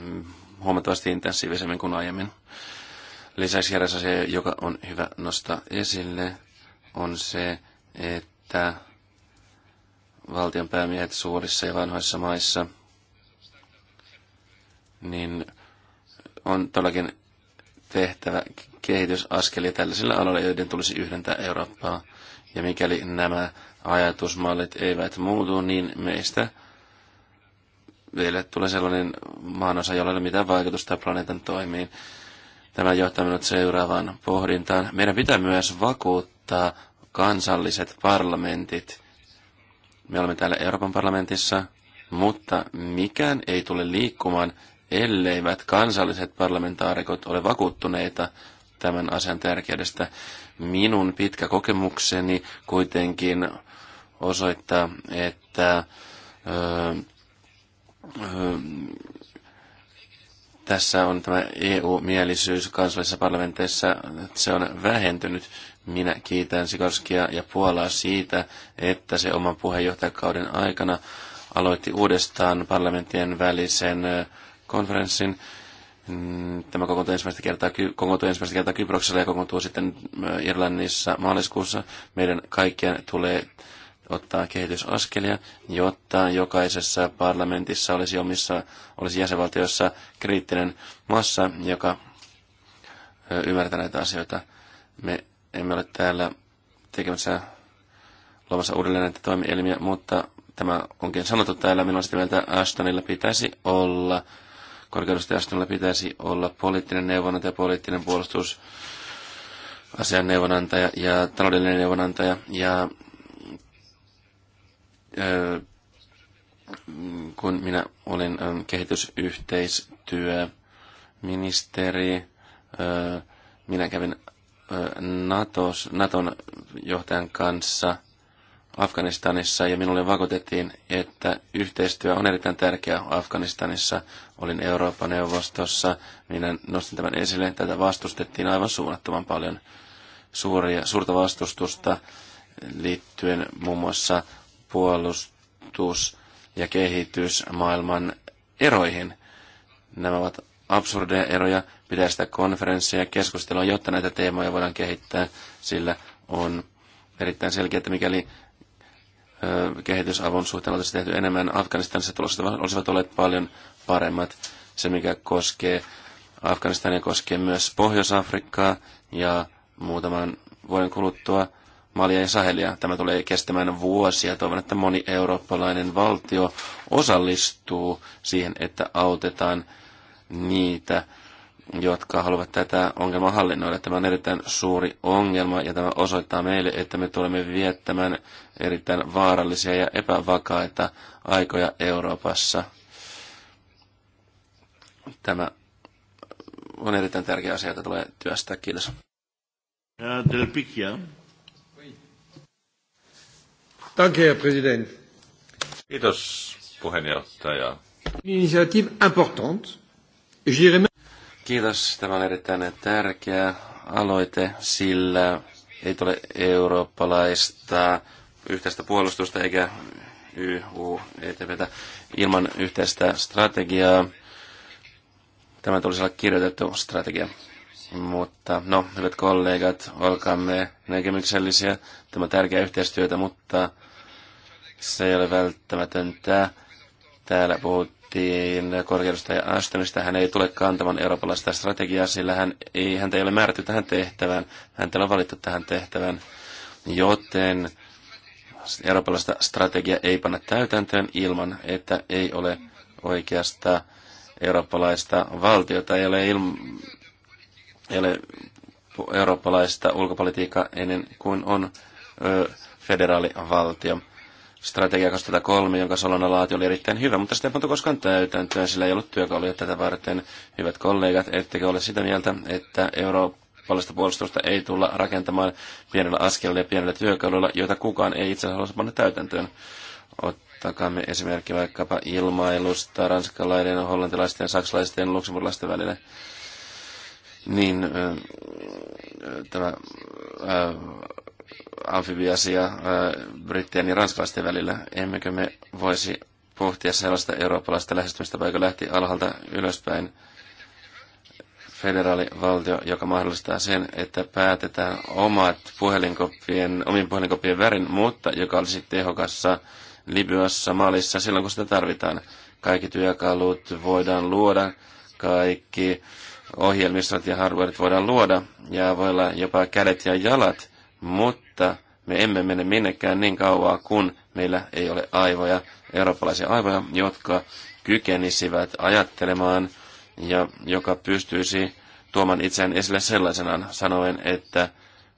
mm, huomattavasti intensiivisemmin kuin aiemmin. Lisäksi eräs asia, joka on hyvä nostaa esille, on se, että valtionpäämiehet suurissa ja vanhoissa maissa, niin on todellakin tehtävä kehitysaskelia tällaisilla aloilla, joiden tulisi yhdentää Eurooppaa. Ja mikäli nämä ajatusmallit eivät muutu, niin meistä vielä tulee sellainen maanosa, jolla ei ole mitään vaikutusta planeetan toimiin. Tämä johtaa minut seuraavaan pohdintaan. Meidän pitää myös vakuuttaa kansalliset parlamentit me olemme täällä Euroopan parlamentissa, mutta mikään ei tule liikkumaan, elleivät kansalliset parlamentaarikot ole vakuuttuneita tämän asian tärkeydestä. Minun pitkä kokemukseni kuitenkin osoittaa, että öö, öö, tässä on tämä EU-mielisyys kansallisissa parlamenteissa, se on vähentynyt. Minä kiitän Sikorskia ja Puolaa siitä, että se oman puheenjohtajakauden aikana aloitti uudestaan parlamenttien välisen konferenssin. Mm, tämä kokoontui ensimmäistä kertaa, kokoontui ensimmäistä kertaa Kyproksella ja kokoontuu sitten Irlannissa maaliskuussa. Meidän kaikkien tulee ottaa kehitysaskelia, jotta jokaisessa parlamentissa olisi omissa, olisi jäsenvaltioissa kriittinen massa, joka ymmärtää näitä asioita. Me emme ole täällä tekemässä luomassa uudelleen näitä toimielimiä, mutta tämä onkin sanottu täällä, minun sitä mieltä Ashtonilla pitäisi olla, korkeudusta Ashtonilla pitäisi olla poliittinen neuvonantaja, poliittinen puolustus, asian neuvonantaja ja taloudellinen neuvonantaja ja kun minä olin kehitysyhteistyöministeri, minä kävin Natos, Naton johtajan kanssa Afganistanissa ja minulle vakuutettiin, että yhteistyö on erittäin tärkeää Afganistanissa. Olin Euroopan neuvostossa, minä nostin tämän esille, tätä vastustettiin aivan suunnattoman paljon suuria, suurta vastustusta liittyen muun muassa puolustus ja kehitys maailman eroihin. Nämä ovat absurdeja eroja, pitää sitä konferenssia ja keskustelua, jotta näitä teemoja voidaan kehittää, sillä on erittäin selkeä, että mikäli kehitysavun suhteen olisi tehty enemmän, Afganistanissa tulokset olisivat olleet paljon paremmat. Se, mikä koskee Afganistania, koskee myös Pohjois-Afrikkaa ja muutaman vuoden kuluttua – Malia ja Sahelia. Tämä tulee kestämään vuosia. Toivon, että moni eurooppalainen valtio osallistuu siihen, että autetaan niitä, jotka haluavat tätä ongelmaa hallinnoida. Tämä on erittäin suuri ongelma ja tämä osoittaa meille, että me tulemme viettämään erittäin vaarallisia ja epävakaita aikoja Euroopassa. Tämä on erittäin tärkeä asia, jota tulee työstää. Kiitos. Del Kiitos, puheenjohtaja. Initiative importante. Kiitos, tämä on erittäin tärkeä aloite, sillä ei tule eurooppalaista yhteistä puolustusta eikä YUETVtä ilman yhteistä strategiaa. Tämä tulisi olla kirjoitettu strategia. Mutta no, hyvät kollegat, olkaamme näkemyksellisiä. Tämä on tärkeä yhteistyötä, mutta se ei ole välttämätöntä. Täällä puhuttiin ja Ashtonista. Hän ei tule kantamaan eurooppalaista strategiaa, sillä hän ei, häntä ei ole määrätty tähän tehtävään. Häntä on valittu tähän tehtävään. Joten eurooppalaista strategiaa ei panna täytäntöön ilman, että ei ole oikeasta eurooppalaista valtiota, ei ole, ilm, ei ole eurooppalaista ulkopolitiikkaa ennen kuin on ö, federaalivaltio strategia 2003, jonka Solona laati, oli erittäin hyvä, mutta sitä ei pantu koskaan täytäntöön, sillä ei ollut työkaluja tätä varten. Hyvät kollegat, ettekö ole sitä mieltä, että eurooppalaista puolustusta ei tulla rakentamaan pienellä askelilla ja pienellä työkaluilla, joita kukaan ei itse halua panna täytäntöön? Ottakaamme esimerkki vaikkapa ilmailusta ranskalaisten, hollantilaisten, saksalaisten ja luksemburilaisten välillä niin äh, tämä äh, amfibiasia brittien ja ranskalaisten välillä. Emmekö me voisi pohtia sellaista eurooppalaista lähestymistä, vaikka lähti alhaalta ylöspäin federaalivaltio, joka mahdollistaa sen, että päätetään omat puhelinkoppien, omin puhelinkoppien värin, mutta joka olisi tehokassa Libyassa, Malissa, silloin kun sitä tarvitaan. Kaikki työkalut voidaan luoda, kaikki ohjelmistot ja hardwareit voidaan luoda, ja voi olla jopa kädet ja jalat mutta me emme mene minnekään niin kauan, kun meillä ei ole aivoja, eurooppalaisia aivoja, jotka kykenisivät ajattelemaan ja joka pystyisi tuomaan itseään esille sellaisenaan sanoen, että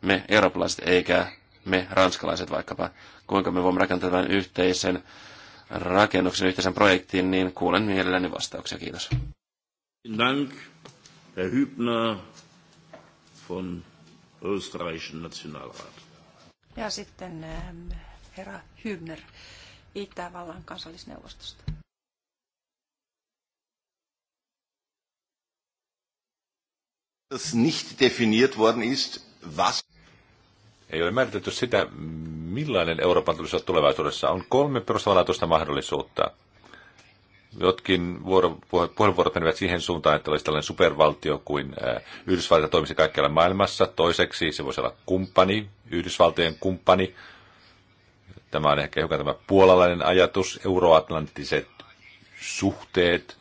me eurooppalaiset eikä me ranskalaiset vaikkapa, kuinka me voimme rakentaa tämän yhteisen rakennuksen, yhteisen projektin, niin kuulen mielelläni vastauksia. Kiitos. Dank, Herr Hübner von österreichischen Nationalrat. Ja sitten ähm, herra Hymner Itävallan kansallisneuvostosta. Dass nicht definiert worden ist, was ei ole määritelty sitä, millainen Euroopan tulisi tulevaisuudessa. On kolme perustavanlaatuista mahdollisuutta. Jotkin puheenvuorot menivät siihen suuntaan, että olisi tällainen supervaltio kuin äh, Yhdysvalta toimisi kaikkialla maailmassa. Toiseksi se voisi olla kumppani, Yhdysvaltojen kumppani. Tämä on ehkä hiukan tämä puolalainen ajatus, euroatlanttiset suhteet.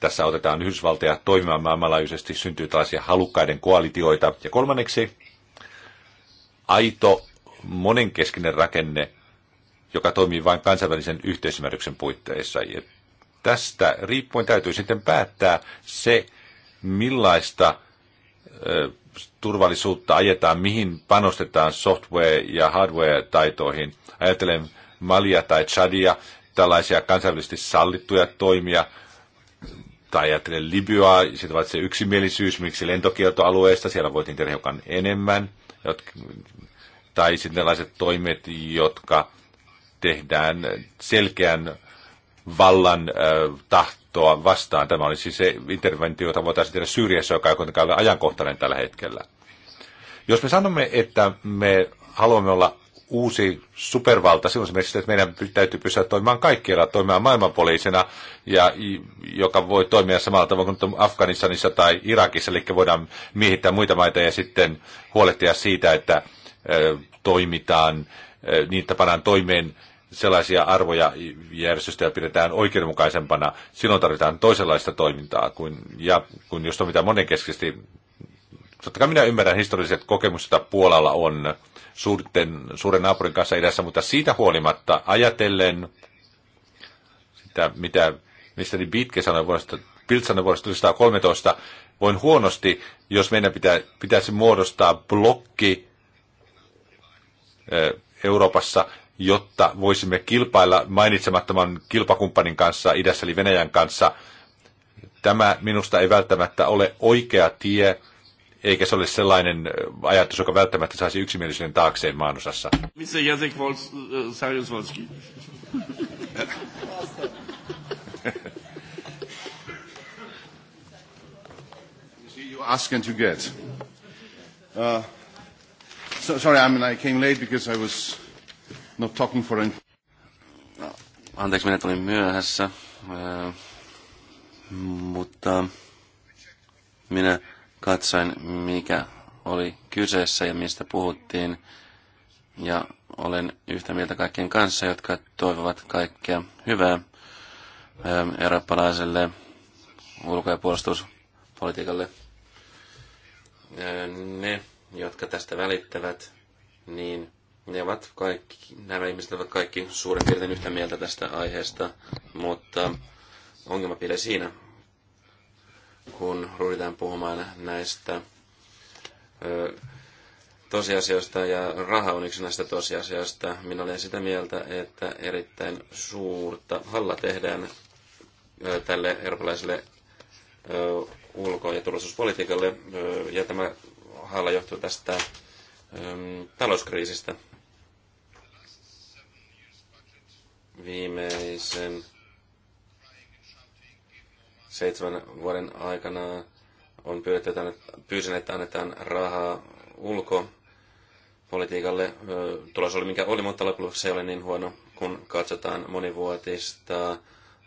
Tässä otetaan Yhdysvaltoja toimimaan maailmanlaajuisesti, syntyy tällaisia halukkaiden koalitioita. Ja kolmanneksi aito monenkeskinen rakenne, joka toimii vain kansainvälisen yhteisymmärryksen puitteissa. Ja tästä riippuen täytyy sitten päättää se, millaista turvallisuutta ajetaan, mihin panostetaan software- ja hardware-taitoihin. Ajattelen Malia tai Chadia, tällaisia kansainvälisesti sallittuja toimia, tai ajattelen Libyaa, siitä se yksimielisyys, miksi lentokieltoalueesta, siellä voitiin tehdä hiukan enemmän, tai sitten tällaiset toimet, jotka tehdään selkeän vallan tahtoa vastaan. Tämä oli siis se interventio, jota voitaisiin tehdä Syyriassa, joka ei kuitenkaan ole ajankohtainen tällä hetkellä. Jos me sanomme, että me haluamme olla uusi supervalta, silloin se että meidän täytyy pystyä toimimaan kaikkialla, toimimaan maailmanpoliisina, ja, joka voi toimia samalla tavalla kuin Afganistanissa tai Irakissa, eli voidaan miehittää muita maita ja sitten huolehtia siitä, että ö, toimitaan, niitä niin toimeen sellaisia arvoja järjestöstä pidetään oikeudenmukaisempana, silloin tarvitaan toisenlaista toimintaa. Kuin, ja kun on mitä monenkeskisesti, totta kai minä ymmärrän historialliset kokemukset, että Puolalla on suurten, suuren naapurin kanssa idässä, mutta siitä huolimatta ajatellen sitä, mitä ministeri Bitke sanoi vuodesta, Bild sanoi vuodesta 1913, voin huonosti, jos meidän pitää, pitäisi muodostaa blokki Euroopassa, jotta voisimme kilpailla mainitsemattoman kilpakumppanin kanssa, idässä eli Venäjän kanssa. Tämä minusta ei välttämättä ole oikea tie, eikä se ole sellainen ajatus, joka välttämättä saisi yksimielisyyden taakseen maanosassa. Missä Jacek Sarjusvolski? you ask and you get. Uh, so, sorry, I mean, I came late because I was Not talking for any... No, anteeksi, minä tulin myöhässä, mutta minä katsoin, mikä oli kyseessä ja mistä puhuttiin. Ja olen yhtä mieltä kaikkien kanssa, jotka toivovat kaikkea hyvää eurooppalaiselle ulko- ja puolustuspolitiikalle. Ne, jotka tästä välittävät, niin ne ovat kaikki, nämä ihmiset ovat kaikki suurin piirtein yhtä mieltä tästä aiheesta, mutta ongelma piilee siinä, kun ruvetaan puhumaan näistä ö, tosiasioista, ja raha on yksi näistä tosiasioista. Minä olen sitä mieltä, että erittäin suurta halla tehdään ö, tälle eurooppalaiselle ulko- ja turvallisuuspolitiikalle, ö, ja tämä halla johtuu tästä talouskriisistä, viimeisen seitsemän vuoden aikana on pyydetty, että pyysin, että annetaan rahaa ulkopolitiikalle. Tulos oli mikä oli, mutta lopuksi se ei ole niin huono, kun katsotaan monivuotista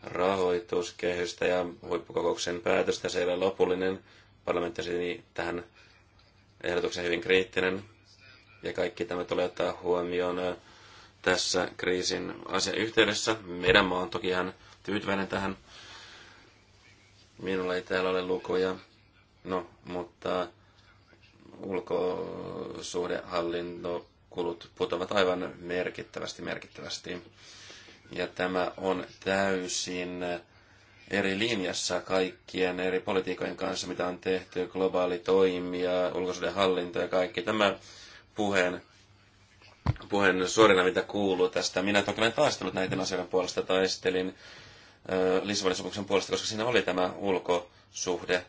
rahoituskehystä ja huippukokouksen päätöstä. Se ei ole lopullinen. Parlamentti siis tähän ehdotuksen hyvin kriittinen. Ja kaikki tämä tulee ottaa huomioon tässä kriisin asian yhteydessä. Meidän maa on toki ihan tyytyväinen tähän. Minulla ei täällä ole lukuja. No, mutta ulkosuhdehallintokulut putoavat aivan merkittävästi, merkittävästi. Ja tämä on täysin eri linjassa kaikkien eri politiikojen kanssa, mitä on tehty, globaali toimija, ulkosuhdehallinto ja kaikki. Tämä puheen puheen suorina, mitä kuuluu tästä. Minä toki olen taistellut näiden asioiden puolesta, taistelin Lissabonin sopimuksen puolesta, koska siinä oli tämä ulkosuhde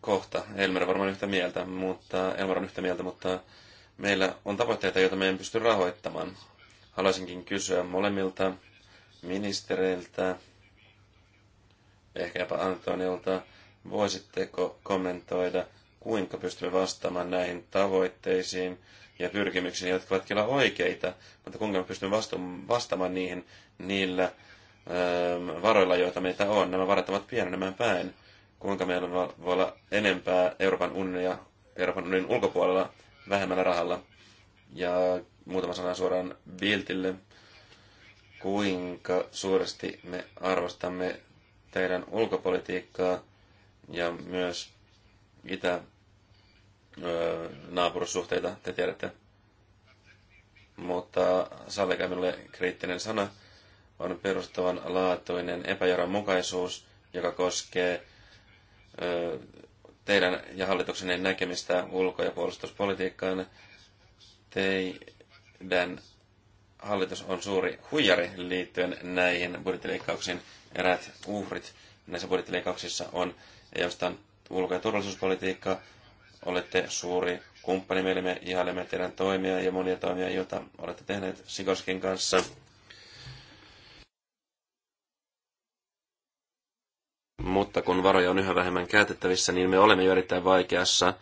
kohta. Elmer varmaan yhtä mieltä, mutta Elmer on yhtä mieltä, mutta meillä on tavoitteita, joita me emme pysty rahoittamaan. Haluaisinkin kysyä molemmilta ministereiltä, jopa Antonilta, voisitteko kommentoida, kuinka pystymme vastaamaan näihin tavoitteisiin, ja pyrkimyksiä, jotka ovat kyllä oikeita, mutta kuinka me pystymme vastaamaan niihin niillä öö, varoilla, joita meitä on. Nämä varat ovat pienemmän päin. Kuinka meillä voi olla enempää Euroopan unionia Euroopan unionin ulkopuolella vähemmällä rahalla. Ja muutama sana suoraan Biltille. Kuinka suuresti me arvostamme teidän ulkopolitiikkaa ja myös itä naapurussuhteita, te tiedätte. Mutta sallikaa minulle kriittinen sana on laatuinen epäjohdonmukaisuus, joka koskee teidän ja hallituksenne näkemistä ulko- ja puolustuspolitiikkaan. Teidän hallitus on suuri huijari liittyen näihin budjettileikkauksiin. Eräät uhrit näissä budjettileikkauksissa on ei ulko- ja turvallisuuspolitiikkaa, Olette suuri kumppani meille, me ihailemme teidän toimia ja monia toimia, joita olette tehneet Sikoskin kanssa. Mutta kun varoja on yhä vähemmän käytettävissä, niin me olemme jo erittäin vaikeassa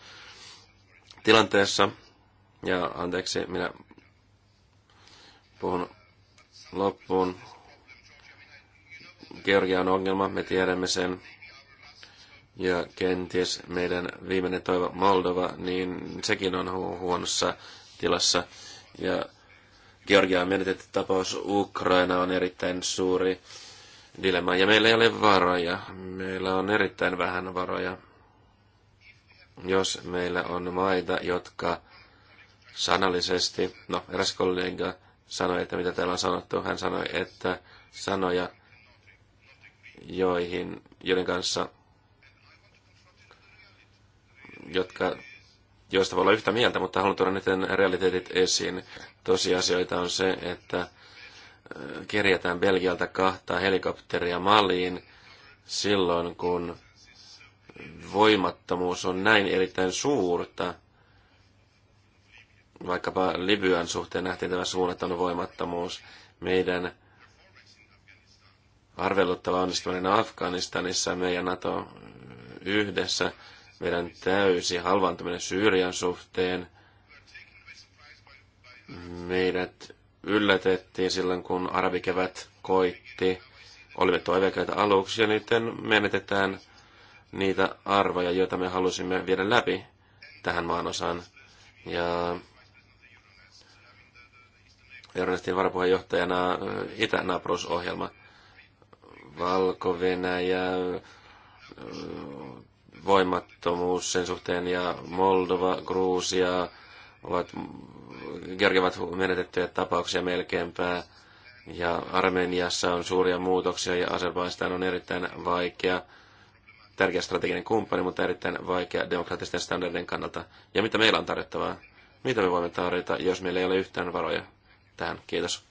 tilanteessa. Ja anteeksi, minä puhun loppuun. Georgia on ongelma, me tiedämme sen ja kenties meidän viimeinen toivo Moldova, niin sekin on hu- huonossa tilassa. Ja Georgia on menetetty tapaus, Ukraina on erittäin suuri dilemma, ja meillä ei ole varoja. Meillä on erittäin vähän varoja. Jos meillä on maita, jotka sanallisesti, no eräs kollega sanoi, että mitä täällä on sanottu, hän sanoi, että sanoja, joihin, joiden kanssa jotka, joista voi olla yhtä mieltä, mutta haluan tuoda nyt realiteetit esiin. Tosiasioita on se, että äh, kerjätään Belgialta kahta helikopteria maliin silloin, kun voimattomuus on näin erittäin suurta. Vaikkapa Libyan suhteen nähtiin tämä suunnaton voimattomuus. Meidän arveluttava onnistuminen Afganistanissa meidän NATO yhdessä meidän täysi halvantuminen Syyrian suhteen. Meidät yllätettiin silloin, kun arabikevät koitti. Olimme toiveikkaita aluksi ja nyt menetetään niitä arvoja, joita me halusimme viedä läpi tähän maanosaan. Ja Euronestin varapuheenjohtajana eh, itänaapurusohjelma. Valko-Venäjä, eh, voimattomuus sen suhteen ja Moldova, Gruusia ovat, kerkevat menetettyjä tapauksia melkeinpää. Ja Armeniassa on suuria muutoksia ja Azerbaistan on erittäin vaikea, tärkeä strateginen kumppani, mutta erittäin vaikea demokraattisten standardien kannalta. Ja mitä meillä on tarjottavaa? Mitä me voimme tarjota, jos meillä ei ole yhtään varoja tähän? Kiitos.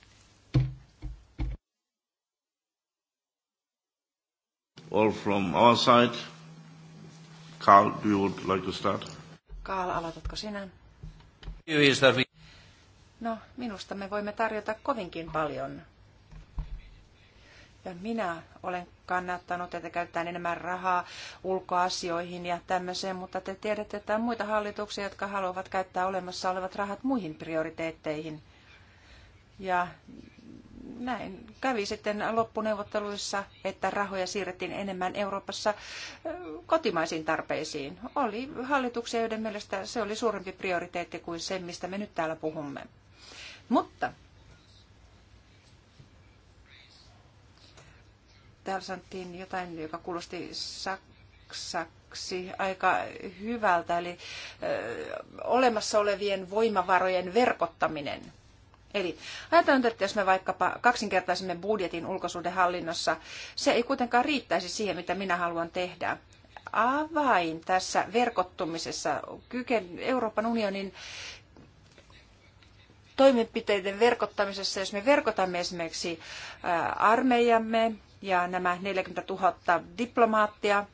All from our side. Carl, do you would like to start? Carl, aloitatko sinä? No, minusta me voimme tarjota kovinkin paljon. Ja minä olen kannattanut, että käytetään enemmän rahaa ulkoasioihin ja tämmöiseen, mutta te tiedätte, että on muita hallituksia, jotka haluavat käyttää olemassa olevat rahat muihin prioriteetteihin. Ja näin kävi sitten loppuneuvotteluissa, että rahoja siirrettiin enemmän Euroopassa kotimaisiin tarpeisiin. Oli hallituksia, joiden mielestä se oli suurempi prioriteetti kuin se, mistä me nyt täällä puhumme. Mutta täällä sanottiin jotain, joka kuulosti saksaksi aika hyvältä, eli ö, olemassa olevien voimavarojen verkottaminen – Eli ajatellaan, että jos me vaikkapa kaksinkertaisemme budjetin ulkosuhdehallinnossa, se ei kuitenkaan riittäisi siihen, mitä minä haluan tehdä. Avain tässä verkottumisessa, kyken Euroopan unionin toimenpiteiden verkottamisessa, jos me verkotamme esimerkiksi armeijamme ja nämä 40 000 diplomaattia,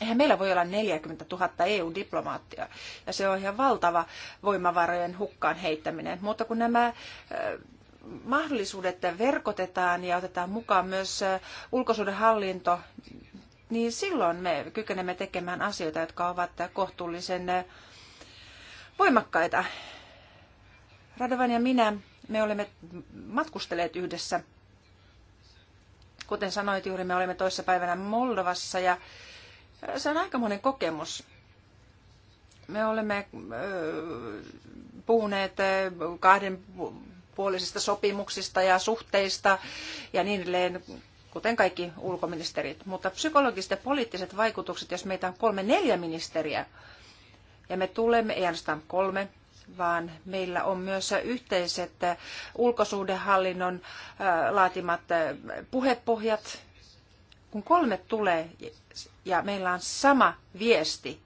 Eihän meillä voi olla 40 000 EU-diplomaattia, ja se on ihan valtava voimavarojen hukkaan heittäminen. Mutta kun nämä mahdollisuudet verkotetaan ja otetaan mukaan myös ulkosuudenhallinto, niin silloin me kykenemme tekemään asioita, jotka ovat kohtuullisen voimakkaita. Radovan ja minä, me olemme matkusteleet yhdessä. Kuten sanoit juuri, me olemme toissa päivänä Moldovassa ja se on aikamoinen kokemus. Me olemme puhuneet kahden puolisista sopimuksista ja suhteista ja niin edelleen, kuten kaikki ulkoministerit. Mutta psykologiset ja poliittiset vaikutukset, jos meitä on kolme neljä ministeriä, ja me tulemme, ei ainoastaan kolme, vaan meillä on myös yhteiset ulkosuhdehallinnon laatimat puhepohjat. Kun kolme tulee ja meillä on sama viesti,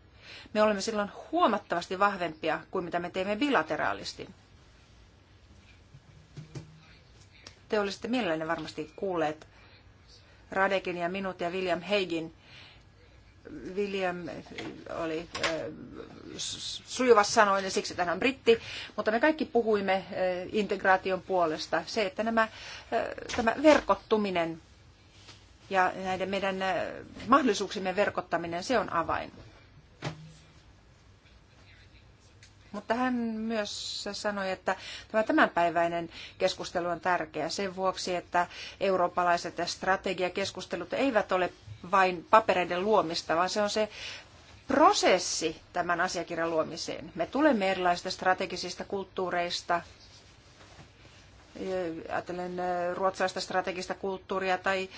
me olemme silloin huomattavasti vahvempia kuin mitä me teemme bilateraalisti. Te olisitte mielelläni varmasti kuulleet Radekin ja minut ja William Heigin. William äh, oli äh, sujuvassa sanoin ja siksi tähän on britti, mutta me kaikki puhuimme äh, integraation puolesta. Se, että nämä, äh, tämä verkottuminen ja näiden meidän äh, mahdollisuuksimme verkottaminen, se on avain. Mutta hän myös sanoi, että tämä tämänpäiväinen keskustelu on tärkeä sen vuoksi, että eurooppalaiset strategiakeskustelut eivät ole vain papereiden luomista, vaan se on se prosessi tämän asiakirjan luomiseen. Me tulemme erilaisista strategisista kulttuureista, ajatellen ruotsalaista strategista kulttuuria tai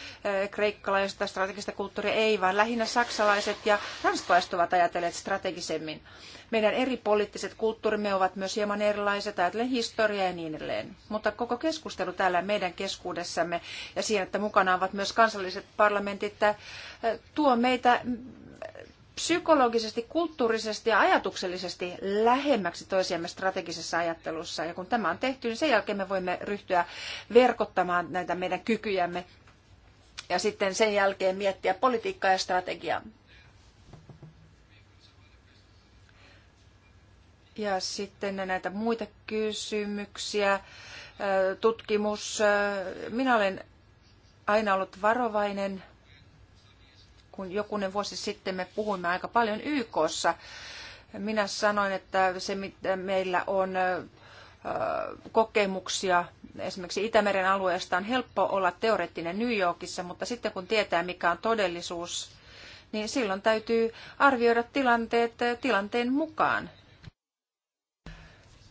kreikkalaista strategista kulttuuria, ei, vaan lähinnä saksalaiset ja ranskalaiset ovat ajatelleet strategisemmin. Meidän eri poliittiset kulttuurimme ovat myös hieman erilaiset, ajatellen historiaa ja niin edelleen. Mutta koko keskustelu täällä meidän keskuudessamme ja siinä, että mukana ovat myös kansalliset parlamentit, tuo meitä psykologisesti, kulttuurisesti ja ajatuksellisesti lähemmäksi toisiamme strategisessa ajattelussa. Ja kun tämä on tehty, niin sen jälkeen me voimme ryhtyä verkottamaan näitä meidän kykyjämme ja sitten sen jälkeen miettiä politiikkaa ja strategiaa. Ja sitten näitä muita kysymyksiä, tutkimus. Minä olen aina ollut varovainen kun jokunen vuosi sitten me puhuimme aika paljon YKssa. Minä sanoin, että se mitä meillä on kokemuksia esimerkiksi Itämeren alueesta on helppo olla teoreettinen New Yorkissa, mutta sitten kun tietää mikä on todellisuus, niin silloin täytyy arvioida tilanteet tilanteen mukaan.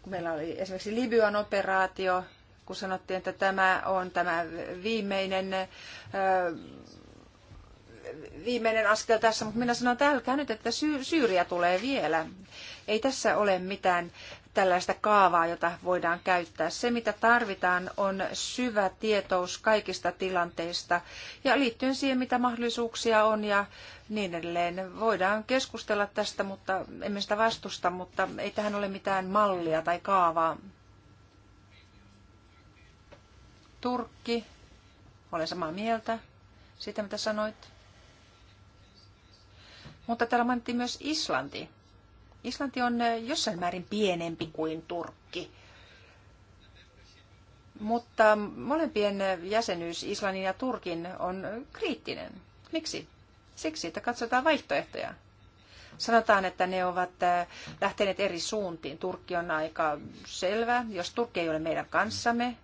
Kun meillä oli esimerkiksi Libyan operaatio, kun sanottiin, että tämä on tämä viimeinen viimeinen askel tässä, mutta minä sanon, että älkää nyt, että Sy- Syyria tulee vielä. Ei tässä ole mitään tällaista kaavaa, jota voidaan käyttää. Se, mitä tarvitaan, on syvä tietous kaikista tilanteista ja liittyen siihen, mitä mahdollisuuksia on ja niin edelleen. Voidaan keskustella tästä, mutta emme sitä vastusta, mutta ei tähän ole mitään mallia tai kaavaa. Turkki, olen samaa mieltä siitä, mitä sanoit. Mutta täällä mainittiin myös Islanti. Islanti on eh, jossain määrin pienempi kuin Turkki. Mutta molempien eh, jäsenyys Islannin ja Turkin on kriittinen. Miksi? Siksi, että katsotaan vaihtoehtoja. Sanotaan, että ne ovat eh, lähteneet eri suuntiin. Turkki on aika selvä. Jos Turkki ei ole meidän kanssamme,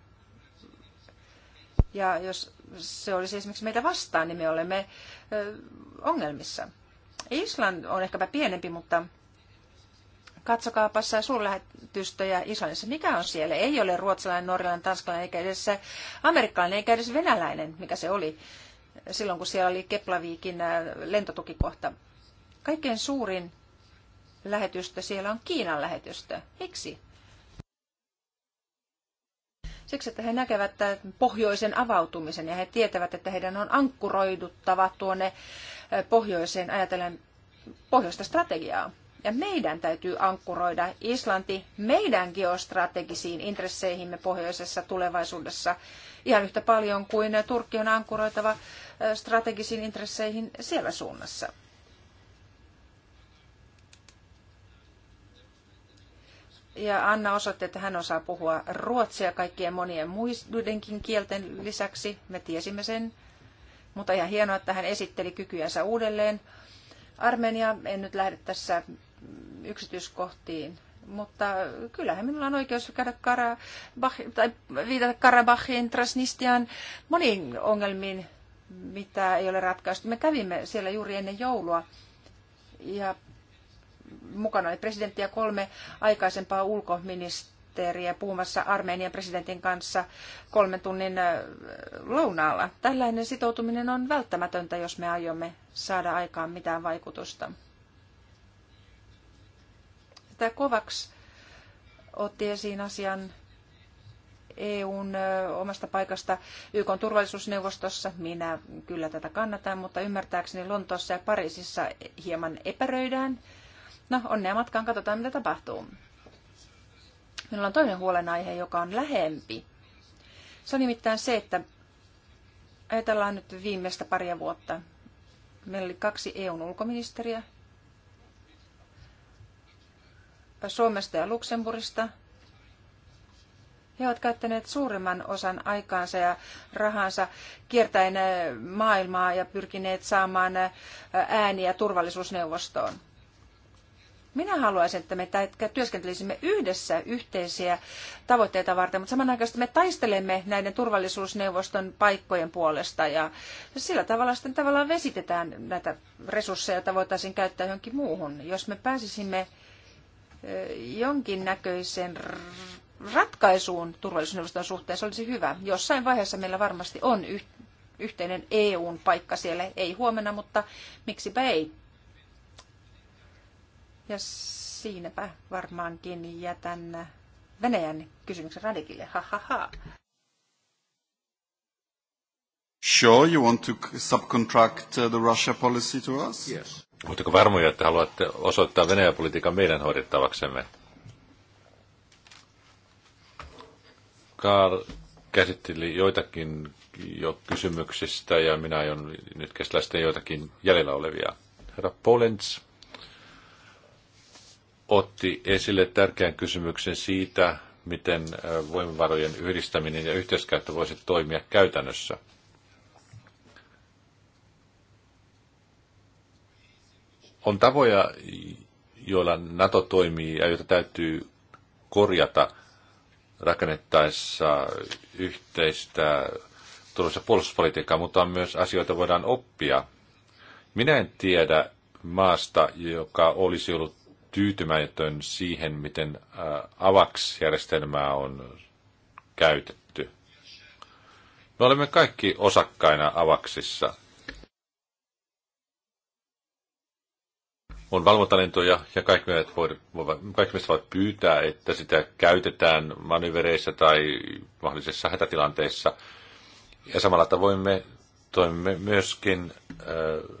ja jos se olisi esimerkiksi meitä vastaan, niin me olemme ongelmissa. Island on ehkäpä pienempi, mutta katsokaapassa suurlähetystöjä Islannissa. Mikä on siellä? Ei ole ruotsalainen, norjalainen, tanskalainen, eikä edes amerikkalainen, eikä edes venäläinen, mikä se oli silloin, kun siellä oli Keplaviikin äh, lentotukikohta. Kaikkein suurin lähetystö siellä on Kiinan lähetystö. Miksi? Siksi, että he näkevät tämän äh, pohjoisen avautumisen ja he tietävät, että heidän on ankkuroiduttava tuonne pohjoiseen ajatellen pohjoista strategiaa. Ja meidän täytyy ankkuroida Islanti meidän geostrategisiin intresseihimme pohjoisessa tulevaisuudessa ihan yhtä paljon kuin Turkki on ankkuroitava strategisiin intresseihin siellä suunnassa. Ja Anna osoitti, että hän osaa puhua ruotsia kaikkien monien muidenkin kielten lisäksi. Me tiesimme sen. Mutta ihan hienoa, että hän esitteli kykyjänsä uudelleen. Armenia, en nyt lähde tässä yksityiskohtiin, mutta kyllähän minulla on oikeus käydä Karabah, tai viitata Karabahin, Transnistian, moniin ongelmiin, mitä ei ole ratkaistu. Me kävimme siellä juuri ennen joulua ja mukana oli presidentti ja kolme aikaisempaa ulkoministeriä sihteeriä puhumassa Armenian presidentin kanssa kolmen tunnin lounaalla. Tällainen sitoutuminen on välttämätöntä, jos me aiomme saada aikaan mitään vaikutusta. Tämä Kovaks otti esiin asian EUn omasta paikasta YK turvallisuusneuvostossa. Minä kyllä tätä kannatan, mutta ymmärtääkseni Lontoossa ja Pariisissa hieman epäröidään. No, onnea matkaan, katsotaan mitä tapahtuu. Minulla on toinen huolenaihe, joka on lähempi. Se on nimittäin se, että ajatellaan nyt viimeistä paria vuotta. Meillä oli kaksi EUn ulkoministeriä. Suomesta ja Luxemburgista. He ovat käyttäneet suurimman osan aikaansa ja rahansa kiertäen maailmaa ja pyrkineet saamaan ääniä turvallisuusneuvostoon. Minä haluaisin, että me työskentelisimme yhdessä yhteisiä tavoitteita varten, mutta samanaikaisesti me taistelemme näiden turvallisuusneuvoston paikkojen puolesta ja sillä tavalla sitten tavallaan vesitetään näitä resursseja, joita voitaisiin käyttää johonkin muuhun. Jos me pääsisimme jonkinnäköiseen ratkaisuun turvallisuusneuvoston suhteen, se olisi hyvä. Jossain vaiheessa meillä varmasti on yhteinen EUn paikka siellä, ei huomenna, mutta miksipä ei. Ja siinäpä varmaankin jätän Venäjän kysymyksen Radikille. Ha, ha, ha. Sure, you want to subcontract uh, the Russia policy to us? Yes. Oletteko varmoja, että haluatte osoittaa Venäjän politiikan meidän hoidettavaksemme? Karl käsitteli joitakin jo kysymyksistä ja minä aion nyt käsitellä sitten joitakin jäljellä olevia. Herra Polens, otti esille tärkeän kysymyksen siitä, miten voimavarojen yhdistäminen ja yhteiskäyttö voisi toimia käytännössä. On tavoja, joilla NATO toimii ja joita täytyy korjata rakennettaessa yhteistä turvallisuus- puolustuspolitiikkaa, mutta on myös asioita voidaan oppia. Minä en tiedä maasta, joka olisi ollut tyytymätön siihen, miten AVAX-järjestelmää on käytetty. Me olemme kaikki osakkaina AVAXissa. On valvontalentoja ja kaikki meistä, voivat, kaikki meistä pyytää, että sitä käytetään manövereissä tai mahdollisissa hätätilanteissa. Ja samalla tavoin me toimimme myöskin äh,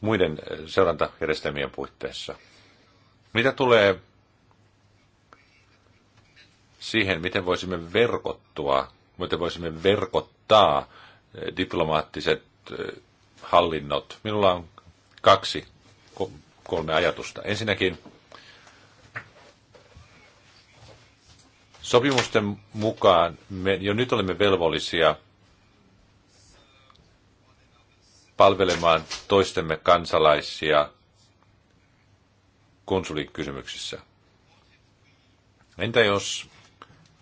muiden seurantajärjestelmien puitteissa. Mitä tulee siihen, miten voisimme verkottua, miten voisimme verkottaa eh, diplomaattiset eh, hallinnot. Minulla on kaksi, kolme ajatusta. Ensinnäkin sopimusten mukaan me jo nyt olemme velvollisia palvelemaan toistemme kansalaisia – konsulikysymyksissä. Entä jos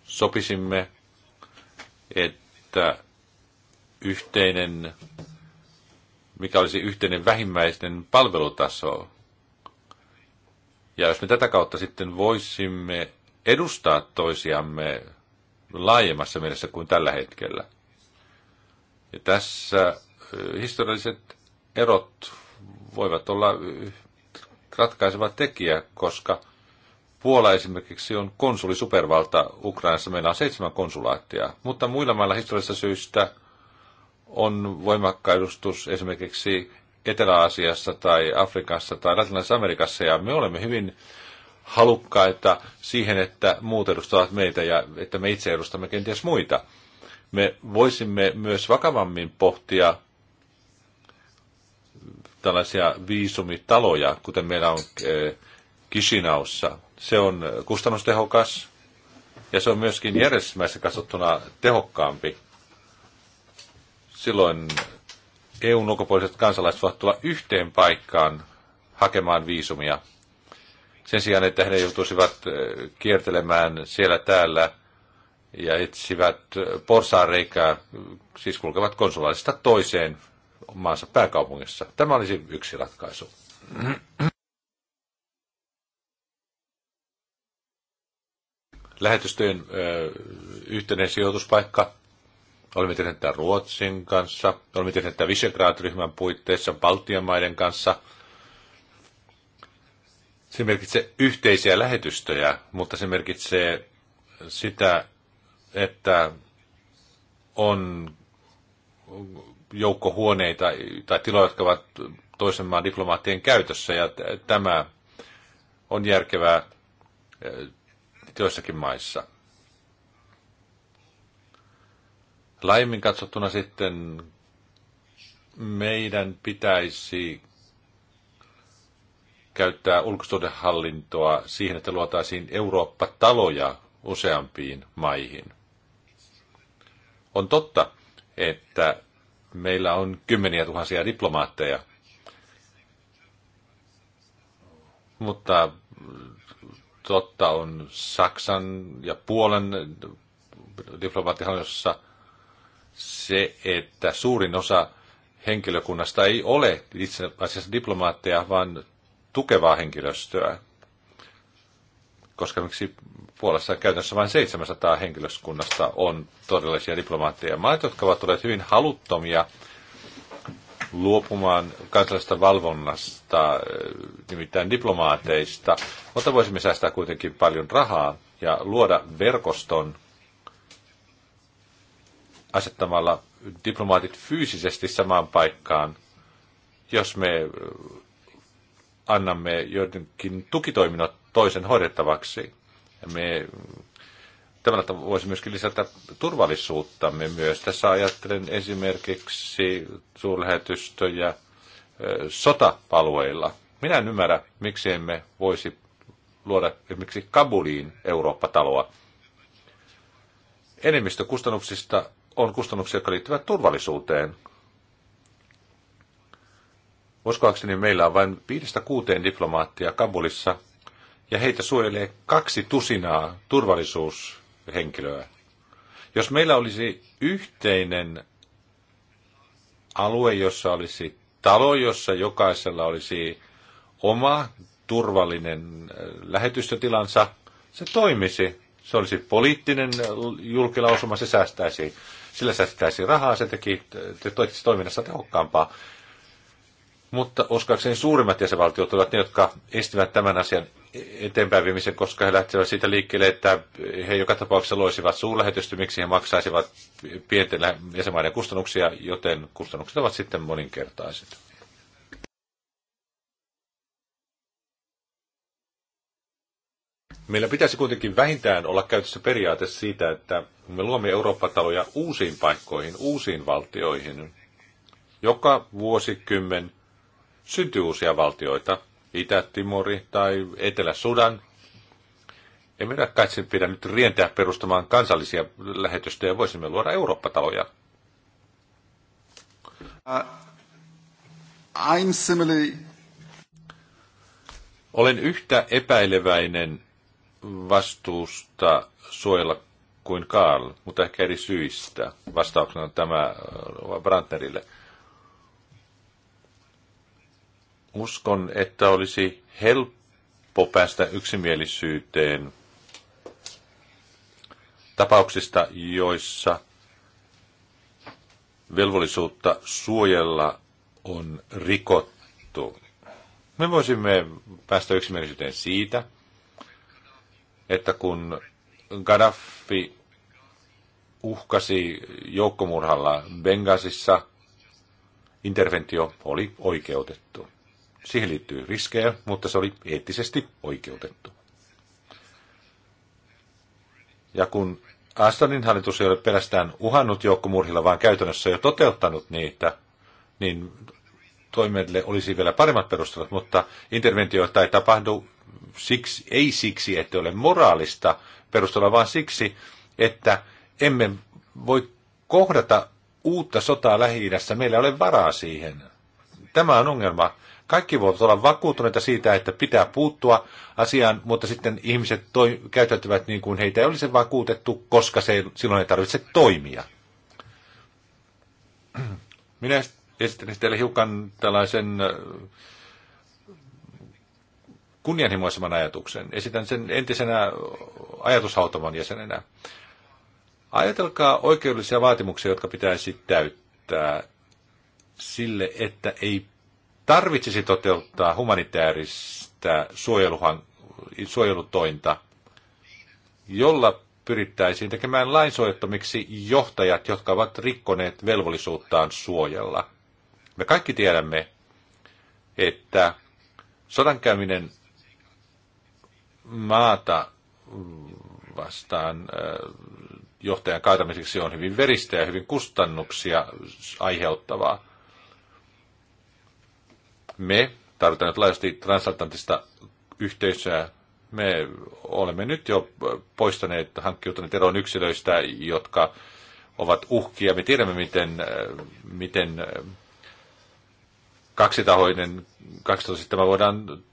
sopisimme, että yhteinen, mikä olisi yhteinen vähimmäisten palvelutaso, ja jos me tätä kautta sitten voisimme edustaa toisiamme laajemmassa mielessä kuin tällä hetkellä. Ja tässä historialliset erot voivat olla ratkaiseva tekijä, koska Puola esimerkiksi on konsulisupervalta Ukrainassa. Meillä on seitsemän konsulaattia, mutta muilla mailla historiallisista syistä on voimakkaidustus esimerkiksi Etelä-Aasiassa tai Afrikassa tai Latinalaisessa Amerikassa, ja me olemme hyvin halukkaita siihen, että muut edustavat meitä ja että me itse edustamme kenties muita. Me voisimme myös vakavammin pohtia tällaisia viisumitaloja, kuten meillä on eh, Kisinaussa. Se on kustannustehokas ja se on myöskin järjestelmässä katsottuna tehokkaampi. Silloin EUn ulkopuoliset kansalaiset voivat tulla yhteen paikkaan hakemaan viisumia. Sen sijaan, että he joutuisivat eh, kiertelemään siellä täällä ja etsivät eh, porsaareikää, siis kulkevat konsulaisista toiseen maansa pääkaupungissa. Tämä olisi yksi ratkaisu. Lähetystöjen yhteinen sijoituspaikka. Olemme tehneet tämän Ruotsin kanssa, olemme tehneet tämän Visegrad-ryhmän puitteissa Baltian maiden kanssa. Se merkitsee yhteisiä lähetystöjä, mutta se merkitsee sitä, että on joukko huoneita tai tiloja, jotka ovat toisen maan diplomaattien käytössä, ja tämä on järkevää äh, joissakin maissa. Laimmin katsottuna sitten meidän pitäisi käyttää ulkosuhdehallintoa siihen, että luotaisiin Eurooppa-taloja useampiin maihin. On totta, että meillä on kymmeniä tuhansia diplomaatteja. Mutta totta on Saksan ja Puolen diplomaattihallinnossa se, että suurin osa henkilökunnasta ei ole itse asiassa diplomaatteja, vaan tukevaa henkilöstöä. Koska esimerkiksi Puolassa käytännössä vain 700 henkilöskunnasta on todellisia diplomaatteja. Maat, jotka ovat olleet hyvin haluttomia luopumaan kansallisesta valvonnasta, eh, nimittäin diplomaateista, mutta voisimme säästää kuitenkin paljon rahaa ja luoda verkoston asettamalla diplomaatit fyysisesti samaan paikkaan, jos me eh, annamme joidenkin tukitoiminnot toisen hoidettavaksi me Tällä tavalla voisi myöskin lisätä turvallisuuttamme myös. Tässä ajattelen esimerkiksi suurlähetystöjä sotapalueilla. Minä en ymmärrä, miksi emme voisi luoda esimerkiksi Kabuliin Eurooppa-taloa. Enemmistö kustannuksista on kustannuksia, jotka liittyvät turvallisuuteen. Uskoakseni meillä on vain viidestä kuuteen diplomaattia Kabulissa – ja heitä suojelee kaksi tusinaa turvallisuushenkilöä. Jos meillä olisi yhteinen alue, jossa olisi talo, jossa jokaisella olisi oma turvallinen äh, lähetystötilansa, se toimisi. Se olisi poliittinen äh, julkilausuma, se säästäisi, sillä säästäisi rahaa, se teki se toiminnassa tehokkaampaa. Mutta uskoakseni suurimmat jäsenvaltiot olivat ne, jotka estivät tämän asian eteenpäin viemisen, koska he lähtevät siitä liikkeelle, että he joka tapauksessa loisivat suurlähetystä, miksi he maksaisivat pienten jäsenmaiden kustannuksia, joten kustannukset ovat sitten moninkertaiset. Meillä pitäisi kuitenkin vähintään olla käytössä periaate siitä, että me luomme Eurooppa-taloja uusiin paikkoihin, uusiin valtioihin. Joka vuosikymmen syntyy uusia valtioita, Itä-Timori tai Etelä-Sudan. Emme sen pidä nyt rientää perustamaan kansallisia lähetystöjä, voisimme luoda Eurooppa-taloja. Uh, I'm similarly... Olen yhtä epäileväinen vastuusta suojella kuin Karl, mutta ehkä eri syistä. Vastauksena tämä uh, Brantnerille. uskon, että olisi helppo päästä yksimielisyyteen tapauksista, joissa velvollisuutta suojella on rikottu. Me voisimme päästä yksimielisyyteen siitä, että kun Gaddafi uhkasi joukkomurhalla Bengasissa, interventio oli oikeutettu. Siihen liittyy riskejä, mutta se oli eettisesti oikeutettu. Ja kun Astonin hallitus ei ole pelästään uhannut joukkomurhilla, vaan käytännössä jo toteuttanut niitä, niin toimelle olisi vielä paremmat perustelut, mutta interventioita ei tapahdu siksi, ei siksi, että ole moraalista perustella, vaan siksi, että emme voi kohdata uutta sotaa lähi Meillä ei ole varaa siihen. Tämä on ongelma kaikki voivat olla vakuuttuneita siitä, että pitää puuttua asiaan, mutta sitten ihmiset toi, käyttäytyvät niin kuin heitä ei olisi vakuutettu, koska se ei, silloin ei tarvitse toimia. Minä esitän teille hiukan tällaisen kunnianhimoisemman ajatuksen. Esitän sen entisenä ajatushautoman jäsenenä. Ajatelkaa oikeudellisia vaatimuksia, jotka pitäisi täyttää sille, että ei tarvitsisi toteuttaa humanitaarista suojelutointa, jolla pyrittäisiin tekemään lainsuojattomiksi johtajat, jotka ovat rikkoneet velvollisuuttaan suojella. Me kaikki tiedämme, että sodankäyminen maata vastaan johtajan kaatamiseksi on hyvin veristä ja hyvin kustannuksia aiheuttavaa. Me tarvitaan nyt laajasti transatlanttista yhteisöä. Me olemme nyt jo poistaneet, hankkiutuneet eroon yksilöistä, jotka ovat uhkia. Me tiedämme, miten, miten kaksitahoinen, kaksitahoinen tämä voidaan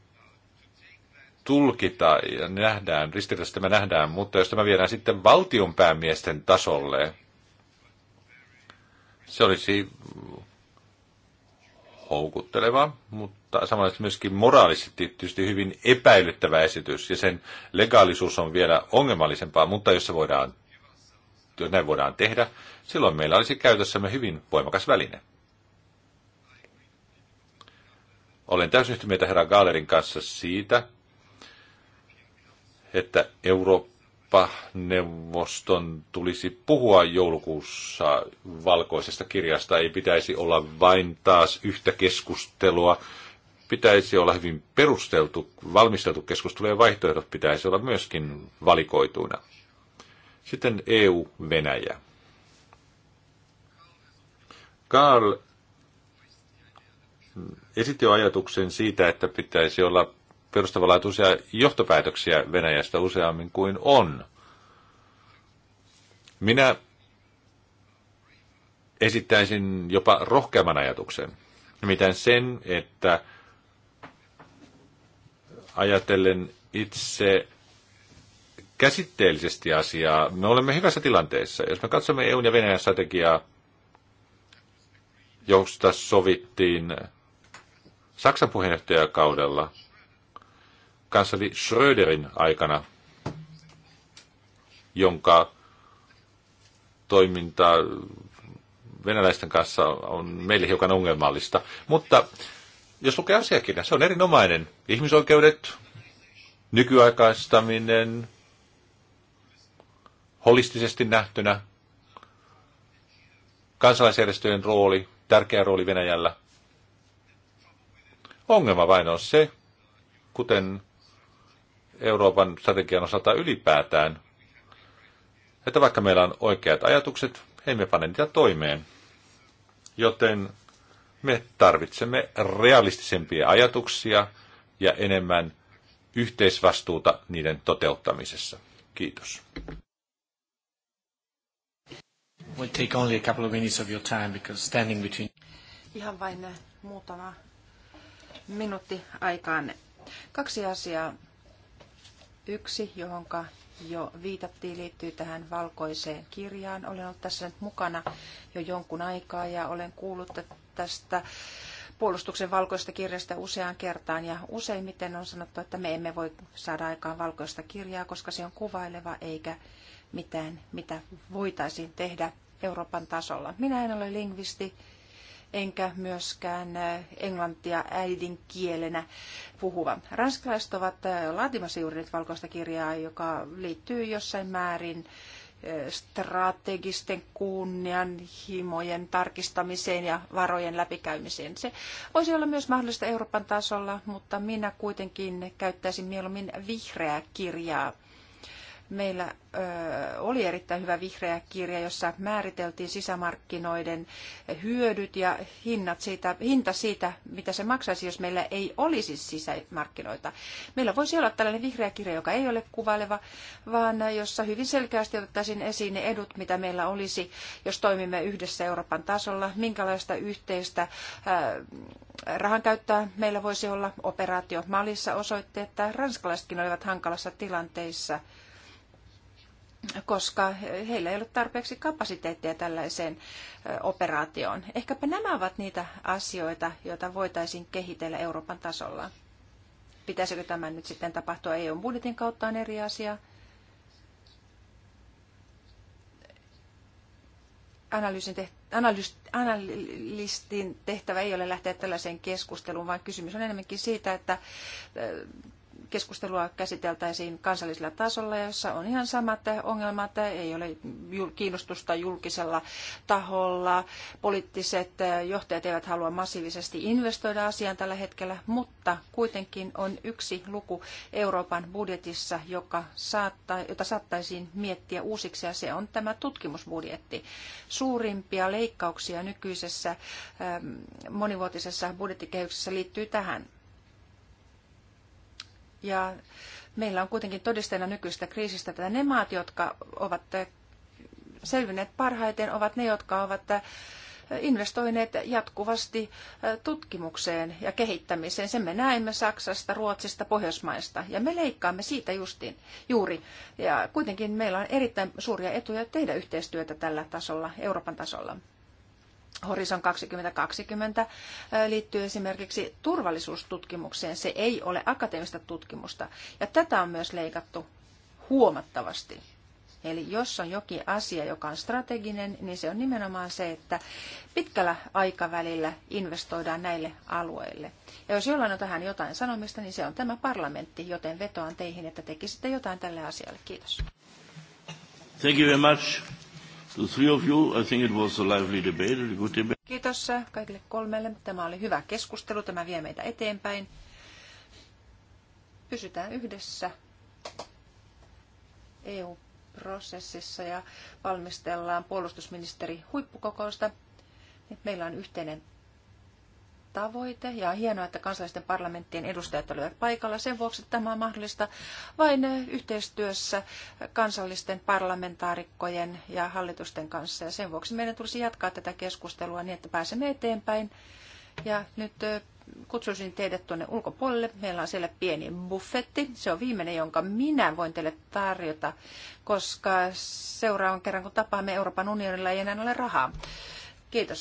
tulkita ja nähdään, ristiriidassa tämä nähdään, mutta jos tämä viedään sitten valtionpäämiesten tasolle, se olisi houkutteleva, mutta samalla myöskin moraalisesti tietysti hyvin epäilyttävä esitys, ja sen legaalisuus on vielä ongelmallisempaa, mutta jos se voidaan, jos näin voidaan tehdä, silloin meillä olisi käytössämme hyvin voimakas väline. Olen täysin yhtä mieltä herra Gaalerin kanssa siitä, että Eurooppa Eurooppa-neuvoston tulisi puhua joulukuussa valkoisesta kirjasta. Ei pitäisi olla vain taas yhtä keskustelua. Pitäisi olla hyvin perusteltu, valmisteltu keskustelu ja vaihtoehdot pitäisi olla myöskin valikoituina. Sitten EU-Venäjä. Karl esitti jo ajatuksen siitä, että pitäisi olla perustavanlaatuisia johtopäätöksiä Venäjästä useammin kuin on. Minä esittäisin jopa rohkeamman ajatuksen. Nimittäin sen, että ajatellen itse käsitteellisesti asiaa, me olemme hyvässä tilanteessa. Jos me katsomme EUn ja Venäjän strategiaa, josta sovittiin Saksan puheenjohtajakaudella – kansleri Schröderin aikana, jonka toiminta venäläisten kanssa on meille hiukan ongelmallista. Mutta jos lukee asiakirja, se on erinomainen. Ihmisoikeudet, nykyaikaistaminen, holistisesti nähtynä, kansalaisjärjestöjen rooli, tärkeä rooli Venäjällä. Ongelma vain on se, kuten Euroopan strategian osalta ylipäätään, että vaikka meillä on oikeat ajatukset, emme pane niitä toimeen. Joten me tarvitsemme realistisempia ajatuksia ja enemmän yhteisvastuuta niiden toteuttamisessa. Kiitos. Ihan vain muutama minuutti aikaan. Kaksi asiaa Yksi, johon jo viitattiin, liittyy tähän valkoiseen kirjaan. Olen ollut tässä nyt mukana jo jonkun aikaa ja olen kuullut tästä puolustuksen valkoista kirjasta useaan kertaan ja useimmiten on sanottu, että me emme voi saada aikaan valkoista kirjaa, koska se on kuvaileva eikä mitään, mitä voitaisiin tehdä Euroopan tasolla. Minä en ole lingvisti, enkä myöskään englantia äidinkielenä puhuva. Ranskalaiset ovat laatimassa juuri nyt valkoista kirjaa, joka liittyy jossain määrin strategisten kunnianhimojen tarkistamiseen ja varojen läpikäymiseen. Se voisi olla myös mahdollista Euroopan tasolla, mutta minä kuitenkin käyttäisin mieluummin vihreää kirjaa meillä oli erittäin hyvä vihreä kirja, jossa määriteltiin sisämarkkinoiden hyödyt ja hinnat siitä, hinta siitä, mitä se maksaisi, jos meillä ei olisi sisämarkkinoita. Meillä voisi olla tällainen vihreä kirja, joka ei ole kuvaileva, vaan jossa hyvin selkeästi otettaisiin esiin ne edut, mitä meillä olisi, jos toimimme yhdessä Euroopan tasolla, minkälaista yhteistä rahankäyttöä meillä voisi olla. Operaatio Malissa osoitti, että ranskalaisetkin olivat hankalassa tilanteissa – koska heillä ei ole tarpeeksi kapasiteettia tällaiseen operaatioon. Ehkäpä nämä ovat niitä asioita, joita voitaisiin kehitellä Euroopan tasolla. Pitäisikö tämä nyt sitten tapahtua EU-budjetin kautta on eri asia. Analyysin tehtä, analystin tehtävä ei ole lähteä tällaiseen keskusteluun, vaan kysymys on enemmänkin siitä, että keskustelua käsiteltäisiin kansallisella tasolla, jossa on ihan samat ongelmat, ei ole kiinnostusta julkisella taholla, poliittiset johtajat eivät halua massiivisesti investoida asiaan tällä hetkellä, mutta kuitenkin on yksi luku Euroopan budjetissa, joka saattaa, jota saattaisiin miettiä uusiksi, ja se on tämä tutkimusbudjetti. Suurimpia leikkauksia nykyisessä ähm, monivuotisessa budjettikehyksessä liittyy tähän. Ja meillä on kuitenkin todisteena nykyistä kriisistä, että ne maat, jotka ovat selvinneet parhaiten, ovat ne, jotka ovat investoineet jatkuvasti tutkimukseen ja kehittämiseen. Sen me näemme Saksasta, Ruotsista, Pohjoismaista ja me leikkaamme siitä justiin, juuri. Ja kuitenkin meillä on erittäin suuria etuja tehdä yhteistyötä tällä tasolla, Euroopan tasolla. Horizon 2020 liittyy esimerkiksi turvallisuustutkimukseen. Se ei ole akateemista tutkimusta. Ja tätä on myös leikattu huomattavasti. Eli jos on jokin asia, joka on strateginen, niin se on nimenomaan se, että pitkällä aikavälillä investoidaan näille alueille. Ja jos jollain on tähän jotain sanomista, niin se on tämä parlamentti, joten vetoan teihin, että tekisitte jotain tälle asialle. Kiitos. Thank you very much. To three of you, I think it was a lively debate, a good debate. Kiitos kaikille kolmelle. Tämä oli hyvä keskustelu. Tämä vie meitä eteenpäin. Pysytään yhdessä EU-prosessissa ja valmistellaan puolustusministeri huippukokousta. Meillä on yhteinen tavoite ja on hienoa, että kansallisten parlamenttien edustajat olivat paikalla sen vuoksi, että tämä on mahdollista vain eh, yhteistyössä kansallisten parlamentaarikkojen ja hallitusten kanssa. Ja sen vuoksi meidän tulisi jatkaa tätä keskustelua niin, että pääsemme eteenpäin. Ja nyt eh, kutsuisin teidät tuonne ulkopuolelle. Meillä on siellä pieni buffetti. Se on viimeinen, jonka minä voin teille tarjota, koska seuraavan kerran kun tapaamme Euroopan unionilla ei enää ole rahaa. Kiitos.